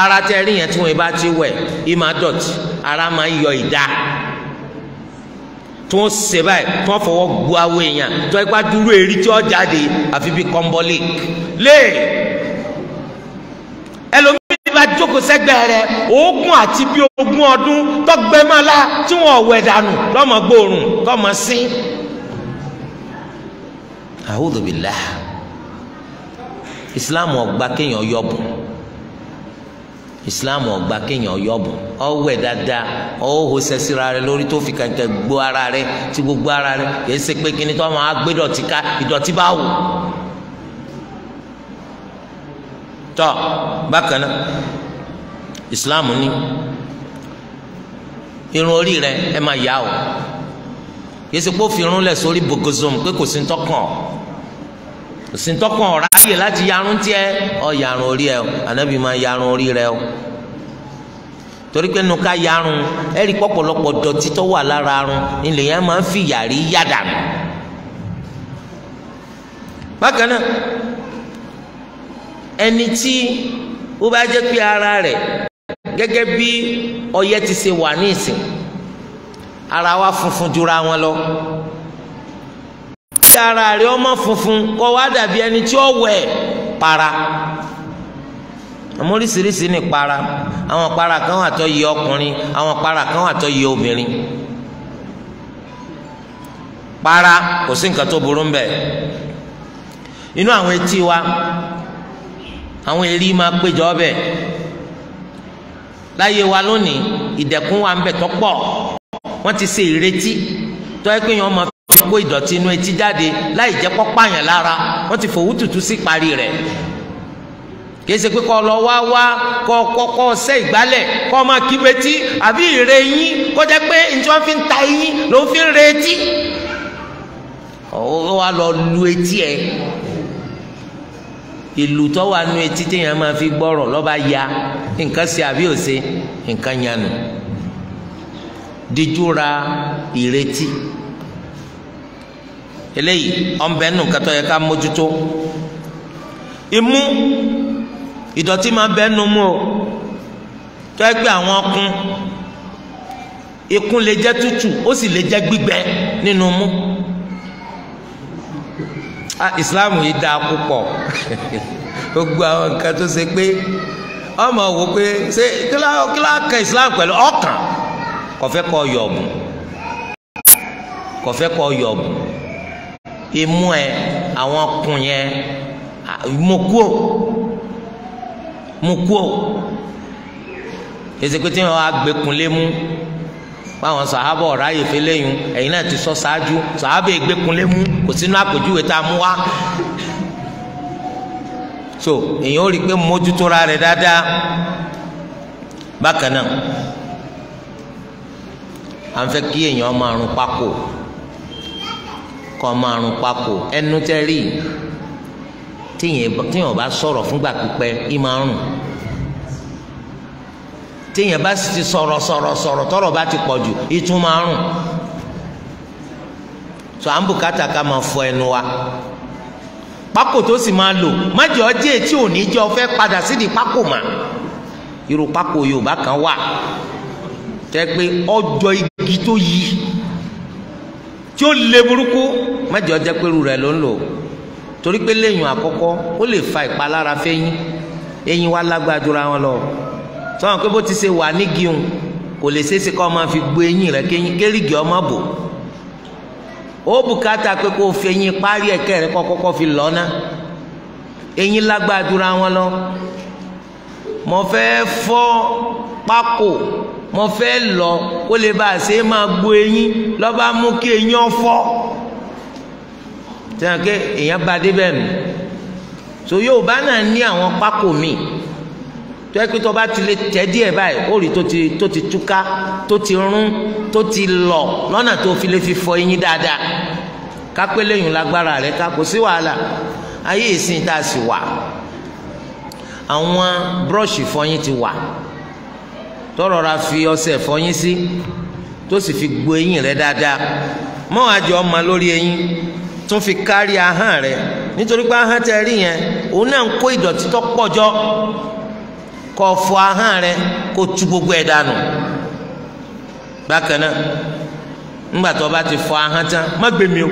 ara tẹ rí yẹn tí wọn bá ti wẹ̀ ìmà dọ̀tí ara máa ń yọ ìdá tí wọn ṣe báyìí tí wọn fọwọ́ gbu awọ èèyàn tí wọn bá dúró èrí tí wọn jáde àfi bí kọ́ńbọ́lì lé ẹlòmíràn bá jókòó sẹ́gbẹ́ rẹ̀ ogún àti bí ogún ọdún tọ́gbẹ́mọ́lá tí wọ́n wẹ̀ dànù lọ́mọ gbòòrùn tọ́mọ sín. A'udhu billah Islam ò gbà kéèyàn yọ̀bùn Islam ò gbà kéèyàn yọ̀bùn ọwẹ́ dáadáa ọwọ́ sẹ́sìra rẹ lórí tó fi kẹ̀kẹ́ gbó ara rẹ tí gbogbo ara rẹ kìí ṣe pé kíni tó máa ká ìdọ̀tí bá wù tọ́ bákan náà islam ní irun orí rẹ ẹ máa yá o yẹsẹ kó fi irun lẹ sórí bogozom pé kò sí ntọ́kàn kò sí ntọ́kàn ọ̀rá yẹ láti yarun tiẹ ọ yarun orí ẹ o anabi máa yarun orí rẹ o torí pé nuka yarun ẹ̀rí pọ̀pọ̀lọpọ̀ dọ̀tí tó wà lára arun ilẹ̀ yẹn máa ń fi yàrí yàdà bákan náà ẹni tí ó bá jẹ́ pé ara rẹ̀ gẹ́gẹ́ bí ọyẹ́ ti ṣe wà ní ìsìn ara wa funfun jura wọn lọ kí ara rẹ̀ ọmọ funfun kó wá dàbí ẹni tí ó wẹ̀ para àmọ́ oríṣiríṣi ní para àwọn para kan wà tó yẹ ọkùnrin àwọn para kan wà tó yẹ obìnrin para kò sí nǹkan tó burú ń bẹ inú àwọn etí wa àwọn eléyìí máa péjọ ọbẹ̀ láyé wa lónìí ìdẹ̀kùn wa ń bẹ tọ́pọ̀ wọ́n ti ṣe ìrètí tó ẹ́ pé yẹn ọmọ fi kó ìdọ̀tí inú etí jáde láì jẹ́ kó pààyàn lára wọ́n ti fòwú tutù sí parí rẹ̀ kìí ṣe pé kọ́ lọ wá wá kọ́ kọ́kọ́ ṣẹ́ ìgbálẹ̀ kọ́ máa kí betí àbí ìre yín kó jẹ́ pé njẹ́ wọ́n fi ń ta yín ló fi ń re ó wá lọ lu etí ẹ̀ ìlú tó wà nù etí téèyàn máa fi gbọ́rọ̀ lọ́ba ya nǹkan ṣe àbí òṣe nǹkan yanu dídúra ìrètí eléyìí ọ̀nbẹ nù kẹtọ́ yẹ ká mójútó imú ìdọ̀tí máa bẹ́ nu mú o tó yẹ pé àwọn ọkùn ikùn lè jẹ́ tútù ó sì lè jẹ́ gbígbẹ nínú mú. No Ah, islam yìí dáa púpọ̀ gbogbo àwọn nǹkan tó ṣe pé ọmọ wò pé ṣé kílá kan islam pẹ̀lú ọkàn kọfẹ́ kọ yọ̀bù kọfẹ́ kọ yọ̀bù imú ẹ àwọn kun yẹn mo kú o mo kú o èsì pé tí wọn á gbẹkùn lé mú. báwọn sàhábọ̀ ha fẹlẹ́yìn ẹ̀yin náà ti sọ ṣáájú sàhábà ìgbékunlé mú kò sínú àpèjúwe tá a mú wá. so èyàn ó rí i pé mójútó ra rẹ̀ dáadáa bákan náà à ń fẹ́ kí èyàn máa téèyàn bá sì ti sọ̀rọ̀ sọ̀rọ̀ sọ̀rọ̀ tọ̀rọ̀ bá ti pọ̀ jù ìtún máa rùn tó à ń bùkátà ká máa fọ ẹnu wa pákó tó sì máa lò májè ọjẹ́ tí ò ní jẹ́ ọ fẹ́ padà sídìí pákó mà irú pákó Yorùbá kan wà tẹ́ pé ọjọ́ igi tó yí tí ó le burúkú májè ọjẹ́ pẹ̀lú rẹ̀ ló ń lò torí pé léyìn àkọ́kọ́ ó lè fa ìpalára fẹ́yìn eyín wa lágbára wọn lọ sọ́wọ́n pé bó ti ṣe wà nígi òun kò lè ṣeéṣe kọ́ máa fi gbó eyín rẹ kéríkì ọmọ bò ó bùkátà pé kó o fi eyín parí ẹ̀kẹ́ rẹ kọ́kọ́kọ́ fi lọ́nà eyín lágbàdúrà wọn lọ mo fẹ́ fọ́ pákó mo fẹ́ lọ kó lè bá a ṣe máa gbó eyín lọ́ba mú kí eyín ọ̀fọ́ sẹ́yìn pé èèyàn bá dé bẹ́ẹ̀ nù so yóò bá náà ní àwọn pákó míì tó yẹ pé tó bá ti lè tẹ díẹ̀ báyìí ó rí tó ti tó ti túká tó ti rún tó ti lọ lọ́nà tó fi lè fi fọ eyín dáadáa kápẹ́ lẹ́yìn lágbára rẹ̀ ká kò sí wàhálà ayé ìsìn tá a sì wà àwọn búrọ́ọ̀ṣì fọyín ti wà tọrọ ra fi ọṣẹ fọyín sí tó sì fi gbo eyín rẹ dáadáa mọ́ àjọ ọmọ lórí eyín tún fi kárí ahọ́n rẹ nítorí pé ahọ́n tẹ rí yẹn òun náà ń kó ìdọ̀tí tó pọ̀ jọ ka fọ ahọ́n rẹ kó tú gbogbo ẹ̀ dànù bákan ti fọ ahọ́n tán má gbé mi o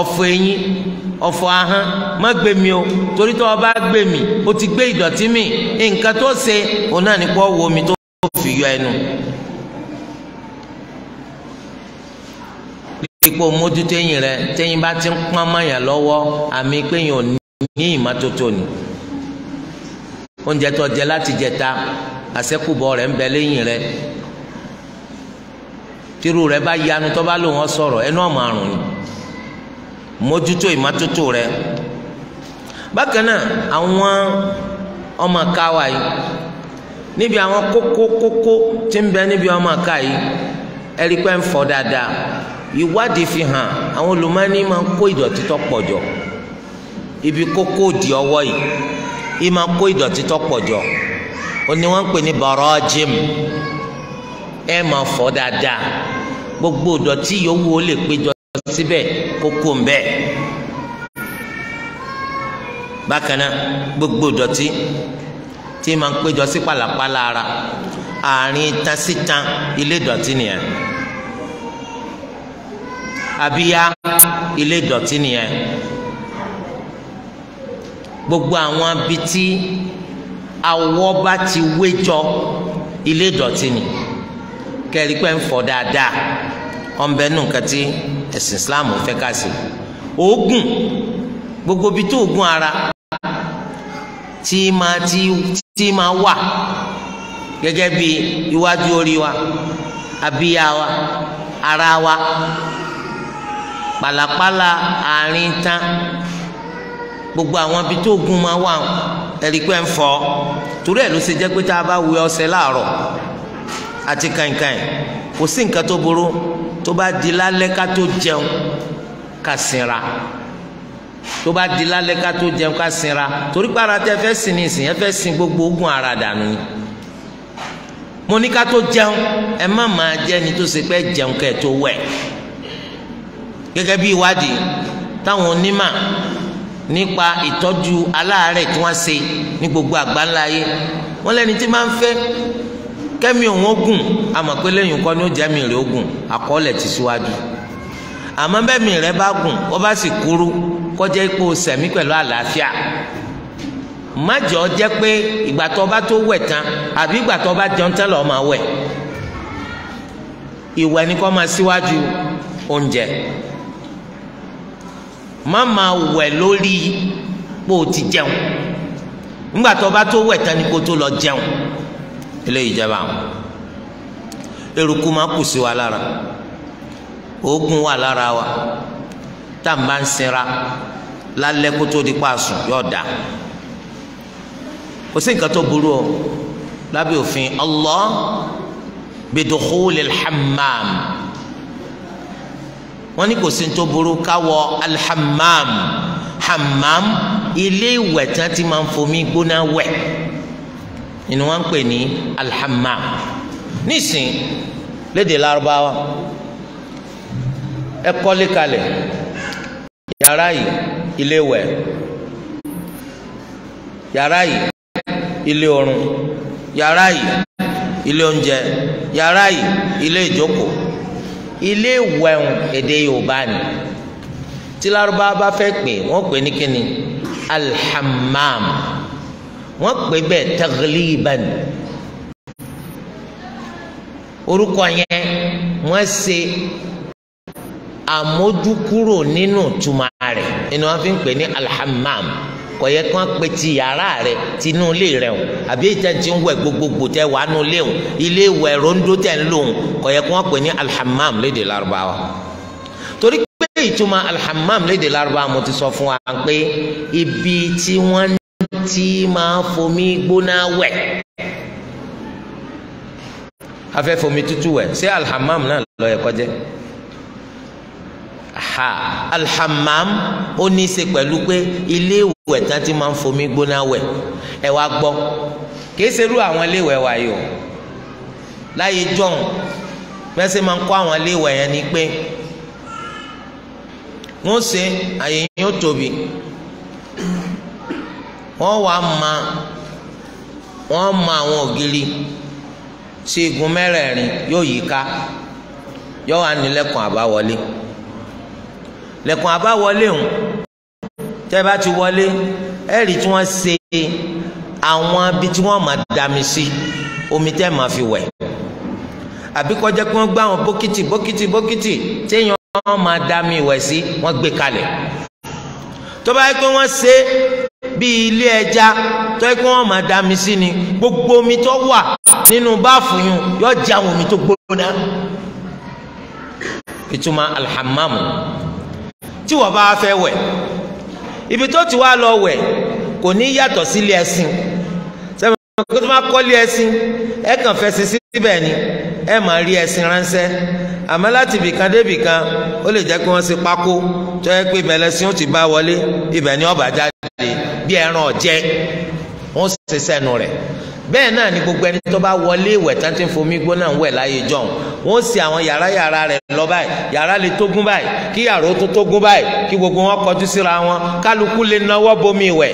ọ̀fọ̀ eyín ọ̀fọ̀ ahọ́n má gbé mi o torí tó o bá mi o ti gbé ìdọ̀tí mi nǹkan tó ṣe òun náà ní kó wo omi tó fi yọ ẹnu. pípò mójútó eyín rẹ téyín bá ti ń oúnjẹ tó jẹ láti jẹta àṣẹkùbọ rẹ ń bẹ lẹ́yìn rẹ tírú rẹ bá yanu tó bá lò wọn sọ̀rọ̀ ẹnu ọmọ àrùn ni mójútó ìmọ́tótó rẹ bákan náà àwọn ọmọ ká wa yìí níbi àwọn kókó kókó tí ń bẹ níbi ọmọ ká yìí ẹrí ń fọ dáadáa ìwádìí fi hàn àwọn olùmọ́ni máa ń kó ìdọ̀tí tó pọ̀ jọ ibi kókó di ọwọ́ yìí ìmà kó ìdọ̀tí tó pọ̀ jọ ó ní wọ́n pè ní barajim ẹ máa fọ̀ dáadáa gbogbo ìdọ̀tí yòówù ó lè péjọ síbẹ̀ kó kó ń bẹ́ẹ̀ bákan náà gbogbo ìdọ̀tí tí máa ń péjọ sí pàlàpàlà ara àárín tasítan ilé ìdọ̀tí nìyẹn àbíyá ilé ìdọ̀tí nìyẹn gbogbo àwọn abití awọ bá ti wé jọ ilé ìdọ̀tí ni kẹ́rì pé ń fọ̀ dáadáa ọ̀nbẹ nù nǹkan ẹ̀sìn Islam fẹ́ ká sí oògùn gbogbo bi tó oògùn ara tí máa ti tí máa wà gẹ́gẹ́ bí iwájú orí wa abíyá wa ara wa pàlàpàlà àárín tán gbogbo àwọn ibi tó gun máa wà ẹ̀rí pé ń fọ́ torí ẹ̀ ló ṣe jẹ́ pé tá a bá wẹ ọṣẹ láàárọ̀ àti kàìnkàìn kò sí nǹkan tó burú tó bá di lálẹ́ ká tó jẹun ká sinra tó bá di lálẹ́ ká tó jẹun ká sinra torí pé ara tẹ fẹ́ sin ní ìsìn ẹ fẹ́ sin gbogbo ogun ara dànù ni mo ní ká tó jẹun ẹ má máa jẹ́ ni tó ṣe pé jẹun kẹ́ ẹ tó wẹ̀ gẹ́gẹ́ bí ìwádìí táwọn onímọ̀ nípa ìtọ́jú aláàárẹ̀ tí wọ́n ṣe ní gbogbo àgbáńlá ayé wọ́n lẹ́ni tí máa ń fẹ́ kẹ́mi òun ogun àmọ́ pé lẹ́yìn kọ́ ni ó jẹ́mi rẹ̀ ogun àkọọ́lẹ̀ ti síwájú àmọ́ bẹ́mi rẹ̀ bá gùn ó bá sì kúrú kọjá ipò sẹ̀mí pẹ̀lú àlàáfíà májọ jẹ́ pé ìgbà tó bá tó wẹ̀ tán àbí ìgbà tó bá jẹun tán lọ́ọ́ máa wẹ̀ ìwẹ̀ ni kó máa síwájú oúnjẹ má máa wẹ̀ lórí pò ti jẹun ńgbà tó bá tó wẹ̀ tán ni kó tó lọ jẹun eléyìí jẹba àwọn eruku máa kù sí wa lára oògùn wà lára wa tá a máa ń sinra lálẹ́ kó tó di pa sùn yóò dà kò sí nǹkan tó burú o lábẹ́ òfin Allah bidukhulil hammam wọn ní kò sí ní tó burú káwọ alhamam hamam ilé ìwẹ̀ tí wọ́n ti máa ń fomi gbóná wẹ̀ ni wọ́n ń pè ní alhamam nísìn lédè lárúbáwá ẹ kọ́lé kalẹ̀ yàrá yìí ilé ìwẹ̀ yàrá yìí ilé orun yàrá yìí ilé oúnjẹ yàrá yìí ilé ìjókòó ilé ìwẹ̀hùn èdè yorùbá ni tí lárúbá bá fẹ́ pè wọ́n pè ní kíni alhamam wọ́n pè bẹ́ẹ̀ tagliban orúkọ yẹn wọ́n ṣe àmójúkúrò nínú tuma rẹ̀ ni wọ́n fi ń pè ní alhamam kò yẹ kí wọ́n pe ti yàrá rẹ̀ ti inú ilé rẹ̀ o àbí ìtẹ̀ ti ń wẹ̀ gbogbogbò tẹ̀ wà nù ilé o ilé ìwẹ̀ rondo tẹ̀ ń lò o kò yẹ kí wọ́n pè ní alhamam lédè Lárúbáwá torí pé ìtumọ̀ alhamam lédè Lárúbáwá mo ti sọ fún wa pé ibi tí wọ́n ti máa fomi gbóná wẹ̀ afẹ́ fomi tútù wẹ̀ ṣé alhamam náà ló yẹ jẹ́ ha alhamam ó ní í ṣe pẹ̀lú pé ilé ìwẹ̀ tán ti máa ń fomi gbóná wẹ̀ ẹ wá gbọ́ kìí ṣerú àwọn ilé ìwẹ̀ wa yìí o láyé jọ̀hún mẹ́sẹ̀ máa ń kọ́ àwọn ilé ìwẹ̀ yẹn ni pé wọ́n ṣe àyè yóò tóbi wọ́n wá ma wọ́n ma àwọn ògiri sí igun mẹ́rẹ̀ẹ̀rin yóò yí ká yóò wá nílẹ̀kùn àbáwọlé lẹ̀kùn àbáwọlé ń tẹ́ bá ti wọlé ẹ̀rí tí wọ́n ṣe àwọn ibi tí wọ́n máa dami sí omi tẹ́ máa fi wẹ̀ àbí kó jẹ́ pé wọ́n gbá àwọn bókítì bókítì bókítì téèyàn máa dami ìwẹ̀ sí wọ́n gbé kalẹ̀ tó bá yẹ pé wọ́n ṣe bí ilé ẹja tó yẹ pé wọ́n máa dami sí ni gbogbo omi tó wà nínú báàfù yun yóò jẹ́ àwọn omi tó gbóná ìtumọ̀ alhamamu tí wọ́n bá fẹ́ wẹ̀ ibi tó ti wá lọ wẹ̀ kò ní yàtọ̀ sílé ẹ̀sìn sẹ́mi kó tó máa kọ́lé ẹ̀sìn ẹ̀ kàn fẹsẹ̀ síbẹ̀ ni ẹ̀ máa rí ẹ̀sìn ránṣẹ́ àmọ́ láti ibìkan dé ibìkan ó lè jẹ́ pé wọ́n ṣe pákó tó yẹ pé ìbẹ̀lẹ̀ sí ó ti bá wọlé ibẹ̀ ni ọba jáde bí ẹran ọ̀jẹ́ wọ́n ṣe sẹ́nu rẹ̀ bẹ́ẹ̀ náà ni gbogbo ẹni tó bá wọlé ìwẹ̀ tán ti ń fomi gbóná ń wẹ̀ láyé jọ̀hún wọ́n sì àwọn yàrá yàrá rẹ̀ lọ báyìí yàrá lè tógún báyìí kí yàrá tó tógún báyìí kí gbogbo wọn kọjú síra wọn kálukú lè náwó bomi ìwẹ̀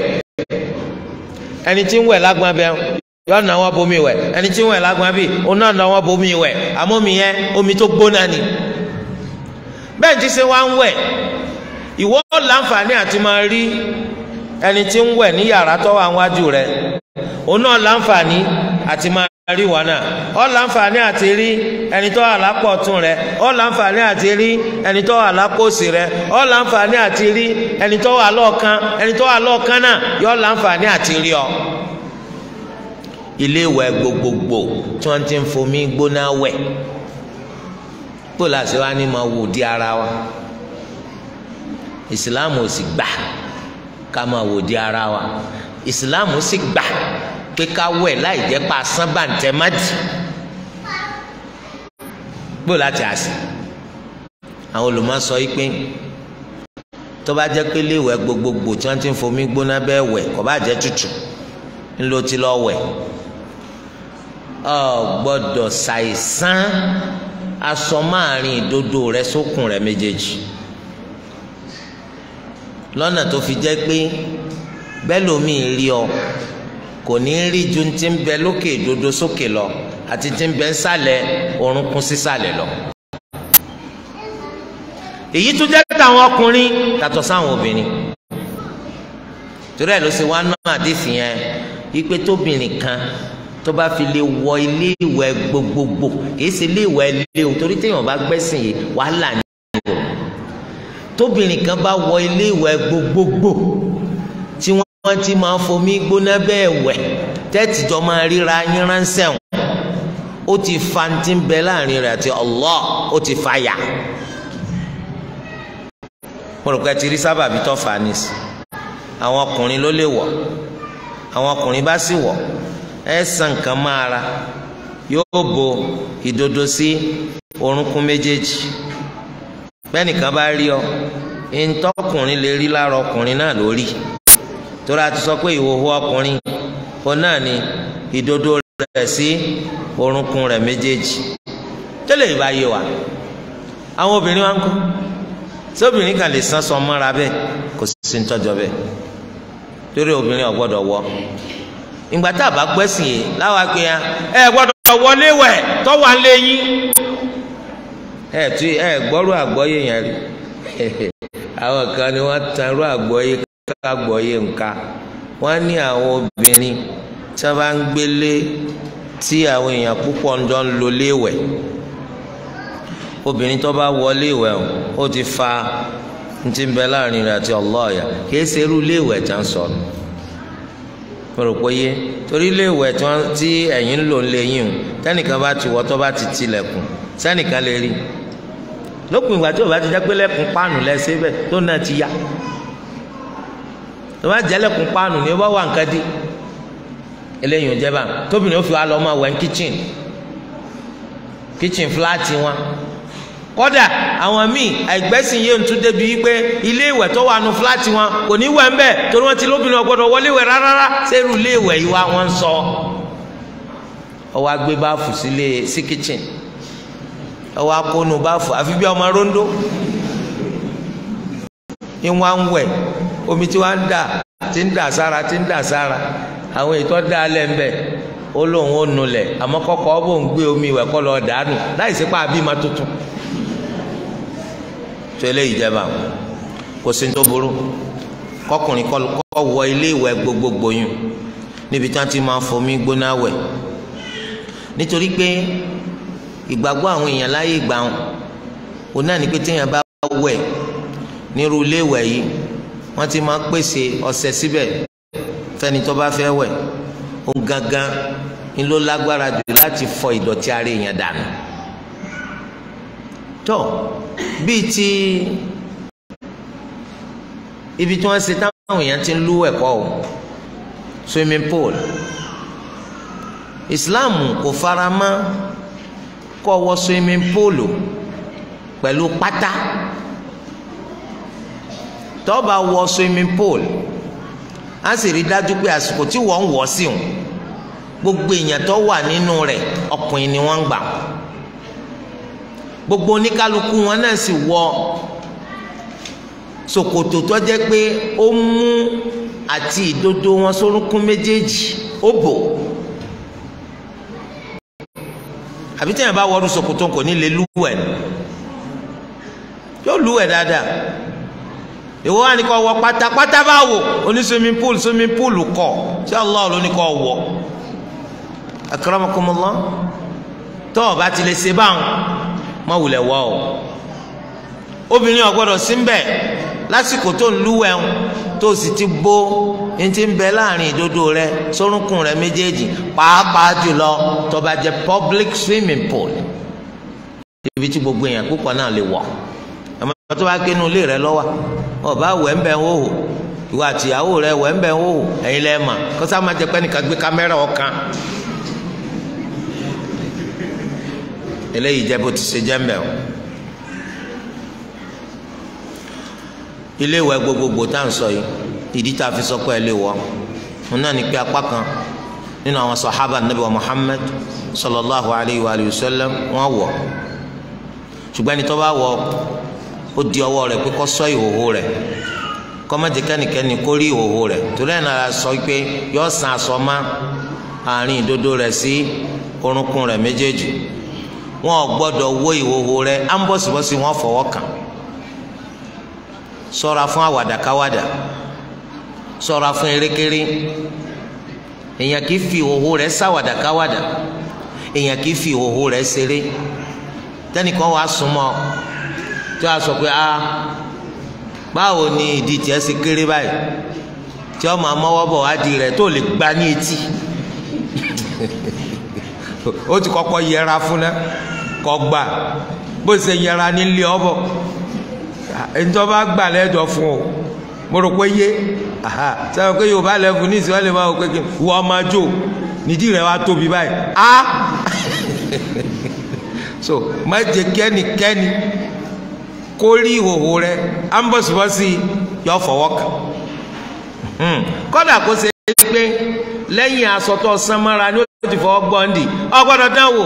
ẹni tí ń wẹ̀ lágbọn abẹ́ yọ náwó bomi ìwẹ̀ ẹni tí ń wẹ̀ lágbọn abẹ́ òun náà náwó bomi ìwẹ̀ àmọ́ mi yẹn omi tó gbóná ni bẹ́ẹ̀ ti ṣe wá ń wẹ̀ ìwọ láǹfààní àti máa rí ẹni tí ń wẹ̀ ní yàrá tó wà wájú rẹ̀ òun náà láǹfààní àti máa rí wa náà ọ láǹfààní àti rí ẹni tó wà rẹ. rẹ̀ ọ láǹfààní àti rí ẹni tó wà rẹ̀ ọ láǹfààní àti rí ẹni wà lọ́ọ̀kan ẹni wà lọ́ọ̀kan náà ọ. Ile-iwe gbogbogbò tí wọ́n ti ń fomi gbóná wẹ̀ di ara wa ìsìláàmù ò sì gbà. ká máa wò di ara wa islam sì gbà pé ká wẹ̀ láì jẹ́ pa asán bàǹtẹ́ má dì gbọ́ láti àṣì àwọn olùmọ̀ sọ yìí pé tó bá jẹ́ pé léwẹ̀ gbogbogbò tí wọ́n ti ń fomi gbóná bẹ́ẹ̀ wẹ̀ kò bá jẹ́ tútù ńlọ tí lọ wẹ̀ ọ gbọ́dọ̀ ṣàìsàn aṣọ máàrin ìdodo rẹ̀ sókùn rẹ̀ méjèèjì. So lọ́nà tó fi jẹ́ pé bẹ́lòmíì rí ọ kò ní rí ju ti ń bẹ lókè dodo sókè lọ àti ti ń bẹ nsàlẹ̀ orúnkún sísàlẹ̀ lọ. èyí tún jẹ́ tàwọn ọkùnrin yàtọ̀ sáwọn obìnrin torí ẹ̀ ló ṣe wá náà àdìsí yẹn ipe tóbìnrin kan tó bá fi lè wọ ilé ìwẹ̀ gbogbogbò kì í ṣe ilé ìwẹ̀ ilé o torí téèyàn bá gbẹ́sìn yìí wàhálà ní tóbìnrin kan bá wọ ilé ìwẹ̀ gbogbogbò tí wọ́n ti máa fomi gbóná bẹ́ẹ̀ wẹ̀ tẹ́tìjọ́ máa ríra yín wọn ó ti fa ti ń bẹ láàrin rẹ̀ àti Allah ó ti fa yà mo rò pé ti rí sábàbí tó fa ní sí àwọn ọkùnrin ló lè wọ̀ àwọn ọkùnrin bá sì wọ̀ ẹ san máa ra yóò bo ìdodo sí orúnkún méjèèjì bẹ́ẹ̀nìkan bá rí ọ ntọ́kùnrin lè rí lára ọkùnrin náà lórí torí a ti sọ pé ìhòòhò ọkùnrin òun náà ni ìdodo rẹ̀ sí orúnkún rẹ̀ méjèèjì tẹ́lẹ̀ ìbá yé wa àwọn obìnrin wa ń kọ́ tí obìnrin kan lè san sọ mọ́ra bẹ́ẹ̀ kò sí ń tọ́jọ́ bẹ́ẹ̀ torí obìnrin ò gbọ́dọ̀ wọ ìgbà tá a bá gbẹ́sìn yìí láwa pé ẹ gbọ́dọ̀ wọlé wẹ̀ tọ́wọ́ à yín. ẹ tu ẹ gbọ́rú àgbọ́yé yẹn rí àwọn kan ni wọ́n tan rú àgbọ́yé ká àgbọ́yé nǹka wọ́n ní àwọn obìnrin tí wọ́n bá ń gbélé tí àwọn èèyàn púpọ̀ ń jọ ń lo léèwẹ̀ obìnrin tó bá ti fa ti ń bẹ láàrin rẹ̀ àti ọlọ́ọ̀yà kìí ṣe irú ilé tí wọ́n sọ ni mo rò pé yé torí ti wọ́ tó bá ti tilẹ̀kùn sẹ́nìkan lè rí lópin ìgbà tí o bá ti jẹ́ pé lẹ́kùn páànù tó náà ti ya tó bá jẹ́ lẹ́kùn ni ó bá wà nǹkan dí eléyìí ò jẹ́ bá tóbi ni o fi wọn kódà àwọn míì àìgbẹ́sìn débi wípé ilé ìwẹ̀ wà nù fúláàtì wọn kò ní wẹ̀ torí wọn ti lóbìnrin ọgbọ́dọ̀ wọlé wọn sọ báfù sílé ọwọ akónú bá fò àfi bí ọmọ rondo ìwọ̀n ń omi tí dà tí ń dà sára tí ń dà sára àwọn ètò dá alẹ́ ń bẹ̀ ó lóun ó àmọ́ kọ́kọ́ ó ń gbé omi láì ma tuntun tó eléyìí jẹba kò sí tó burú kọkùnrin kọ wọ ilé gbogbogbò yùn níbi tí ti máa fomi gbóná nítorí ìgbàgbọ́ àwọn èèyàn láyé ìgbà wọn òun náà ní pé téèyàn bá wẹ̀ nírú ilé ìwẹ̀ yìí wọ́n ti máa pèsè ọṣẹ síbẹ̀ fẹ́ni tó bá fẹ́ wẹ̀ òun gangan ni ló lágbára jù láti fọ ìdọ̀tí ara èèyàn dànù tó bíi ti ibi tí wọ́n ṣe táwọn èèyàn ti ń lú ẹ̀kọ́ o swimming pool Islam kò fara mọ́ kọ́ wọ swimming pool pẹ̀lú pátá tó bá wọ swimming pool á sì rí dájú pé àsìkò tí wọ́n ń wọ̀ sí òun gbogbo èèyàn tó wà nínú rẹ̀ ọkùnrin ni wọ́n ń gbà gbogbo oníkálukú wọn náà sì wọ ṣòkòtò tó jẹ́ pé ó mú àti ìdodo wọn sórúnkún méjèèjì ó bò àbí tẹ̀yìn bá wọ́ọ́dún ṣòkòtò kò ní lè lúwẹ̀ yóò lúwẹ̀ dáadáa ìwọ wa ni kò wọ pátápátá bá wò oní swimming pool swimming pool kọ ṣé Allah ló ní kò wọ akramakumullah tó o bá ti lè ṣe báwọn má wulẹ̀ wọ o obìnrin ò gbọ́dọ̀ lásìkò tó ń lúwẹ̀ ń tó sì ti bó ntí ń bẹ láàrin ìdodo rẹ sórúnkún rẹ méjèèjì pàápàá jùlọ tó bá jẹ́ public swimming pool ibi tí gbogbo èèyàn púpọ̀ náà lè wọ̀ àmọ́ tó bá ilé rẹ lọ́wọ́ ọba wẹ̀ ń bẹ̀ ń wò ìwà àtìyàwó rẹ wẹ̀ ń bẹ̀ ń wò ẹ̀yin lẹ́ mà kó sá máa jẹ pé o. ilé ìwẹ̀ gbogbogbò tá à ìdí tá a fi sọ pé ẹ lè wọ ọ náà ní pé apá kan nínú àwọn sọ̀hábà nàbí wa Muhammad sallallahu alayhi wa sallam wọ́n wọ̀ ṣùgbọ́n ẹni tó bá ó di ọwọ́ rẹ̀ pé kó sọ ìhòhò rẹ kó rí ìhòhò torí ẹ̀ san aṣọ ma, àárín ìdodo rẹ sí méjèèjì wọn ò ìhòhò á ń wọn fọwọ́ kàn Sọra fún ṣọ́ra fún erékeré èèyàn kì í fi ìhòhò rẹ̀ sáwàdà káwàdà èèyàn kì í fi ìhòhò rẹ̀ ṣeré tẹnìkan wàá súnmọ́ tí wàá sọ pé a ah, báwo ni ìdí tiẹ̀ ṣe kéré báyìí tí ọmọ amọ́wọ́ bọ̀ wá di tó lè gbá ní etí ó ti kọ́kọ́ yẹra fún náà kọ́ gbà bó ṣe yẹra nílé ọbọ̀ ẹni tó bá gbà lẹ́dọ̀ fún o. mo rò pé yé sẹ́wọ̀n pé bá lẹ́fù ní ìsìnwá lè máa wò pé kí wọ́n máa jò nídìí rẹ̀ wá tóbi báyìí ah so má jẹ́ kẹ́nikẹ́ni kó rí ìhòhò rẹ á yọ fọwọ́ kàn hmm. kọ́dà kó ṣe é pé lẹ́yìn sanmọ́ra ni ó ti fọwọ́ gbọ́ndì ọgbọ́dọ̀ dánwò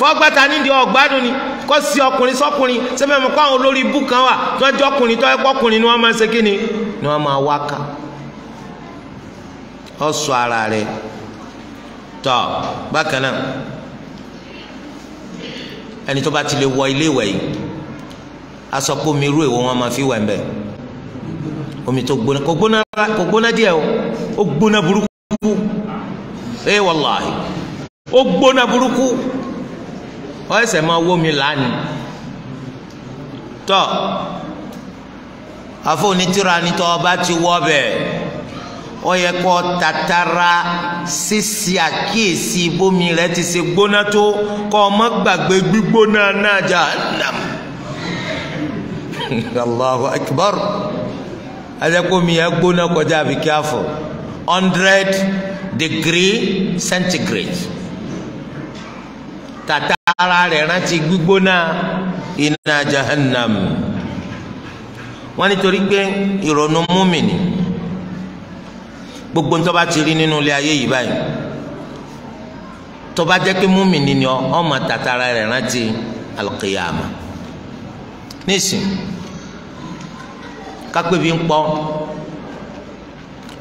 fọ́gbàtà nídìí ọgbádùn ni. kọ́ sí ọkùnrin sọ́kùnrin sẹ́fẹ̀ mọ̀ kó àwọn olórí ibú kan wà tó ń jẹ́ ọkùnrin tó ń pọ́ ọkùnrin ni wọ́n máa ń ṣe kí ni ni wọ́n máa wá ká ọ sọ ara rẹ tọ bákan náà ẹni tó bá ti lè wọ ilé ìwẹ̀ yìí aṣọ kó mi irú èwo wọn máa fi wẹ̀ ń bẹ̀ omi tó gbóná kò gbóná kò gbóná díẹ̀ o ó gbóná burúkú ẹ wàláhì ó gbóná burúkú wọ́n ẹsẹ̀ máa wó mi lánìí tọ́ àfọ onítìrà nítọ́ ọba ti wọ́ bẹ́ẹ̀ ó yẹ kó tatara sísì àkíyèsí bómi rẹ ti ṣe gbóná tó kó ọmọ gbàgbé gbígbóná náà jà nàm Allahu akbar adẹ́kùnmi yẹn gbóná kọjá àbí kí a fọ hundred degree centigrade tata. ara rẹ̀ rántí gbígbóná iná jahannam wọ́n nítorí pé ìrònú múmìnì gbogbo ń tó bá ti rí nínú ilé ayé yìí báyìí tó bá jẹ́ pé múmìnì ni ó máa tàtàrà rẹ̀ rántí alqiyama nísìn kápẹ́bí ń pọ́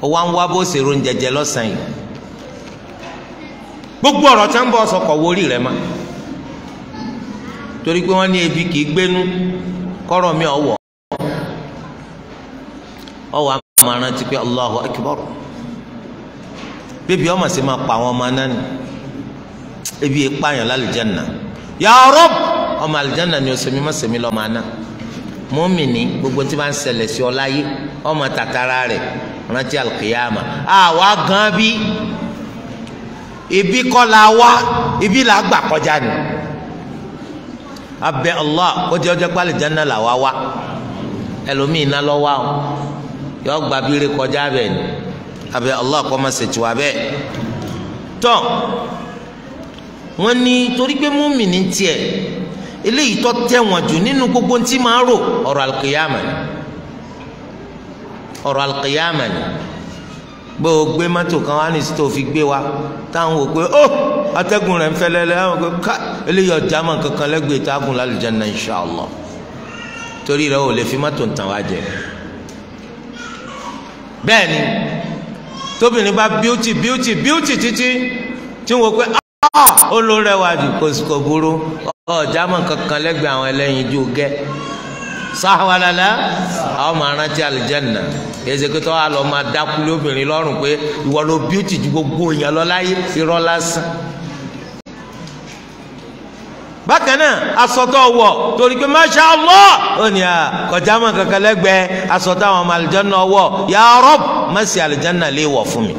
gbogbo ọ̀rọ̀ tí wọ́n ń bọ̀ torí pé wọ́n ní ebi kì í gbénú kọ́rọ̀ mi ọ̀wọ́ ọ̀wọ́ àmọ́ rántí pé Allahu Akbar bébí ọmọ sì máa pa àwọn ọmọ náà ni ebi yẹn pààyàn lálùjáná Ya Rabb ọmọ àlùjáná ni ọ̀sẹ̀ mi má sẹ̀mí lọ́mọ àná mọ́mìnì gbogbo tí wọ́n ń sí ọ láyé ọmọ tàtàrà rẹ̀ rántí alùkìyàmà àwa gan bí ibi kọ́ la wá ibi là gbà kọjá ni abẹ Allah kó tí ọjọ́ pálí jẹ́nà là wá wá ẹlòmíì iná lọ́ wá o yọ gba bíire kọjá bẹ́ẹ̀ ni abẹ Allah kó má ṣètò abẹ́ tọ́ wọ́n ní torí pé múmìnì tiẹ̀ eléyìí tó tẹ̀wọ̀n jù nínú gbogbo ntí máa rò ọ̀rọ̀ alqiyama ni ọ̀rọ̀ bó o gbé mọ́tò kan wá ní sí tó fi gbé wa táwọn wò pé ó oh, atẹ́gùn rẹ̀ ń fẹ́ lẹ́lẹ́ àwọn pé ká eléyìí ọ̀já mọ̀ kankan lẹ́gbẹ̀ẹ́ tágùn lálùjánnà inṣàlá torí rẹ̀ ò lè fi mọ́tò ń tàn wá jẹ. bẹ́ẹ̀ ni tóbìnrin bá bíútì bíútì bíútì títí tí wọ́n pé ah, ó jù kò sì kò burú ọ̀já mọ̀ kankan lẹ́gbẹ̀ẹ́ àwọn ẹlẹ́yinjú gẹ́ sáwàlálá àwọn máa rántí àlùjánnà náà èsì pé tó wà lọ máa dákú lóbìnrin lọ́rùn pé ìwọ ló bíútì ju gbogbo èèyàn lọ láyé irọ́ lásán. bákan náà asọ̀tọ̀ wọ̀ torí pé masha allah ó ní à kọjá mọ́ kankan lẹ́gbẹ̀ẹ́ asọ̀tọ̀ àwọn ọmọ àlùjáná wọ̀ ya Rabb má ṣe àlùjáná lè wọ̀ fún mi.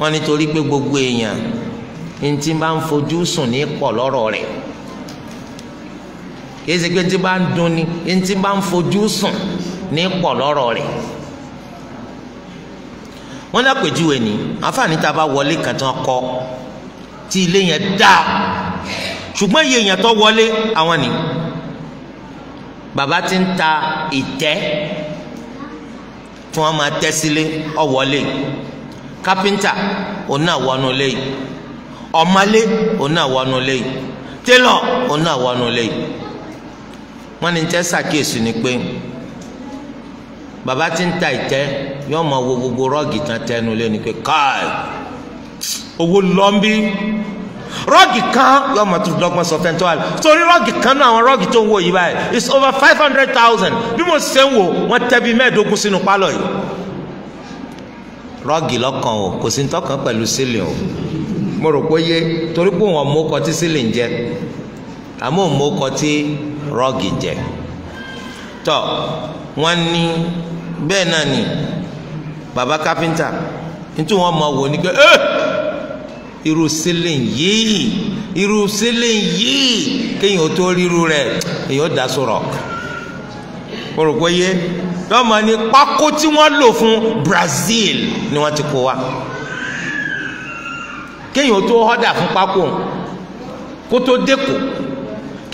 wọ́n ní torí pé gbogbo èèyàn ntí bá ń fojú sùn ní pọ̀ lọ́rọ̀ rẹ̀ kìí ṣe pé tí bá ń dunni tí bá ń fojú sùn ní pọ̀ rẹ̀ wọ́n lápèjúwe ní àǹfààní tá a bá wọlé kan tí kọ́ tí ilé yẹn dáa ṣùgbọ́n iye yẹn tó wọlé àwọn ni bàbá ti ń ta ìtẹ́ tí wọ́n máa tẹ́ sílé ọ̀wọ́lé kápẹ́ńtà òun náà wọnú lé yìí ọ̀mọ́lé òun náà wọnú lé yìí télọ̀ òun náà wọnú lé yìí wọ́n ní tẹ́ ṣàkíyèsí ni pé bàbá tí ń ta ìtẹ́ yóò mọ wo gbogbo rọ́ọ̀gì tán tẹnu lé ni pé káì owó lọ́nbí rọ́ọ̀gì kan yóò mọ̀ tó dọ́gbọ́n sọ fẹ́ntọ́ àlẹ́ torí rọ́ọ̀gì kan náà àwọn rọ́ọ̀gì tó ń wò yìí báyìí it's over five hundred thousand bí mo ṣe ń wò wọ́n tẹ́bi mẹ́ẹ̀ẹ́dógún sínú pálọ̀ yìí rọ́ọ̀gì lọ́kàn o kò sí ń tọ́kàn pẹ̀lú sílìn o mo rò pé yé torí pé òun ọmọ ọkọ tí sílìn jẹ àmọ́ òun mọ ọkọ tí rọ́ọ̀gì jẹ tọ wọn ní bẹ́ẹ̀ náà ni baba kápẹ́ńtà nítorí wọn máa wò ní pé ẹ irú yìí irú yìí kéèyàn ó tó ríru rẹ èèyàn ó dá sọ̀rọ̀ kó lọ́mọ ni tí wọ́n lò fún Brazil ni wọ́n ti kó wa kéèyàn ó tó họ́dà fún pákó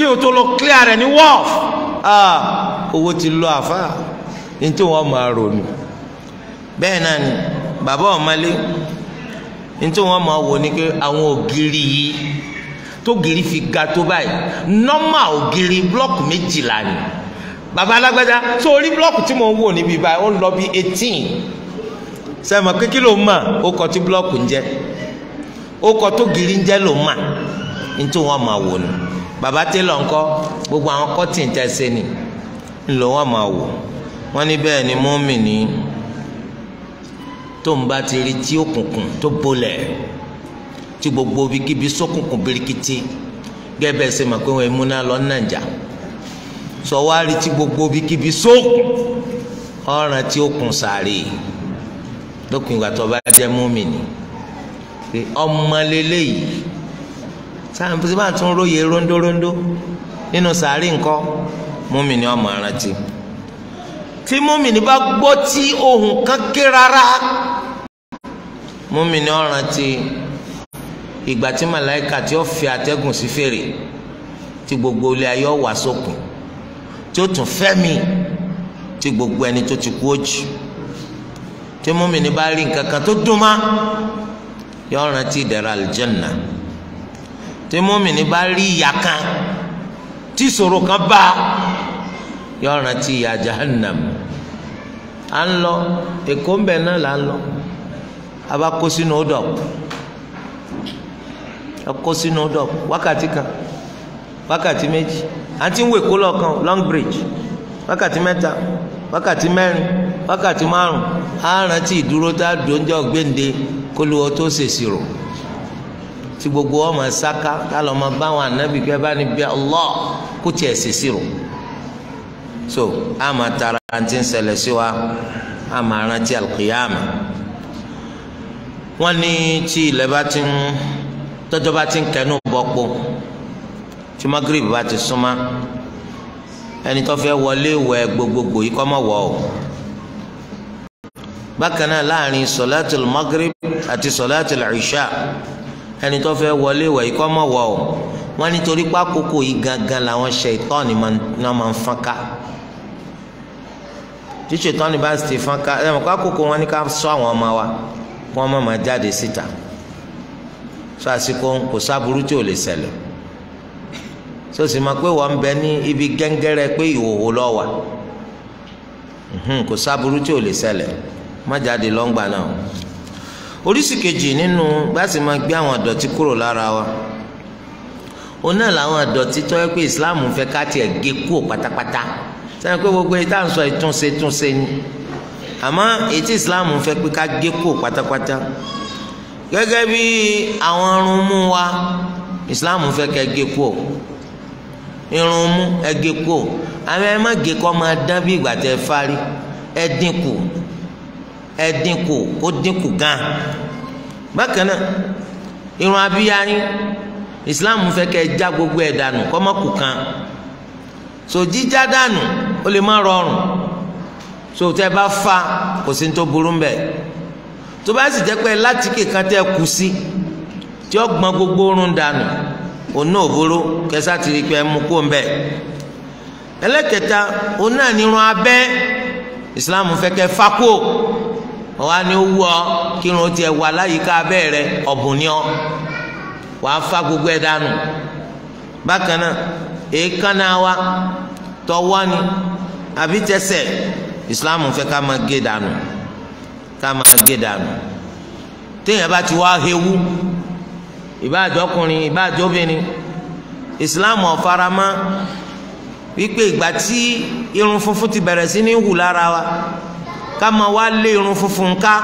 kí o tó lọ clear rẹ̀ ní wọ́ọ̀f ah, owó ti lọ àfa ní tí wọ́n máa ronú bẹ́ẹ̀ náà ni bàbá ọ̀mọ́lé ní tí wọ́n máa wò ni pé àwọn ògiri yìí tó giri fi ga tó báyìí nọ́mà ògiri blọ́ọ̀kì méjìlá ni bàbá alágbádá tó orí blọ́ọ̀kì tí mò ń wò níbi báyìí ó ń lọ bí eighteen sẹ́mi kékeré ló mà ó kọ́ tí blọ́ọ̀kì ń jẹ́ ó kọ́ tó giri ń jẹ́ ló mà ní tí máa wò ni bàbá télọ̀ ńkọ́ gbogbo àwọn kọ́tìn tẹ̀sẹ̀ ni ńlọ wọn máa wò wọn ní bẹ́ẹ̀ ni mùmínì tó ń bá ti rí tí òkùnkùn tó bolẹ̀ tí gbogbo ibikíbi sókùnkùn birikiti gẹ́gẹ́ ṣe mọ̀ pé wọ́n emúná lọ nàìjà sọ wá rí tí gbogbo ibikíbi sókùn ọ̀ràn tí ó sàárè lókùn ìgbà tó bá jẹ́ mùmínì ọmọ lélẹ́yìí sáàmùsí bá tún róye rondórondó nínú sàárì ńkọ́ múmìnì ọmọ arántí tí múmìnì bá gbọ́ tí ohùn kan ké rárá múmìnì ọ̀rántí ìgbà tí màláìka tí ó fi àtẹ́gùn sí fèrè tí gbogbo ilé ayé ọ̀wà sókun tí ó tún fẹ́mi tí gbogbo ẹni tó ti kú òjì tí múmìnì bá rí nǹkan kan tó dùn má yọ ọ̀rántí ìdẹ̀ra àlùjànnà tí mùmíní bá rí ìyà kan tí ìṣòro kan bá yọ rántí ìyà jahannam à ń lọ èkó ń bẹ náà là ń lọ a bá kó sínú ó kó sínú ó wákàtí kan wákàtí méjì à ń ti ń wò èkó lọ́ọ̀kan long bridge wákàtí mẹ́ta wákàtí mẹ́rin wákàtí márùn-ún á rántí ìdúró tá a dùn jọ gbéǹde kó tó ṣèṣirò tí gbogbo wọn máa sáká tálọ́ máa bá wọn bá ní bí Allah kó tiẹ̀ sì sírò so a máa tara àti ń ṣẹlẹ̀ sí wa a máa rántí alqiyama wọn ní tí ilẹ̀ bá ti ń tọ́jọ́ bá ti ń kẹnu bọ́pọ̀ tí magrib bá ti súnmá ẹni tó fẹ́ wọlé wẹ̀ gbogbogbò yìí kọ́ mọ̀ wọ̀ o bákan náà láàrin sọláàtì magrib àti sọláàtì ìṣá ẹni tó fẹ́ wọlé wẹ̀ ikọ́ mọ̀ wọ̀ o wọ́n nítorí pákókò yìí gangan làwọn ṣẹ̀tánì náà máa ń fọ́n ká tí ṣẹ̀tánì bá ti fọ́n ká ẹ̀ mọ̀ pákókò wọn ní ká sọ àwọn ọmọ wa kí wọ́n má máa jáde síta sọ àsìkò kò sáburú tí ò lè ṣẹlẹ̀ sọ sì máa pé wọ́n ń bẹ ní ibi gẹ́ngẹ́rẹ́ pé ìhòòhò lọ wà kò sáburú tí ò lè ṣẹlẹ̀ má jáde lọ́ngbà náà oríṣi kejì nínú bá sì máa gbé àwọn àdọ̀tí kúrò lára wa òun náà làwọn àdọ̀tí tó yẹ pé islam fẹ́ ká tiẹ̀ gé kúrò pátápátá sẹ́yìn pé gbogbo èyí tá à ń sọ ìtúnṣe túnṣe ni àmọ́ èyí tí islam fẹ́ pé ká gé kúrò pátápátá gẹ́gẹ́ bí àwọn irunmú wa islam fẹ́ ká gé kúrò irunmú ẹ gé kúrò àmì ẹ má gé kó máa dán bí ìgbà tẹ fárí ẹ dínkù ẹ dínkù kó dínkù gan bákan náà irun abíyárí islam fẹ́ kẹ́ já gbogbo ẹ̀ dànù kọ́mọ́kù kan so jíjá dànù ó lè má rọrùn so tẹ́ bá fa kò sí tó burú mbẹ tó bá sì jẹ́ pé láti kéka tẹ́ kù sí tí ó gbọ́n gbogbo oorun dànù òun náà burú kẹsà ti rí pé ẹ mú kó mbẹ ẹlẹ́kẹta òun náà ní irun abẹ́ islam fẹ́ kẹ́ fa kó wọn wá ní owó ọ kírun tiẹ̀ wà láyìíká abẹ́ ọ̀bùn ni ọ wàá fa gbogbo ẹ̀ dànù bákan náà èékánná wa tọwọ́ ni àbí tẹsẹ̀ fẹ́ ká máa gé dànù ká máa gé dànù téèyàn bá ti wá hewu ìbáàjọkùnrin ọ̀faramá wípé ìgbà tí irun funfun ti bẹ̀rẹ̀ sí ní lára wa. ka ma wá lé irun funfun ká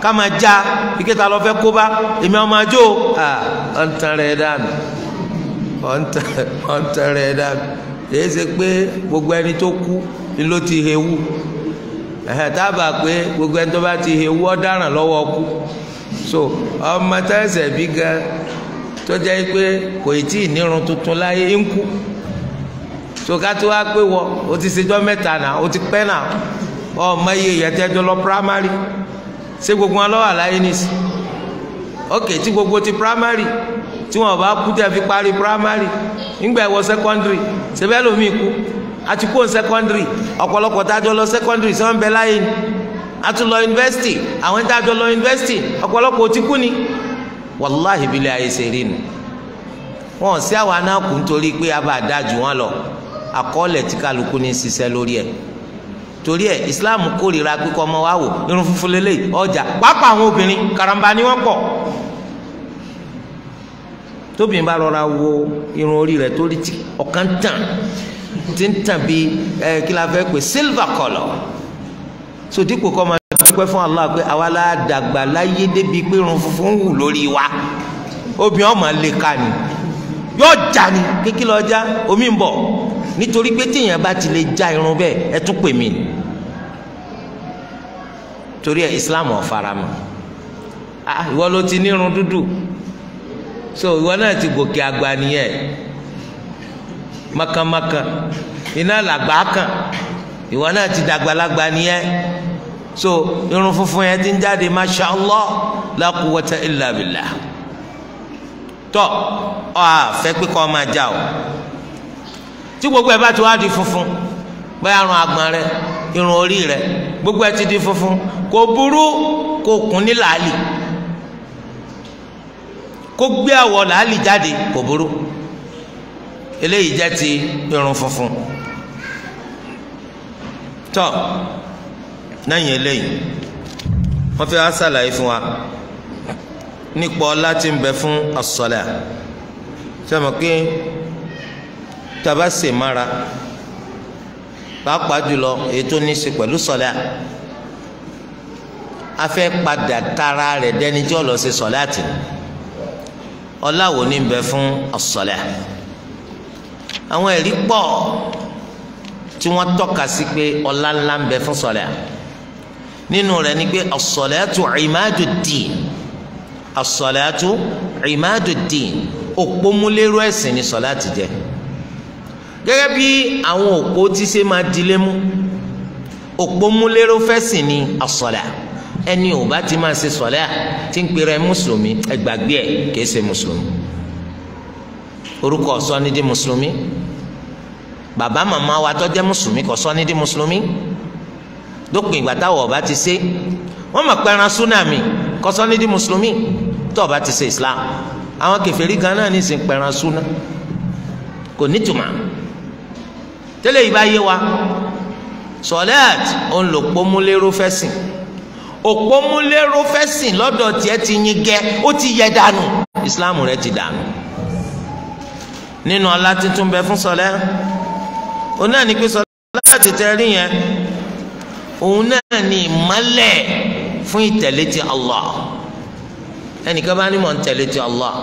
ká máa já ike ta lọ fẹ kó bá èmi ọmọ ajó ọ̀ ń ọ̀ dànù èyí ṣe pé gbogbo ẹni tó kú ni ló ti hewu ẹ̀hẹ́n tábà pé gbogbo ẹni tó bá ti hewu ọ̀daràn lọ́wọ́ kú so ọmọ tẹ́sẹ̀ bí gan tó jẹ́ pé ọmọ iye yẹtẹ tó lọ primary ṣé gbogbo wọn lọ wà láyé nísì ok tí gbogbo ti primary tí wọn bá kú tẹ fi parí primary nígbà ẹwọ secondary ṣẹbẹ lomi kú àti kó secondary ọ̀pọ̀lọpọ̀ tá a jọ lọ secondary ṣé wọn bẹ láyé ni a tún lọ university àwọn tá a jọ lọ university ọ̀pọ̀lọpọ̀ ò ti kú ni wàláhì bílẹ̀ ayé ṣe rí nu wọn ò sí àwọn anáàkú nítorí pé a bá dájú wọn lọ àkọọ́lẹ̀ tí kálukú ní ṣiṣẹ́ lórí ẹ̀ torí ẹ islam kórìíra pípọ̀ ọmọ wa wò irun funfun lélẹ̀ ọjà pàápàá àwọn obìnrin karamba ni wọ́n pọ̀ tóbìnrin bá rọra wo irun orí rẹ̀ torí tí ọ̀kan tàn tí ń tàn bí ẹ kí la fẹ́ pè silver colour so dípò kọ́ máa dúpẹ́ fún Allah pé àwa la dàgbà láyé débi pé irun funfun wù lórí wa obìnrin ọmọ lè ka ni yóò jà ni kékeré ọjà omi ń bọ̀ nítorí pé téèyàn bá ti lè já irun bẹ́ẹ̀ ẹ tún pè mí torí ẹ islam ọ̀faramọ́ ah ìwọ ló ti nírun dúdú so ìwọ náà ti gòkè àgbà nìyẹn makamaka iná làgbà kan ìwọ náà ti dàgbàlagbà nìyẹn so irun funfun yẹn ti ń jáde masha allah la illa billah tọ ọ àfẹ pé kọ́ ọ máa já o tí gbogbo ẹ bá ti wá di funfun báyà rún agbọ̀n rẹ irun orí rẹ gbogbo ẹ ti di funfun kò burú kò kún ní làálì kó gbé àwọ̀ làálì jáde kò burú eléyìí jẹ́ ti irun funfun tọ lẹ́yìn eléyìí wọ́n fi wá sàlàyé fún wa nípa ọlá tí ń bẹ fún àsọlẹ sọmọ pé taba ṣe mara pàápàá jùlọ ètò níṣe pẹ̀lú sọ̀lá afẹ́ padà tara rẹ̀ dẹ́ni tí ó lọ ṣe sọ̀lá tì ọlá wo ni ń bẹ fún ọ̀sọ̀lá àwọn ẹ̀rí pọ̀ tí wọ́n tọ́ka sí pé ọlá ńlá ń bẹ fún sọ̀lá nínú rẹ̀ ni pé as-salatu imaduddin as-salatu imaduddin òpómúlérò ẹ̀sìn ni sọ̀lá ti jẹ́ gẹ́gẹ́ bí àwọn òpó tí ṣe máa dilé mú òpó múlẹ́rọ fẹ́sìn ni àsọ̀là ẹni ò bá ti máa ṣe sọ̀là tí ń pera ẹ mùsùlùmí ẹ gbàgbé ẹ kìí ṣe mùsùlùmí orúkọ sọ ni di mùsùlùmí bàbá màmá wa tó jẹ́ mùsùlùmí kò sọ ni di mùsùlùmí dópin ìgbà táwọn ọba ti ṣe wọn mọ̀ pé ẹran súnàmì kò sọ ni di mùsùlùmí tó ọba ti ṣe islam àwọn kèfèrí gan náà ní ìsìn pẹ̀ràn súná kò nítumọ̀ tẹ́lẹ̀ yìí bá yé wa sọ̀lẹ́t òun lò pọ́múlérò fẹ́sìn òpómúlérò fẹ́sìn lọ́dọ̀ tiẹ̀ ti yin gẹ́ ó ti yẹ dànù ìsìláàmù rẹ ti dànù nínú ọlá tuntun bẹ fún sọlẹ́ òun náà ní pé sọlẹ́ ti tẹ́ rí yẹn òun náà ní ìmọ́lẹ̀ fún ìtẹ̀lé ti Allah ẹnìkan bá ní mọ̀ ń tẹ̀lé ti Allah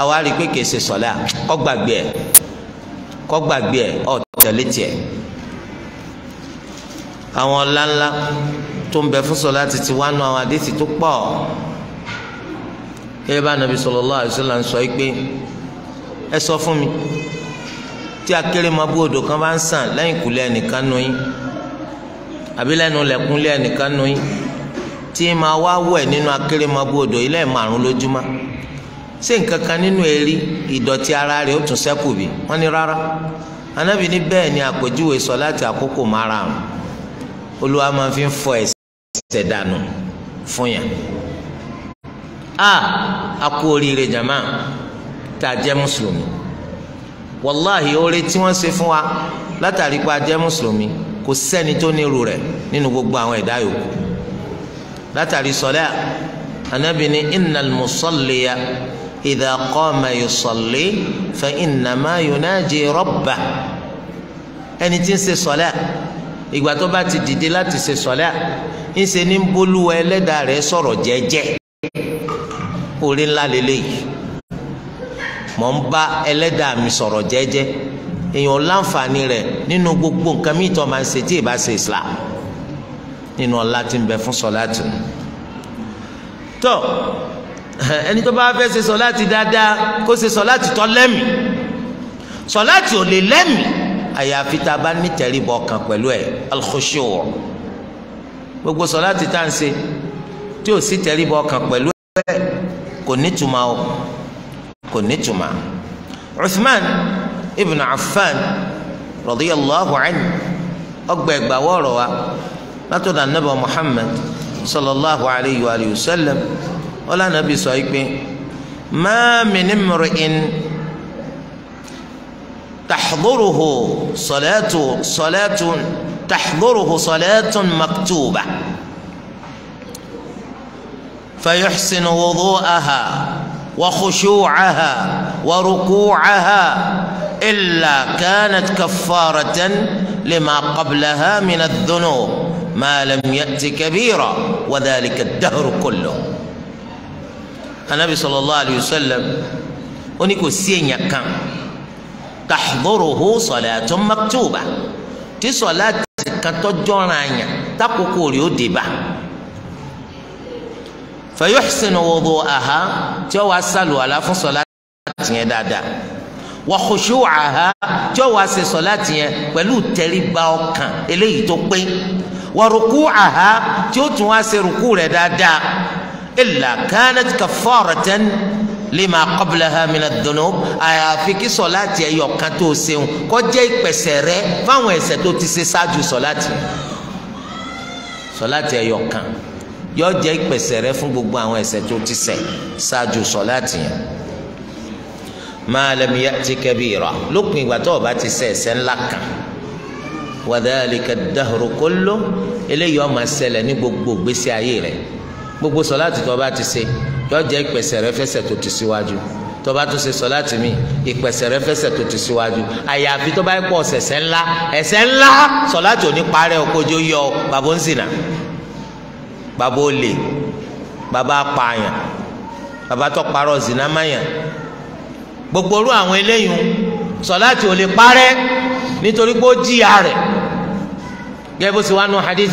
àwa rí i pé kìí ṣe sọlẹ́ ọgbàgbé kọ́ gbàgbé ẹ̀ ọ̀ tẹ̀lé tiẹ̀ àwọn ọ̀lànlá tó ń bẹ fún sọlá títí wá nu àwọn àdéhìí tó pọ̀ kí ẹ bá nàbí sallallahu alaihi wasallam ń sọ yìí pé ẹ sọ fún mi tí akérèmọ́bù odò kan bá ń sàn lẹ́yìn kùlẹ̀ ẹnìkan nu yín àbí lẹ́nu lẹ̀kúnlẹ̀ ẹnìkan nu yín tí máa wá wẹ̀ nínú akérèmọ́bù odò yìí lẹ́ẹ̀ márùn lójúmọ́ ṣé nǹkan kan nínú èrí ìdọ̀tí ara rẹ̀ ó tún ṣẹ́kù bí wọ́n ní rárá anábì ní bẹ́ẹ̀ ni àpèjúwe sọ láti àkókò márààrún olúwa máa fi ń fọ ẹ̀ṣẹ̀ dànù fún yàn a a kú oríire jàmá tá a jẹ́ mùsùlùmí wàláhì oore tí wọ́n ṣe fún wa látàrí pé a jẹ́ mùsùlùmí kò sẹ́ni tó nírú rẹ̀ nínú gbogbo àwọn ẹ̀dá yòókù látàrí sọlẹ́ anábì ní innal musalliya. إذا قام يصلي فإنما يناجي ربه rabbah ẹni صلاة ń ṣe sọlá ìgbà tó bá ti dìde láti ṣe sọlá ń ṣe ní bólúwa ẹlẹ́dàá rẹ̀ sọ̀rọ̀ jẹ́jẹ́ orí ńlá lélẹ́yìí mọ̀ ń bá ẹlẹ́dàá mi sọ̀rọ̀ jẹ́jẹ́ èèyàn láǹfààní rẹ̀ nínú gbogbo nǹkan mi tó máa ń ṣe tí ì bá ṣe Islam nínú ọlá tí ń bẹ fún sọlá tó. Eh, ẹni tó bá fẹ́ ṣe sọ̀láàtì dáadáa kó ṣe sọ̀láàtì tó lẹ́mì sọ̀láàtì ò lè lẹ́mì àyàfi tá a bá ní tẹríba ọkàn pẹ̀lú ẹ̀ al-khushu' gbogbo sọ̀láàtì tá à ń ṣe tí ò sí tẹríba ọkàn pẹ̀lú ẹ̀ kò ní tuma o kò ní tuma Uthman ibn Affan radiyallahu anhu ọgbà ẹgbà wọ̀ọ̀rọ̀ wa látọ̀dọ̀ anabi Muhammad sallallahu alayhi wa sallam. ọlànà bí sọ yìí pé ma min imri'in tahduruhu salatu salatu tahduruhu salatun maktuba fayuhsinu wudu'aha wa khushu'aha wa ruku'aha illa kanat kaffaratan lima qablaha min adh-dhunub ma lam ya'ti kabira wa dhalika ad-dahru kulluhu. anabi sallallahu alayhi wa sallam ó ní kò sí èèyàn kan tahduruhu salatun maktuba tí sọláàtì kan tọjọ́ ra yàn takoko rẹ̀ ó dé bá fa yuhsinu wudu'aha tí ó wá sàlùwàlá fún sọláàtì yẹn dáadáa wa khushu'aha tí ó wá ṣe sọláàtì yẹn pẹ̀lú tẹríba ọkàn eléyìí tó wa ruku'aha tí ó tún wá ṣe rùkú rẹ̀ dáadáa illa kanat kafaratan lima qablaha min ad-dunub àyàfi kí sọláàtì ẹyọ kan tó ṣeun kó jẹ́ ìpẹ̀sẹ̀ rẹ fáwọn ẹ̀ṣẹ̀ tó ti ṣe ṣáájú sọláàtì sọláàtì ẹyọ kan yó jẹ́ ìpẹ̀sẹ̀ rẹ fún gbogbo àwọn ẹ̀ṣẹ̀ tó ti ṣẹ̀ ṣáájú sọláàtì yẹn ma lam ya'ti kabira lópin ìgbà ti ṣẹ̀ ẹ̀ṣẹ̀ ńlá kan wa dhalika ad-dahru kullu eléyìí ó máa gbogbo ìgbésí ayé rẹ gbogbo sọláàtì tó bá ti ṣe yọ jẹ́ ìpẹ̀sẹ̀ rẹ fẹsẹ̀ tó ti síwájú tó bá tún ṣe mi ìpẹ̀sẹ̀ rẹ fẹsẹ̀ tó ti síwájú àyàfi tó bá pọ̀ ṣẹ̀ṣẹ̀ ńlá ẹ̀ṣẹ̀ ńlá sọláàtì òní parẹ́ ọkọjọ́ yọ bàbá ń zìnà bàbá olè bàbá apààyàn bàbá tó parọ́ zìnà máyàn gbogbo orú àwọn eléyìí sọláàtì ò lè parẹ́ nítorí pé ó jìyà rẹ̀ gẹ́gẹ́ bó ṣe wá nu hadith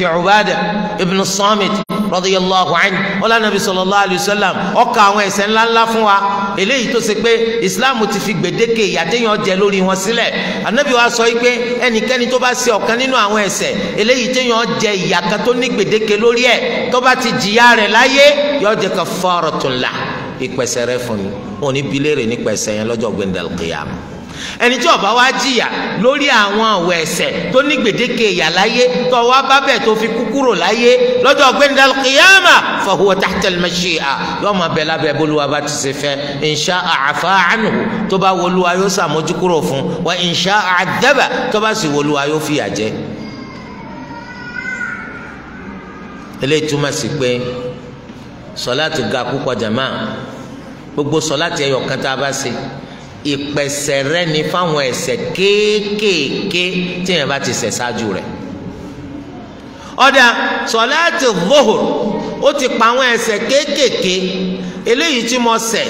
ibn Samit radiyallahu anhu ọlá nàbí sallallahu alayhi wa sallam ó ka àwọn ẹ̀ṣẹ̀ ńláńlá fún wa eléyìí tó ṣe pé islam ti fi gbèdéke ìyàtẹ̀yàn jẹ lórí wọn sílẹ̀ anabi wa sọ pé ẹnikẹ́ni tó bá ṣe ọ̀kan nínú àwọn ẹ̀ṣẹ̀ eléyìí tẹ̀yàn jẹ ìyàkà tó ní gbèdéke lórí ẹ̀ tó bá ti jìyà rẹ̀ láyé yóò jẹ kafaratun lah ìpẹ̀ṣẹ̀ rẹ̀ fún mi wọn ò ní bilére yẹn lọ́jọ́ gbẹ̀ndàlùkìyàmù ẹni tí ó bá wá jìyà lórí àwọn ọ̀wọ̀ ẹ̀ṣẹ̀ tó ní gbèdéke ìyà láyé tó wá bá bẹ̀ tó fi kú kúrò láyé lọ́jọ́ ọ̀gbẹ́ni al-qiyama fa huwa tahta al-mashi'a yóò máa bẹ̀ lábẹ́ bólúwa bá ti ṣe fẹ́ insha afa anhu tó bá wọlúwa yóò ṣàmójú fún wa insha adaba tó bá sì wọlúwa yóò fìyà jẹ. eléyìí túmọ̀ sí pé sọláàtì ga púpọ̀ jàmáà gbogbo sọláàtì ẹyọ kan tá bá ṣe ìpẹ̀sẹ̀ rẹ ni fáwọn ẹ̀ṣẹ̀ kéékèèké tí yẹn bá ti ṣẹ̀ ṣáájú rẹ̀ ọ̀dà sọ̀láàtì lóhùr ó ti pa àwọn ẹ̀ṣẹ̀ kéékèèké eléyìí tí mo ṣẹ̀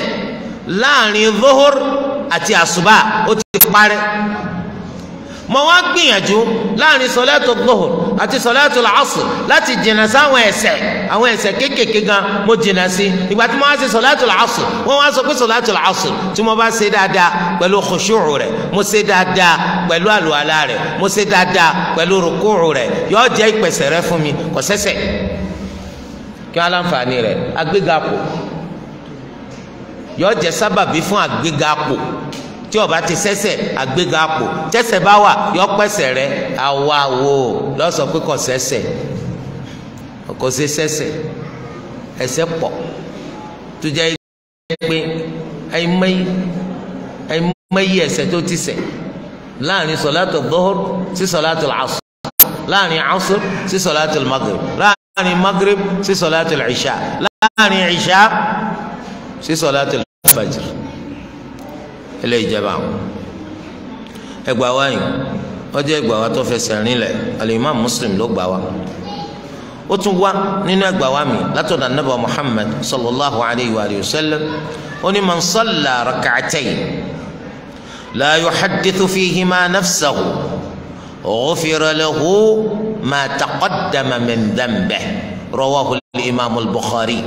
láàrin lóhùr àti àṣùbà ó ti parẹ́ mo wá gbìyànjú láàrin sọlẹ́tò gbòhùn àti sọlẹ́tò làásù láti jìnnà sáwọn ẹ̀ṣẹ̀ àwọn ẹ̀ṣẹ̀ kéékèèké gan mo jìnnà sí ìgbà tí mo wá sí sọlẹ́tò làásù wọ́n wá sọ pé sọlẹ́tò làásù tí mo bá ṣe dáadáa pẹ̀lú kòṣùrù rẹ̀ mo ṣe dáadáa pẹ̀lú àlùhàlà rẹ̀ mo ṣe dáadáa pẹ̀lú rùkúrù rẹ̀ yóò jẹ́ ìpèsè rẹ̀ fún mi kò sẹ́ṣẹ̀ kí wọ́n aláǹfààní rẹ̀ agbégapò yóò jẹ́ sábàbí fún agbégapò tí ọba ti sẹ́sẹ̀ àgbéga pò tẹ́sẹ̀ bá wà yọ pẹ́sẹ̀ rẹ àwa wo lọ́sọ̀ pé kò sẹ́sẹ̀ kò sí sẹ́sẹ̀ ẹsẹ̀ pọ̀ tó jẹ́ pé ẹ̀mẹ́yì ẹ̀mẹ́yì ẹsẹ̀ tó ti sẹ̀ láàrin sọ̀látò dọ́hùr sí sọ̀látò àṣù láàrin àṣù sí sọ̀látò magreb láàrin magreb sí sọ̀látò ìṣá láàrin ìṣá sí sọ̀látò fàjìrì eléyìí jẹba àwọn ẹgbà wa yìí wọ́n jẹ́ ẹgbà wa tó fẹsẹ̀ rìn lẹ̀ alimam muslim ló gbà wa ó tún wá nínú ẹgbà wa mi látọ̀dọ̀ anabi muhammad sallallahu alayhi wa sallam ó ní man salla rak'atayn la yuhaddithu fihima nafsahu ghufira ma taqaddama min dhanbihi rawahu al-imam bukhari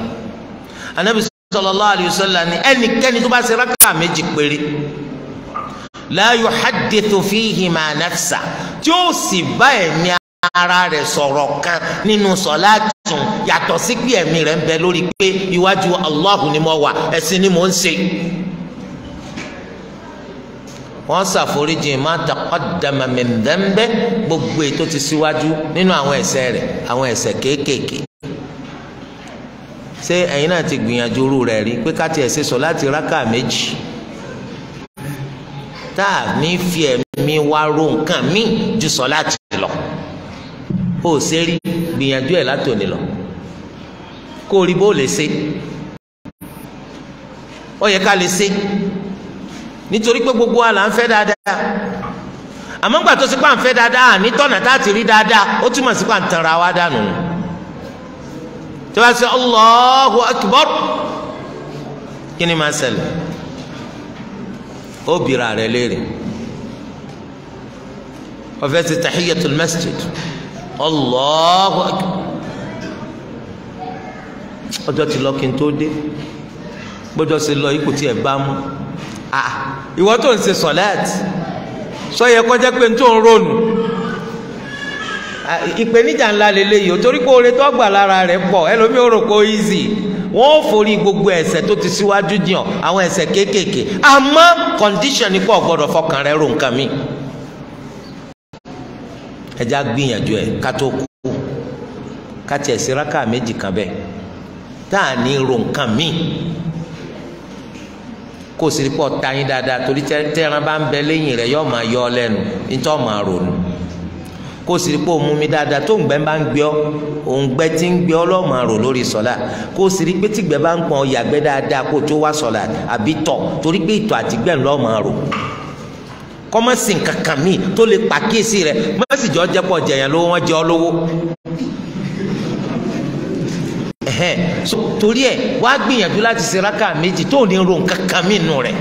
anabi sallallahu alayhi wa sallam ni ẹnikẹ́ni tó bá ṣe rákà méjì péré la yuhaddithu fihima nafsa tí ó sì bá ẹ̀mí ara rẹ̀ sọ̀rọ̀ kan nínú sọ̀láàtù yàtọ̀ sí pé ẹ̀mí rẹ̀ ń bẹ lórí pé iwájú Allahu ni mo wà ẹ̀sìn ni mo ń ṣe. wọ́n ṣàforíjì ma taqaddama min dhanbi gbogbo ètò ti síwájú nínú àwọn ẹ̀ṣẹ̀ rẹ̀ àwọn ẹ̀ṣẹ̀ kéékèèké ṣé ẹ̀yin náà ti gbìyànjú irú rẹ̀ rí pé ká tiẹ̀ ṣe sọ láti rákà méjì tá a ní fi ẹ̀mí wá ro nǹkan míì ju sọ láti lọ ó ṣe rí gbìyànjú ẹ̀ látòní lọ kó o rí bó o lè ṣe ó yẹ ká lè ṣe nítorí pé gbogbo wa là ń fẹ́ dáadáa àmọ́ gbà tó ṣe pé à ń fẹ́ dáadáa àní tọ̀nà tá a ti rí dáadáa ó túmọ̀ sí pé à ń tanra wa dànù tí wọ́n sọ Allahu Akbar kí ni máa ṣẹlẹ̀ ó bìrà rẹ̀ léèrè ó fẹ́ ṣe tahiyatul masjid Allahu Akbar ọjọ́ ti lọ kí n tó dé gbọ́dọ̀ ṣe lọ ikú tí ẹ bá mú ah, ìwọ tó ń ṣe sọ̀lẹ́ẹ̀tì sọ yẹ kọjá pé n tó ń ronú. ìpèníjà ńlá lélẹ́yìí torí pé oore tó gbà lára pọ̀ ẹlòmíì ó rò pé ó wọ́n ó forí gbogbo ẹ̀ṣẹ̀ tó ti síwájú jiyàn àwọn ẹ̀ṣẹ̀ kéékèèké àmọ́ condition ni pọ̀ gbọ́dọ̀ fọkàn rẹ̀ ro nǹkan mi ẹja gbìyànjú ẹ ká tó kú ká tiẹ̀ sí méjì kan bẹ́ẹ̀ tá ní ro nǹkan mi pọ̀ tayín dáadáa torí bá bẹ lẹ́yìn rẹ̀ yóò máa yọ kó sì rí pé òun mi dáadáa tó ń gbẹ bá ń gbẹ ọ òun gbẹ tí ń gbẹ ọ lọ́mọ àrò lórí sọ́lá kó sì rí pé tí gbẹ bá ń pọn yàgbẹ́ dáadáa kó tó wá sọ́lá àbí tọ̀ torí pé ìtọ̀ àti gbẹ̀ lọ́mọ àrò kọ́mọ́sìn kankan míì tó lè pàkíyèsí rẹ̀ mọ́sì jọ jẹ́ pọ̀ jẹ̀yàn lówó wọ́n jẹ́ ọ lówó. torí ẹ wàá gbìyànjú láti ṣe rákà méjì tó ní ro nǹkan kan míì nù rẹ̀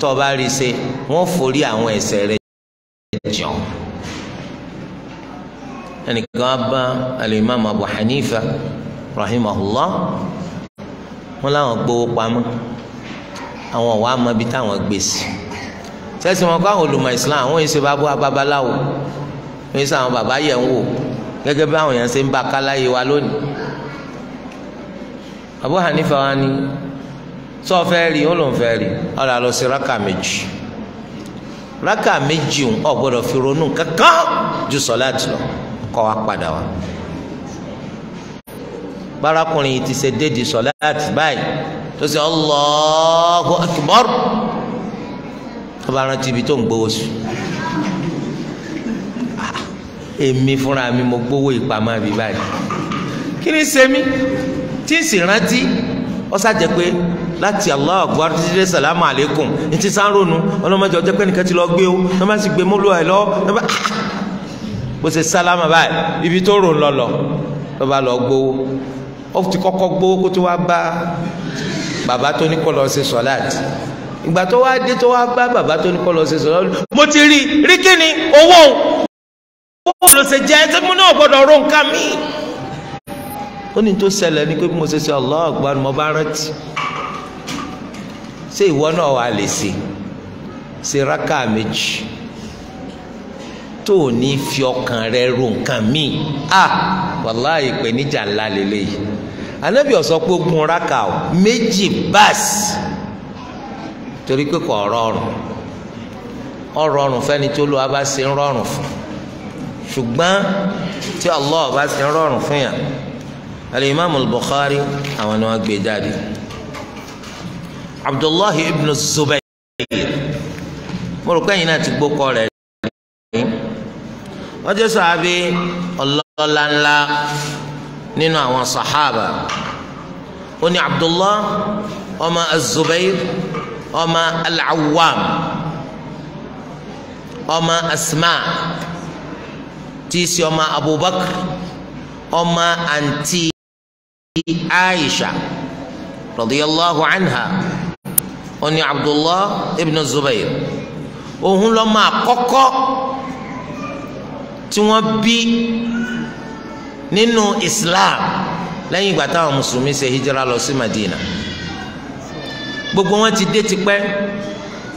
tó o bá rí i ṣe wọ́n forí àwọn ẹ̀ṣẹ̀ rẹ̀ jẹun ẹnìkan á bá alimami abu hanifa rahimahullah wọn làwọn gbowó pamọ́ àwọn wàá mọ ibi táwọn gbé sí sẹ́sìn wọn kọ́ àwọn olùmọ̀ islam àwọn èsì bàbá babaláwo èsì àwọn bàbá yẹ̀ ń wò gẹ́gẹ́ bí àwọn yẹn ṣe ń bá kálàyé wa lónìí abu hanifa wa ni sọ fẹ́ rí ó lòún fẹ́ rí ọ̀rọ̀ àlọ́ sí rákà méjì rákà méjì ò gbọ́dọ̀ fi ronú kankan ju sọ́láàtì lọ kọ́ wa padà wá bárakùnrin yìí ti ṣe déèdì sọláàtì báyìí tó ṣe Allahu Akbar tó bá rántí ibi tó ń gbowó sùn èmi fúnra mi mo gbowó ìpamọ́ àbí báyìí kí ni ṣe mí tí ń sì rántí ó ṣàjẹ́ pé láti Allahu Akbar títí dé sàlámù àlékún ní ti sáńrónù ọlọ́mọdé ọjọ́ pé nìkan ti lọ gbé o ọlọ́mọdé sì gbé mọ́lúwa ẹ̀ lọ́wọ́ bó ṣe sálámà báyìí ibi tó rò lọlọ ló bá lọ gbowó ó ti kọ́kọ́ gbowó kó tó wá bá bàbá tó ní kó lọ ṣe sọláàtì ìgbà tó wá dé tó wá bá bàbá tó ní kó lọ ṣe sọláàtì mo ti rí rí kí ni owó owó ló ṣe jẹ ẹsẹ mo náà gbọ́dọ̀ ro nǹkan mi. ó ní tó ṣẹlẹ̀ ni pé mo ṣe ṣe Allahu Akbar mo bá rántí ṣé ìwọ náà wà lè ṣe ṣe rákà méjì tó o ní fi ọkàn rẹ ro nǹkan míì a wàláhì ìpèníjà ńlá lélẹ̀ yìí anabi ọ̀sọ́ pé ogun raka o méjì báàsì torí pé kò rọrùn ọ rọrùn fẹ́ni tó lu abá ṣe ń rọrùn fún ṣùgbọ́n tí Allah bá ṣe ń rọrùn fún yàn alimami Bukhari àwọn ni wọ́n gbé jáde Abdullahi ibn Zubayr mo rò pé ẹ̀yin náà ti gbókọ rẹ̀ ní wọ́n jẹ́ sàábí ọlọ́lá ńlá nínú àwọn sàhábà ó ní Abdullah ọmọ Az-Zubair ọmọ Al-Awwam ọmọ Asma tí í ṣe ọmọ Abubakar ọmọ àǹtí Aisha radiyallahu anha ó ní Abdullah ibn Zubair òun lọ́mọ àkọ́kọ́ tí wọ́n bí nínú Islam lẹ́yìn ìgbà táwọn mùsùlùmí ṣe hijira lọ sí Madina gbogbo wọn ti dé tipẹ́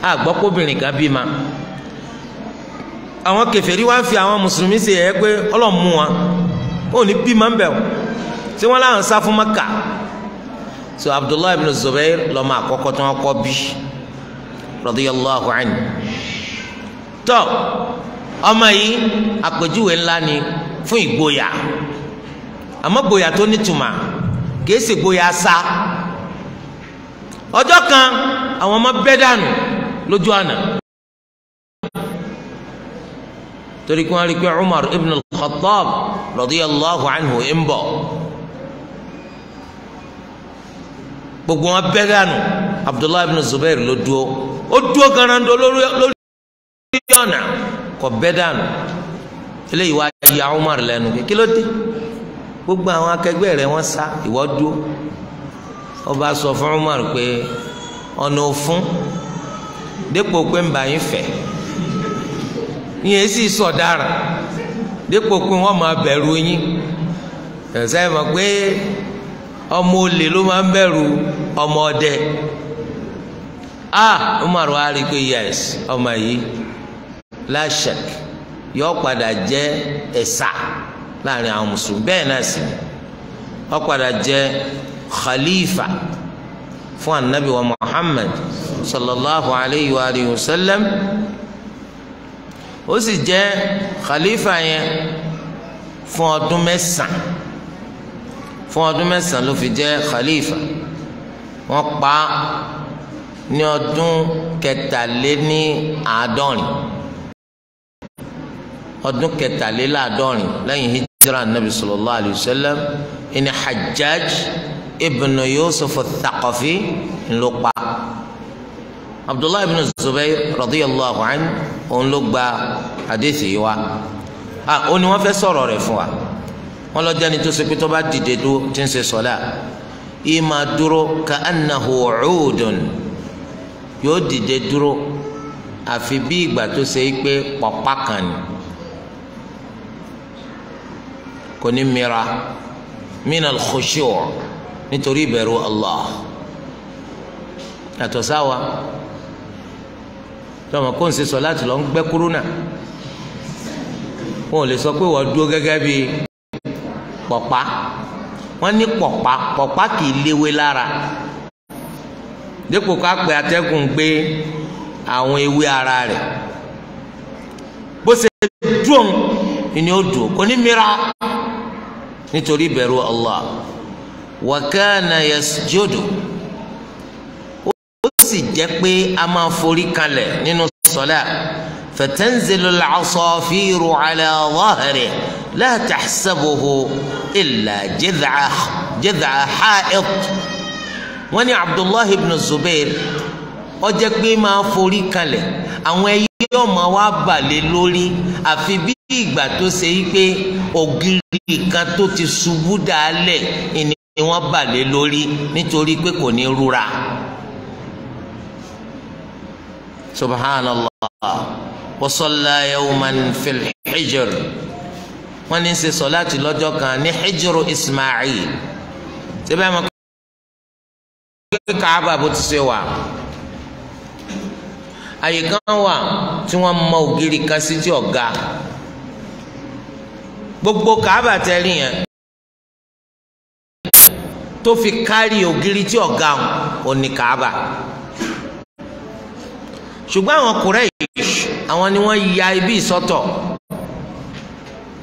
àgbọ́kóbìnrin kan bí ma àwọn kèfèrí wá ń fi àwọn mùsùlùmí ṣe yẹ pé ọlọ́mú wa ó ní bí ma ń bẹ̀ tí wọ́n láwọn sá fún Maka so Abdullahi ibn Zubair lọ́mọ àkọ́kọ́ tí wọ́n kọ́ bí radiyallahu anhu tọ́ ọmọ yìí àpèjúwe ńlá ni fún ìgboyà àmọ́ gboyà tó nítumà kìí sì gboyà sa ọjọ́ kan àwọn ọmọ bẹ́ dànù lójú àná torí kí wọ́n rí pé Umar ibn al-Khattab Allahu anhu ń bọ̀ gbogbo wọn bẹ́ dànù Abdullahi ibn Zubair ló dúó ó dúó garandó lórí ọ̀nà. kọ bẹ́ dànù eléyìí wá ya Umar lẹ́nu kí ló dé gbogbo àwọn akẹgbẹ́ rẹ̀ wọ́n sá ìwọ dúró ọba sọ fún Umar pé ọ̀nà òfun dépò pé ń bà yín fẹ́ yín sì sọ̀daràn dépò pé wọn máa bẹ̀rù yín ẹ̀sẹ̀ mọ̀ pé ọmọ olè ló máa ń bẹ̀rù ọmọ ọdẹ ah Umar wa rí i pé yes ọmọ yìí láṣẹk yọ padà jẹ ẹ̀sà láàrin àwọn mùsùlùmí bẹ́ẹ̀ náà sì ọ padà jẹ khalifa fún anabi wa muhammad sallallahu alayhi wa alihi wa sallam ó sì jẹ khalifa yẹn fún ọdún mẹ́sàn fún ọdún mẹ́sàn ló fi jẹ khalifa wọ́n pa ní ọdún kẹtàléní àádọ́rin ọdún kẹtàléláàádọ́rin lẹ́yìn hijira nabi sallallahu alayhi wa sallam ẹni hajjaj ibn yusuf thaqafi ló pa abdullahi ibn zubair radiyallahu anhu òun ló gba hadithi yìí wa ah ó ní wọ́n fẹ́ sọ̀rọ̀ rẹ̀ fún wa wọ́n lọ jẹ́ni tó ṣe pé tó bá dìde dúró tí ń ṣe sọlá yìí dúró ka annahu uudun yóò dìde dúró àfi bí ìgbà tó ṣe é pé pọ̀pá kan ni. kò ní mira minal khushu' nítorí ìbẹ̀rù Allah yàtọ̀ sáwa tọmọ kó n ṣe sọ láti lọ ń gbẹ kúrú náà wọn ò lè sọ pé wọ́n dúró gẹ́gẹ́ bí pọ̀pá wọ́n ní pọ̀pá pọ̀pá kì í léwé lára dípò ká pé atẹ́gùn gbé àwọn ewé ara rẹ̀ bó ṣe dùn ni ó dùn kò ní mìíràn nítorí bẹ̀rù Allah wa kana yasjudu ó sì jẹ́ pé a máa forí kalẹ̀ nínú sọ́lá fatanzilu al-asafiru ala dhahrihi la tahsabuhu illa jidha jidha ha'it wọ́n ní Abdullahi ibn Zubair ó jẹ́ pé máa forí kalẹ̀ àwọn ẹyẹ yóò máa wá lórí àfi bí bí ìgbà tó ṣe yí pé ògiri kan tó ti ṣubú dálẹ̀ ni wọ́n bà lé lórí nítorí pé kò ní rúra. subhanallah wa salla fil hijr wọ́n ní ṣe sọláàtì lọ́jọ́ kan ní hijiru ismail síbẹ̀ mọ́ pé káàbà bó ti ṣe wà àyè kan wà tí wọ́n mọ ògiri kan sí ti ọ̀gá gbogbo kàábà tẹ́lí yẹn tó fi kárí ògiri tí ọ̀gá òní kàábà ṣùgbọ́n àwọn Quraysh àwọn ni wọ́n ya ibi ìsọ́tọ̀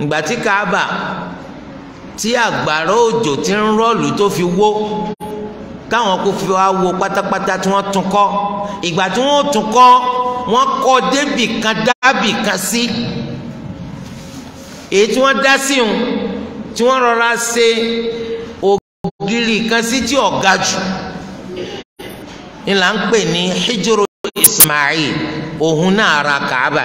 ìgbà tí kaaba tí àgbàrá òjò ti ń rọ́ọ̀lù tó fi wó táwọn kò fi wá wo pátápátá tí wọ́n tún kọ́ ìgbà tí wọ́n tún kọ́ wọ́n kọ́ débì kan dábì kan sí. Si èyí tí wọ́n dá sí òun tí wọ́n rọra ṣe ògiri kan sí tí ọ̀gá jù ni là ń pè ní hijro ismail òun náà ara kàába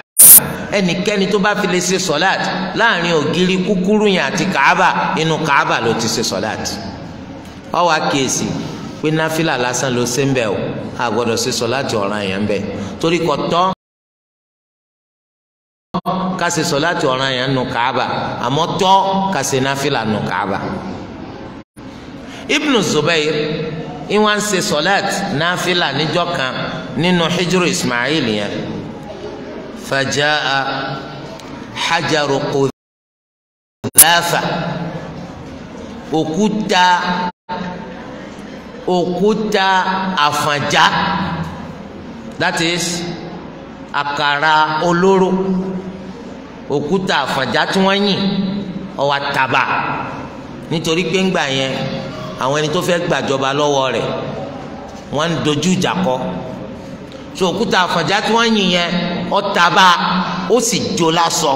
ẹnikẹ́ni tó bá fi lè ṣe sọ́láàt láàrin ògiri kúkúrú yẹn àti kàába inú kàába ló ti ṣe sọ́láàt ó wá pé náfìlà lásán ló ṣe ń bẹ̀ o a ṣe sọ́láàt ọ̀ràn yẹn ń bẹ̀ torí kò tọ́ ká ṣe sọ̀láàtì ọ̀ràn yẹn nù Kaaba àmọ́ tọ́ ká ṣe náfìlà nù Kaaba. Ibn Zubair ìwọ́n ń ṣe sọ̀láàtì náfìlà níjọ́ kan nínú Hijru Ismail yẹn fajaa hajaru qudhafa òkúta òkúta àfànjá that is àkàrà olóró òkúta àfàjá tí wọ́n yìn ọwọ́ àtàbà nítorí pé ńgbà yẹn àwọn ẹni tó fẹ́ gbàjọba lọ́wọ́ rẹ̀ wọ́n ń dojú ìjà kọ so òkúta àfàjá tí wọ́n yìn yẹn ọ̀tàbà ó sì jó lásọ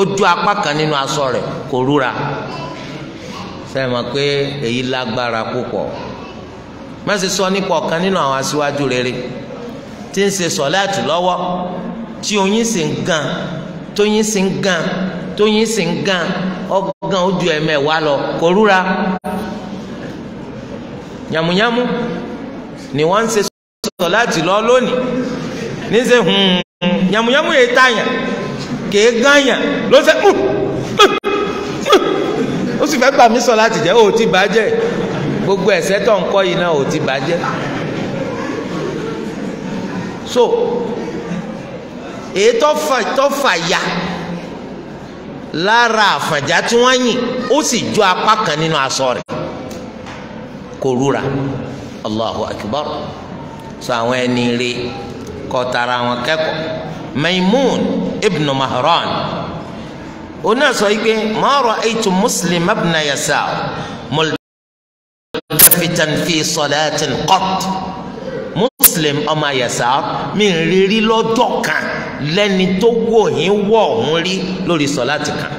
ó jó apá kan nínú aṣọ rẹ̀ kò rúra sẹ́yìn mọ̀ pé èyí lágbára púpọ̀ má ṣe sọ nípa ọ̀kan nínú àwọn aṣíwájú rere tí ń ṣe sọ̀láàtì lọ́wọ́ tí oyin sì ń gan tóyin sì ń gan tóyin sì ń gan ọgàn ojú ẹ̀mẹ̀ wá lọ kò rúra yàmùyàmù ni wọ́n ń ṣe sọ̀tọ̀ láti lọ lónìí níṣẹ́ hmm, yàmùyàmù yẹn tààyàn kèé gányàn ló ṣe hmm, hmm, ó sì fẹ́ gbà mí sọ láti jẹ́ ó ti bàjẹ́ gbogbo ẹ̀ṣẹ̀ tó ń kọ́ yìí náà ó ti bàjẹ́ so èyí tó fà ya lára àfàjá tí wọ́n yìn ó sì jó apá kan nínú aṣọ rẹ̀ kò rúra allahu akbar sọ àwọn ẹni rí kọtara àwọn kẹ́kọ̀ọ́ maimun ibn mahran ona sọ igbe ma ra'aytu muslim ibn yasar multafitan fi salatin qat muslim ọmọ yasar mi rírí lọ́jọ́ kan lẹ́ni tó wò yín wọ̀ ọ̀hún rí lórí sọ̀láàtì kan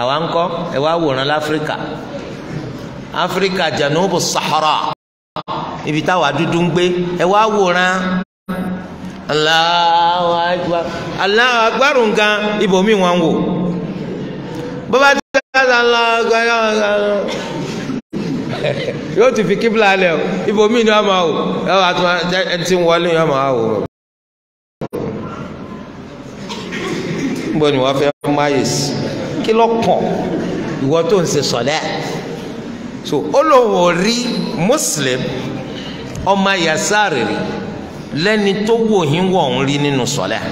àwa ń kọ́ ẹ wá wòran láfíríkà áfíríkà jẹ̀nùbù sahara ibi táwa dúdú ń gbé ẹ wá wòran Allahu akbar Allahu akbar nǹkan ibòmí wọn wò bọ́bá tí wọ́n ti Allahu akbar yóò ti fi kíbla alẹ́ o ibòmí ni wọ́n máa wò ẹ wà ń wọlé yóò máa wò. níbo ni wọ́n fẹ́ máyè sí kí ló kàn ìwọ tó ń ṣe sọ̀lẹ́ so olówó rí muslim ọmọ yasari rí lẹ́ni tó wò yín wọ̀ ń rí nínú sọ̀lẹ́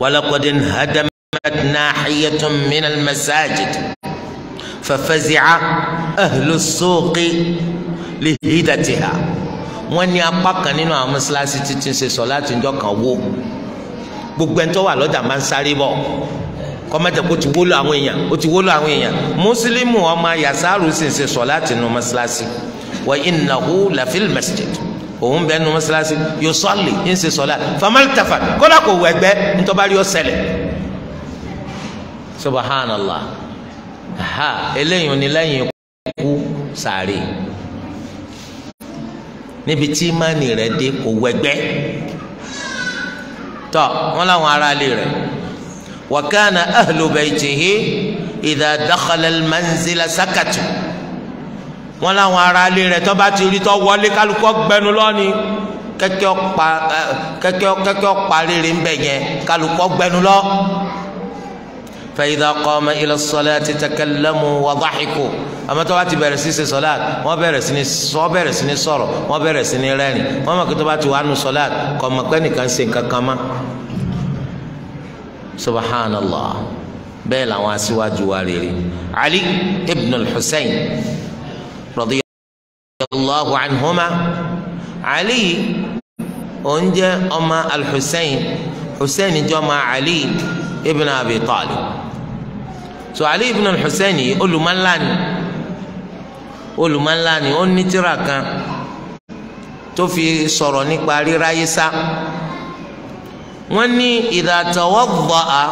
walaqad hadamat nahiyatun minal masajid fafazi'a ahlus suqi lihidatiha wọ́n ní apá kan nínú àwọn mọ́ṣáláṣí títí ṣe sọ láti njọ́ kan wó gbogbo ẹni tó wà lọ́jà máa ń sáré bọ̀ kọ́mẹ́tẹ̀ kó ti wólò àwọn èèyàn ó ti wólò àwọn èèyàn mùsùlùmù ọmọ yasaru sì ń ṣe sọ̀láàtì nínú mọ́ṣáláṣí wa innahu lafil masjid òun bẹ́ẹ̀ nínú mọ́ṣáláṣí yusalli ń ṣe sọ̀láàtì famali tafa kọ́dà kò wọ ẹgbẹ́ ntọ́bárí ó ṣẹlẹ̀ subhanallah ha eléyìí ò ní lẹ́yìn kú sàárè níbi tí imáni rẹ̀ dé kò wọ ẹgbẹ́ tọ wọn làwọn aráalé rẹ̀ wa kana ahlu baytihi idha dakhala al-manzila sakatu wọn làwọn aráalé rẹ̀ tó bá ti rí tó wọlé kálukọ gbẹnu lọni kẹkẹ ọpa kẹkẹ ọpa rere ń bẹ yẹn kálukọ gbẹnu lọ. فإذا قام إلى الصلاة تكلموا وضحكوا àmọ́ tó bá ti bẹ̀rẹ̀ sí ṣe sọ́láàt wọ́n bẹ̀rẹ̀ sí ní wọ́n bẹ̀rẹ̀ sí ní sọ̀rọ̀ wọ́n bẹ̀rẹ̀ sí ní rẹ́rìn wọ́n mọ̀ pé tó bá ti wà nù sọ́láàt kò mọ̀ pé nìkan ṣe nǹkan kan mọ́. subhanallah bẹ́ẹ̀ làwọn aṣíwájú wa rere ali ibn al-Husayn radiyallahu anhuma ali òun ọmọ al-Husayn Husayn jẹ́ ọmọ ali ibn abi talib so ali ibn al-Husayn yìí olùmọ̀ńlá ni olùmọ̀ńlá ni ó ní tírà kan tó fi sọ̀rọ̀ nípa ríráyé sá wọ́n ní idha tawadda'a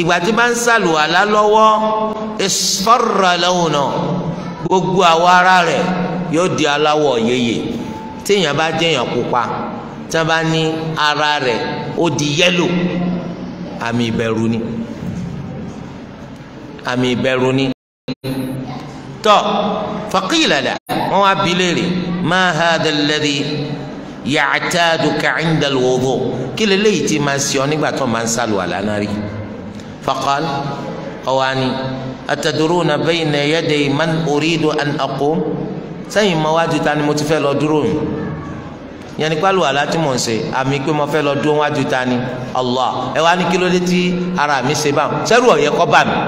ìgbà tí bá ń sàlùwàlá lọ́wọ́ isfarra lawna gbogbo àwọ̀ ara rẹ̀ yóò di aláwọ̀ yeye téèyàn bá jẹ́yàn pupa tí wọ́n bá ní ara rẹ̀ ó di yẹ́lò àmì ìbẹ̀rù ni àmì ìbẹ̀rù ni tọ́ faqila la wọ́n wá bi léèrè ma hadha alladhi ya'taduka 'inda al-wudu kí lélẹ́yìí ti máa ṣe ọ nígbà tó máa ń sálù àlànà rí faqala ọ̀wání ataduruna bayna yaday man uridu an aqum sẹ́yìn mọ́ wájú ta ni mo ti fẹ́ lọ dúró mi yẹnni pálù aláti mọ̀ ṣe àmì pé mo fẹ́ lọ dúró wájú ta ni Allah ẹ wá ní kí ló dé tí ara mi ṣe báwọn sẹ́rù ọ̀yẹ́ kọ́ bá mi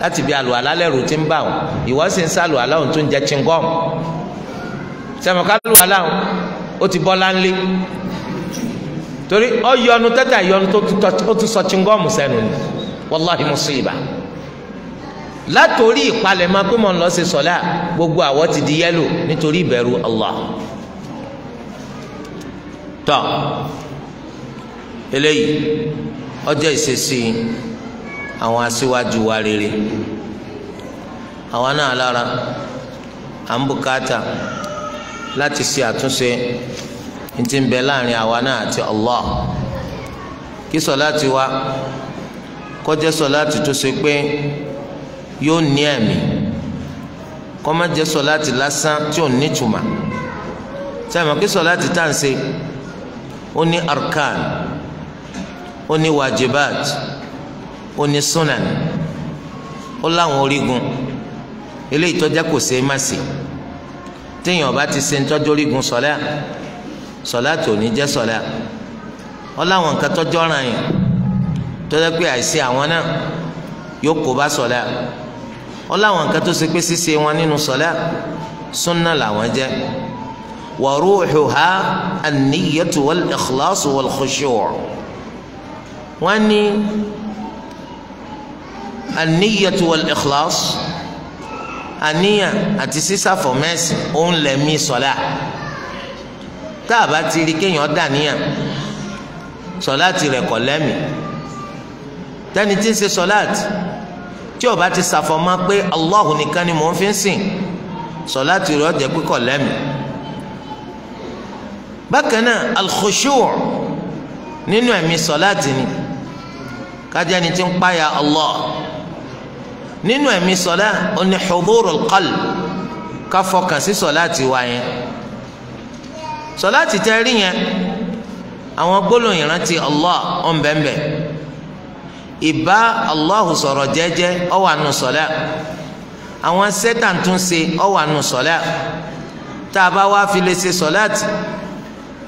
láti bí alù alálẹ̀ rò ti ń bà wọn ìwọ sì ń sálù aláwọn tó ń jẹ chingom sẹmọkálù aláwọn ó ti bọ́ láńlé torí ọ yọnu tẹ́tà yọnu tó tún sọ chingom sẹ́nu ni wàláhi musiba látòrí ìpalẹ̀mọ́ pé mo ń lọ sí sọ́lá gbogbo àwọ̀ ti di yẹ́lò nítorí ìbẹ̀rù Allah tọ́ eléyìí ọjọ́ ìṣesí àwọn aṣíwájú wa rere àwa náà lára à ń bùkátà láti ṣe àtúnṣe ntí ń bẹ láàrin àwa náà àti Allah kí sọláàtì wa kó jẹ́ sọláàtì tó ṣe pé yóò ní ẹ̀mí kó má jẹ́ sọláàtì lásán tí ò nítumà sẹ́mi kí sọláàtì tá à ó ní arkan ó ní wajibat ó ní sunan ó láwọn orígun eléyìí tọ́já kò ṣe é má sí téèyàn bá ti ṣe ń tọ́jú orígun sọ́lá sọ́lá tó ní jẹ́ sọ́lá ó láwọn nǹkan tọ́jú ọ̀ràn yẹn tọ́já pé àìsí àwọn náà yóò kó bá sọ́lá ó láwọn nǹkan tó ṣe pé ṣíṣe wọn nínú sọ́lá sunna làwọn jẹ́ wa ruhuha an-niyyatu wal-ikhlasu wal wọ́n ní aniyatu wal ikhlas àníyàn àti sísàfọ̀ mẹ́sì òun lẹ̀mí sọ̀lá tá a bá ti rí kéèyàn dàníyàn sọ̀láàtì rẹ̀ kọ̀ lẹ́mí tẹ́ni tí ń ṣe sọ̀láàtì tí ó bá ti sàfọ̀ mọ́ pé Allahu nìkan ni mò ń fi ń sìn sọ̀láàtì rẹ̀ ó jẹ́ pé kọ̀ lẹ́mí bákan náà al-khushu' nínú ẹ̀mí sọ̀láàtì ni kájẹ́ni tí ń páyà Allah nínú ẹ̀mí sọlá oní hudurul qalb ká fọkàn sí sọlá ti wá yẹn sọlá ti tẹ́ rí yẹn àwọn gbólóhùn ìrántí Allah ọ̀nbẹ̀nbẹ̀ ìbá Allah sọ̀rọ̀ jẹ́jẹ́ ó wà nù sọlá àwọn sẹ́tàn tún ṣe ó wà nù sọlá tá a bá wá fi lè ṣe sọláàtì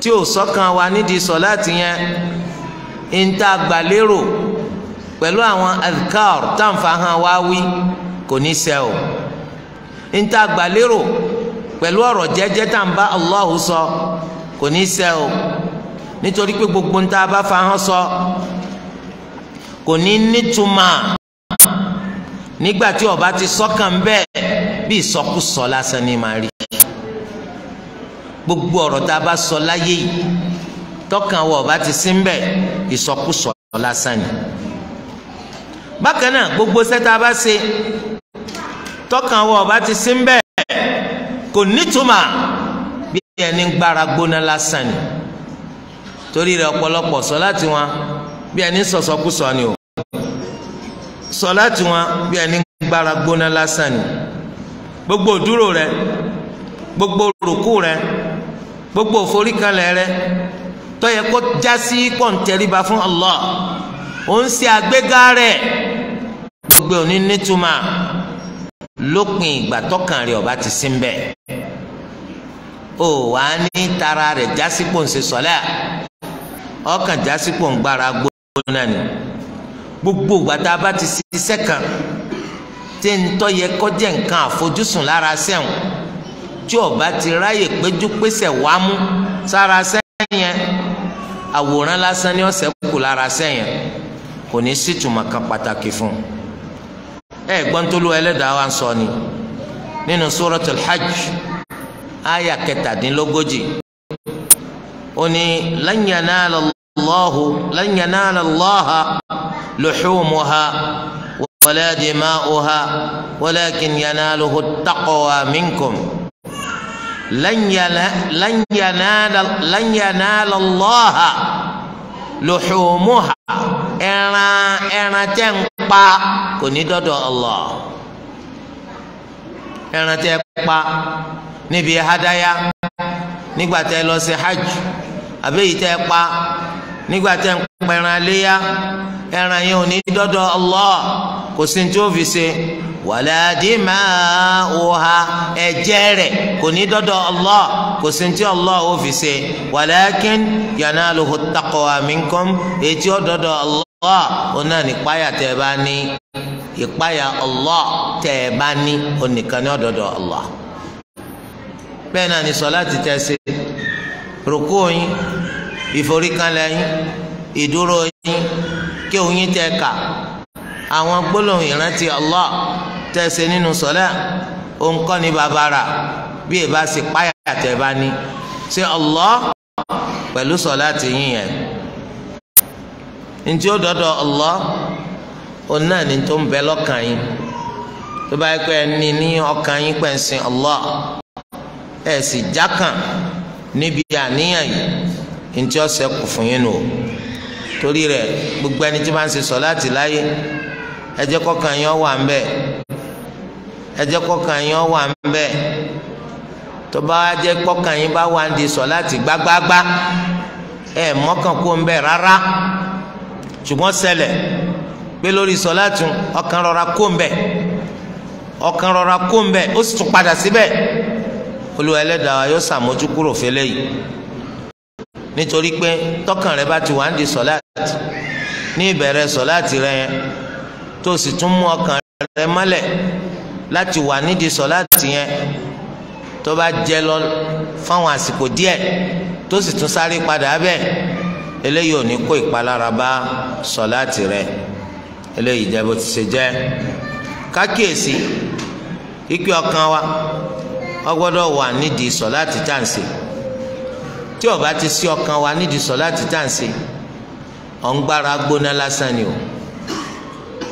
tí ò sọ́kàn wa nídìí sọláàtì yẹn ń tá a gbà lérò pẹ̀lú àwọn adhkar táǹfà hàn wá wí kò ní ṣẹ o níta gbàlérò pẹ̀lú ọ̀rọ̀ jẹ́jẹ́ táǹbá Allahu sọ kò ní ṣẹ o nítorí pé gbogbo ń tá bá fa sọ kò ní nítumọ̀ nígbà tí ọba ti sọ́kàn bẹ́ẹ̀ bí ìsọkúsọ lásán ni màá rí gbogbo ọ̀rọ̀ tá a bá sọ láyé yìí tọkàn wọ ọba ti sí ń bẹ̀ ìsọkúsọ lásán ni bákan náà gbogbo sẹ́ta bá ṣe tọkàn wọ ọba ti sí mbẹ kò nítumọ̀ bí ẹni gbára gbóná lásán ni torí rẹ̀ ọ̀pọ̀lọpọ̀ sọ láti wọn bí ẹni sọsọkúsọ ni o sọ láti wọn bí ẹni gbára gbóná lásán ni gbogbo òdúró rẹ̀ gbogbo rùkú rẹ̀ gbogbo òforíkalẹ̀ rẹ̀ tó kó jásí pọ̀ntẹ́ríba fún Allah ó ń ṣe àgbéga rẹ̀ gbogbo òní nítumọ̀ lópin ìgbà tọkàn rẹ̀ ọba ti sí ń bẹ ó wà ní tara rẹ̀ jásípò ń ṣe sọlẹ ọkàn jásípò ń gbára gbóná ni gbogbo ìgbà tá a bá ti ṣe iṣẹ́ kan tí ń tọ́ yẹ kọjá nǹkan àfojúsùn lára sẹ́wọ̀n tí ọba ti ráyè péjú pèsè wá sára sẹ́yìn yẹn àwòrán lásán ni ọ̀sẹ̀ kù lára sẹ́yìn yẹn kò ní sí tùmọ̀ kan pàtàkì fún un ẹ gbọ́n tó lu ẹlẹ́dàá wa ń sọ ni nínú suratul hajj aya kẹtàdínlógójì ó ní lan yanala Allahu lan yanala Allaha luhumuha wala dima'uha walakin minkum lan luhumuha ẹran ẹran tẹ ń pa kò ní dọdọ Allah ẹran tẹ pa níbi hadaya nígbà tẹ lọ sí hajj àbẹ́yìí tẹ pa nígbà tẹ́ ń pẹran aléyá ẹran yẹn ò ní dọ́dọ̀ Allah kò sí ní tí ó fi ṣe wàlàdí máa wòha ẹ̀jẹ̀ rẹ̀ kò ní dọ́dọ̀ Allah kò sí ní tí Allah ó fi ṣe wàlàkín yanaluhu taqwa minkum ètí ó dọ́dọ̀ Allah ó náà ní páyà tẹ́ ẹ bá ní ìpáyà Allah tẹ́ ẹ bá ní ó nìkan ní ó dọ́dọ̀ bẹ́ẹ̀ náà ni sọláàtì tẹ́ ṣe rúkú ìforíkanlẹ̀ yín ìdúró yín kí òun yín tẹ kà àwọn gbólóhùn ìrántí Allah tẹsẹ nínú sọlẹ òun kọ́ ní babara bí ẹ bá sì páyà tẹ bá ní ṣe Allah pẹ̀lú sọlẹ àti yín yẹn ntí ó dọdọ Allah òun náà ní tó ń bẹ lọ́kàn yín tó bá yẹ pé ní ọkàn yín pẹ̀ ń sin Allah ẹ sì jákàn níbi àníyàn yìí ntí ọsẹ kù fún yín nù o torí rẹ̀ gbogbo ẹni tí wọn ṣe sọ láti láyé ẹ jẹ́ kọkàn yín wà ń bẹ ẹ jẹ́ kọkàn yín wà ń bẹ tó bá jẹ́ kọkàn yín bá wà ń di sọ láti gbágbágbá ẹ mọkàn kó ń bẹ rárá ṣùgbọ́n ṣẹlẹ̀ pé lórí sọ láti ọkàn rọra kó ń bẹ ọkàn rọra kó ń bẹ ó sì tún padà síbẹ̀ olùwà yóò ṣàmójúkúrò fẹlẹ yìí nítorí pé tọkàn rẹ bá ti wà ń di sọláàtì ní ìbẹ̀rẹ̀ sọláàtì rẹ yẹn tó sì tún mú ọkàn rẹ mọ́lẹ̀ láti wà nídìí sọláàtì yẹn tó bá jẹ lọ fáwọn àsìkò díẹ̀ tó sì tún sáré padà bẹ́ẹ̀ eléyìí ò ní kó ìpalára bá sọláàtì rẹ eléyìí jẹ bó ti ṣe jẹ kákíyèsí ikú ọkàn wa ọgbọ́dọ̀ wà nídìí sọláàtì tá à tí ó bá ti sí ọkàn wa nídìí sọ láti tàǹsì ọ̀ngbára gbóná lásán ni o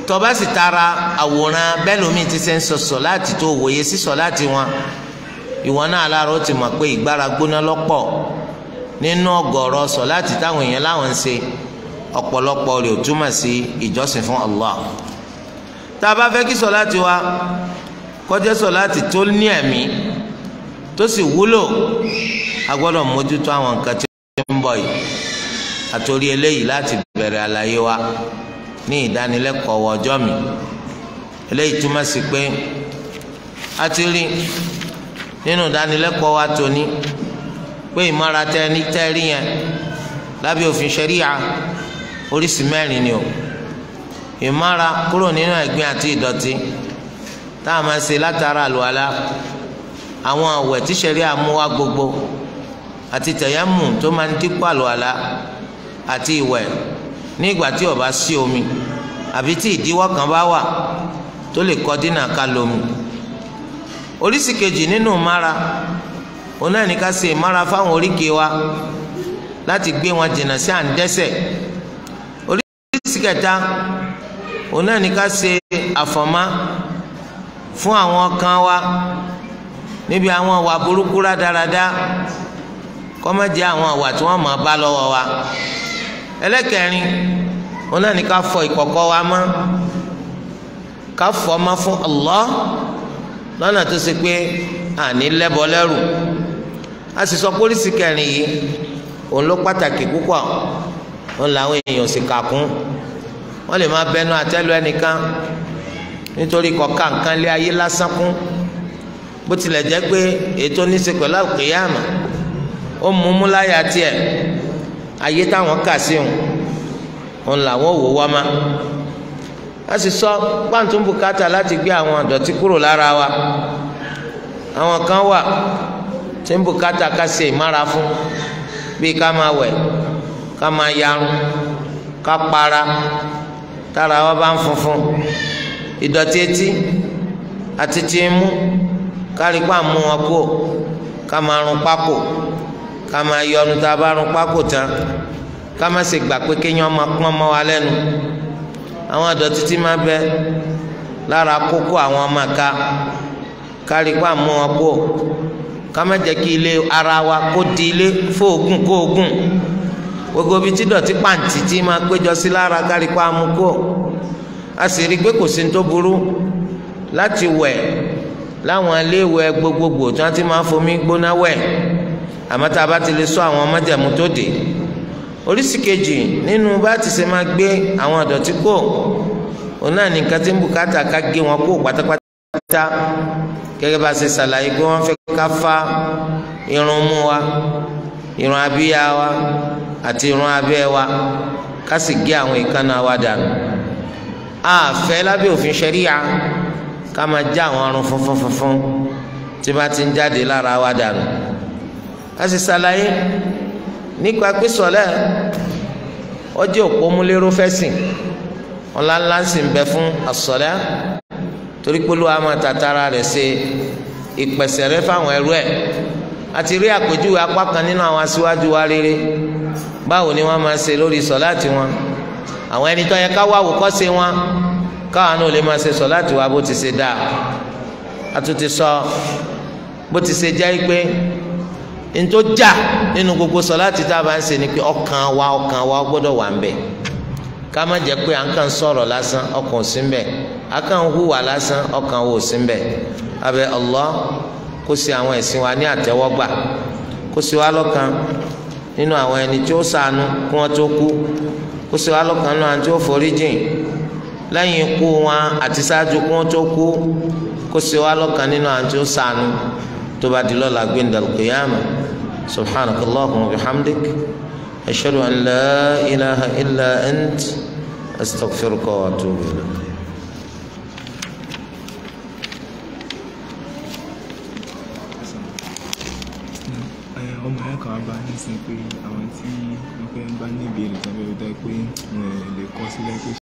tó sì tara àwòrán bẹ́ẹ̀ lómi ti ṣe ń sọ sọ láti tó wòye sí sọ láti wọn ìwọ náà alára ó ti mọ̀ pé ìgbára gbóná lọ́pọ̀ nínú ọgọ́rọ̀ sọ láti táwọn èèyàn láwọn ń ṣe ọ̀pọ̀lọpọ̀ rẹ̀ ò túmọ̀ sí ìjọsìn fún Allah tá a bá fẹ́ kí sọ láti wa kọjá sọ láti tó ní ẹ̀mí tó sì wúlò a gbọ́dọ̀ mójútó àwọn nǹkan tí ó ń bọ̀ yìí àtòrí eléyìí láti bẹ̀rẹ̀ àlàyé wa ní ìdánilẹ́kọ̀ọ́ ọjọ́ mi eléyìí túmọ̀ sí pé a ti rí nínú ìdánilẹ́kọ̀ọ́ wa tòní pé ìmọ̀ra tẹ́ni tẹ́rí yẹn lábẹ́ òfin ṣẹ́ríà oríṣìí mẹ́rin ni o ìmọ̀ra kúrò nínú ẹ̀gbin àti ìdọ̀tí tá a máa ṣe látara àlùwalá àwọn àwẹ̀ tí ṣẹ̀ríà gbogbo àti tẹ̀yámù tó máa ń dínkù àlùwàlá àti ìwẹ̀ ní ìgbà tí ó bá sí omi àbí tí ìdíwọ́ kan bá wà tó lè kọ́ dínà ká lomi. oríṣìí kejì nínú ìmára òun náà ní ká ṣe ìmára fáwọn oríkèé wa láti gbé wọn jìnnà sí à ń dẹ́ṣẹ̀ oríṣìí kẹta òun náà ní ká ṣe àfọ̀mọ́ fún àwọn kan wa níbi àwọn ìwà burúkú rádaràda. Rada kọ́má jẹ́ àwọn àwà tí wọ́n máa bá lọ́wọ́ wa ẹlẹ́kẹrin wọn náà ní ká fọ ìkọ̀kọ̀ wa mọ́ ká fọ ọmọ fún ọlọ́ lọ́nà tó ṣe pé àní lẹ́bọ lẹ́rù a sì sọ pólísì kẹrin yìí òun ló pàtàkì púpọ̀ òun làwọn èèyàn sì kà kún lè bẹnu ẹnìkan nítorí kọ̀ọ̀ká nǹkan lé ayé lásán kún bó ó mú mú láyà tiẹ̀ ayé táwọn kà sí òun òun làwọn wò wá má a sì sọ pàǹtún bùkátà láti gbé àwọn àdọ̀tí kúrò lára wa àwọn kan wà tí ń bùkátà ká ṣe ìmára fún bí ká máa wẹ̀ ká máa yarun ká para tára wa bá ń funfun ìdọ̀tí etí àti ti imú ká rí mú wọn kó ká máa rún pákó. Kama máa yọnu tá a bá rún pákó tán ká má ṣe gbà pé kéèyàn máa pọ́n mọ́ wa lẹ́nu àwọn ìdọ̀tí tí máa bẹ lára kókó àwọn ọmọ ká kárí pa mú wọn kó ká jẹ́ kí ilé ara wa kó di ilé fóògùn kóògùn gbogbo ibi tí pàǹtí tí máa péjọ sí lára kárí pa mú kó a sì rí i pé kò sí ní tó burú láti wẹ̀ láwọn iléèwẹ̀ gbogbogbò tí wọ́n ti máa fomi gbóná wẹ̀ àmọ́ tá a bá ti lè sọ àwọn májẹ̀mú tó dé oríṣi kejì nínú bá ti ṣe máa gbé àwọn ìdọ̀tí kò òun náà ní nǹkan tí ń bùkátà ká gé wọn kó pátápátá gẹ́gẹ́ bá a ṣe ṣàlàyé pé wọ́n fẹ́ ká fá irun mú wa irun abíyá wa àti irun abẹ́ wa ká sì gé àwọn ìkànnà wa dànù a lábẹ́ òfin ṣẹ́ríà ká máa já àwọn arun funfun funfun tí bá ti ń jáde lára wa dànù a sì ṣàlàyé nípa pé sọlẹ ọjọ́ òpómúlérò fẹsìn ọláńlá sì ń bẹ fún àsọlẹ torí pé olúwa máa tàtàrà rẹ̀ ṣe ìpèsè rẹ̀ fáwọn ẹrú ẹ̀ àti rí àpèjúwe apá kan nínú àwọn aṣíwájú wa rere báwo ni wọ́n máa ṣe lórí sọláàtì wọn àwọn ẹni tó yẹ ká wá àwòkọ́ṣe wọn káwọn náà lè máa ṣe sọláàtì wa bó ti ṣe dáa a tún ti sọ bó ti ṣe jẹ́ pé ntọ́ já nínú gbogbo sọláàtì tá a bá ń ṣe ni pé ọkàn wa ọkàn wa gbọ́dọ̀ wà ń bẹ̀ ká má jẹ́ pé à ń kàn sọ̀rọ̀ lásán ọkàn ò sí ń bẹ̀ à kàn hùwà lásán ọkàn ò sí ń bẹ̀ abẹ́ Allah kó ṣe àwọn ẹ̀sìn wa ní àtẹ́wọ́gbà kó ṣe wá lọ́kàn nínú àwọn ẹni tí ó ṣàánú kí wọ́n tó kú kó ṣe wá lọ́kàn nínú àwọn tí ó forí jìn lẹ́yìn ikú wọn àti ṣáájú kí wọ́n tó kú kó ṣe wá lọ́kàn nínú àwọn tí ó ṣàánú tó bá di lọ́la gbẹ̀ndà lùkìyàmù subhanaka allahumma wa bihamdik ashhadu an la ilaha illa ant astaghfiruka wa atubu ilayk.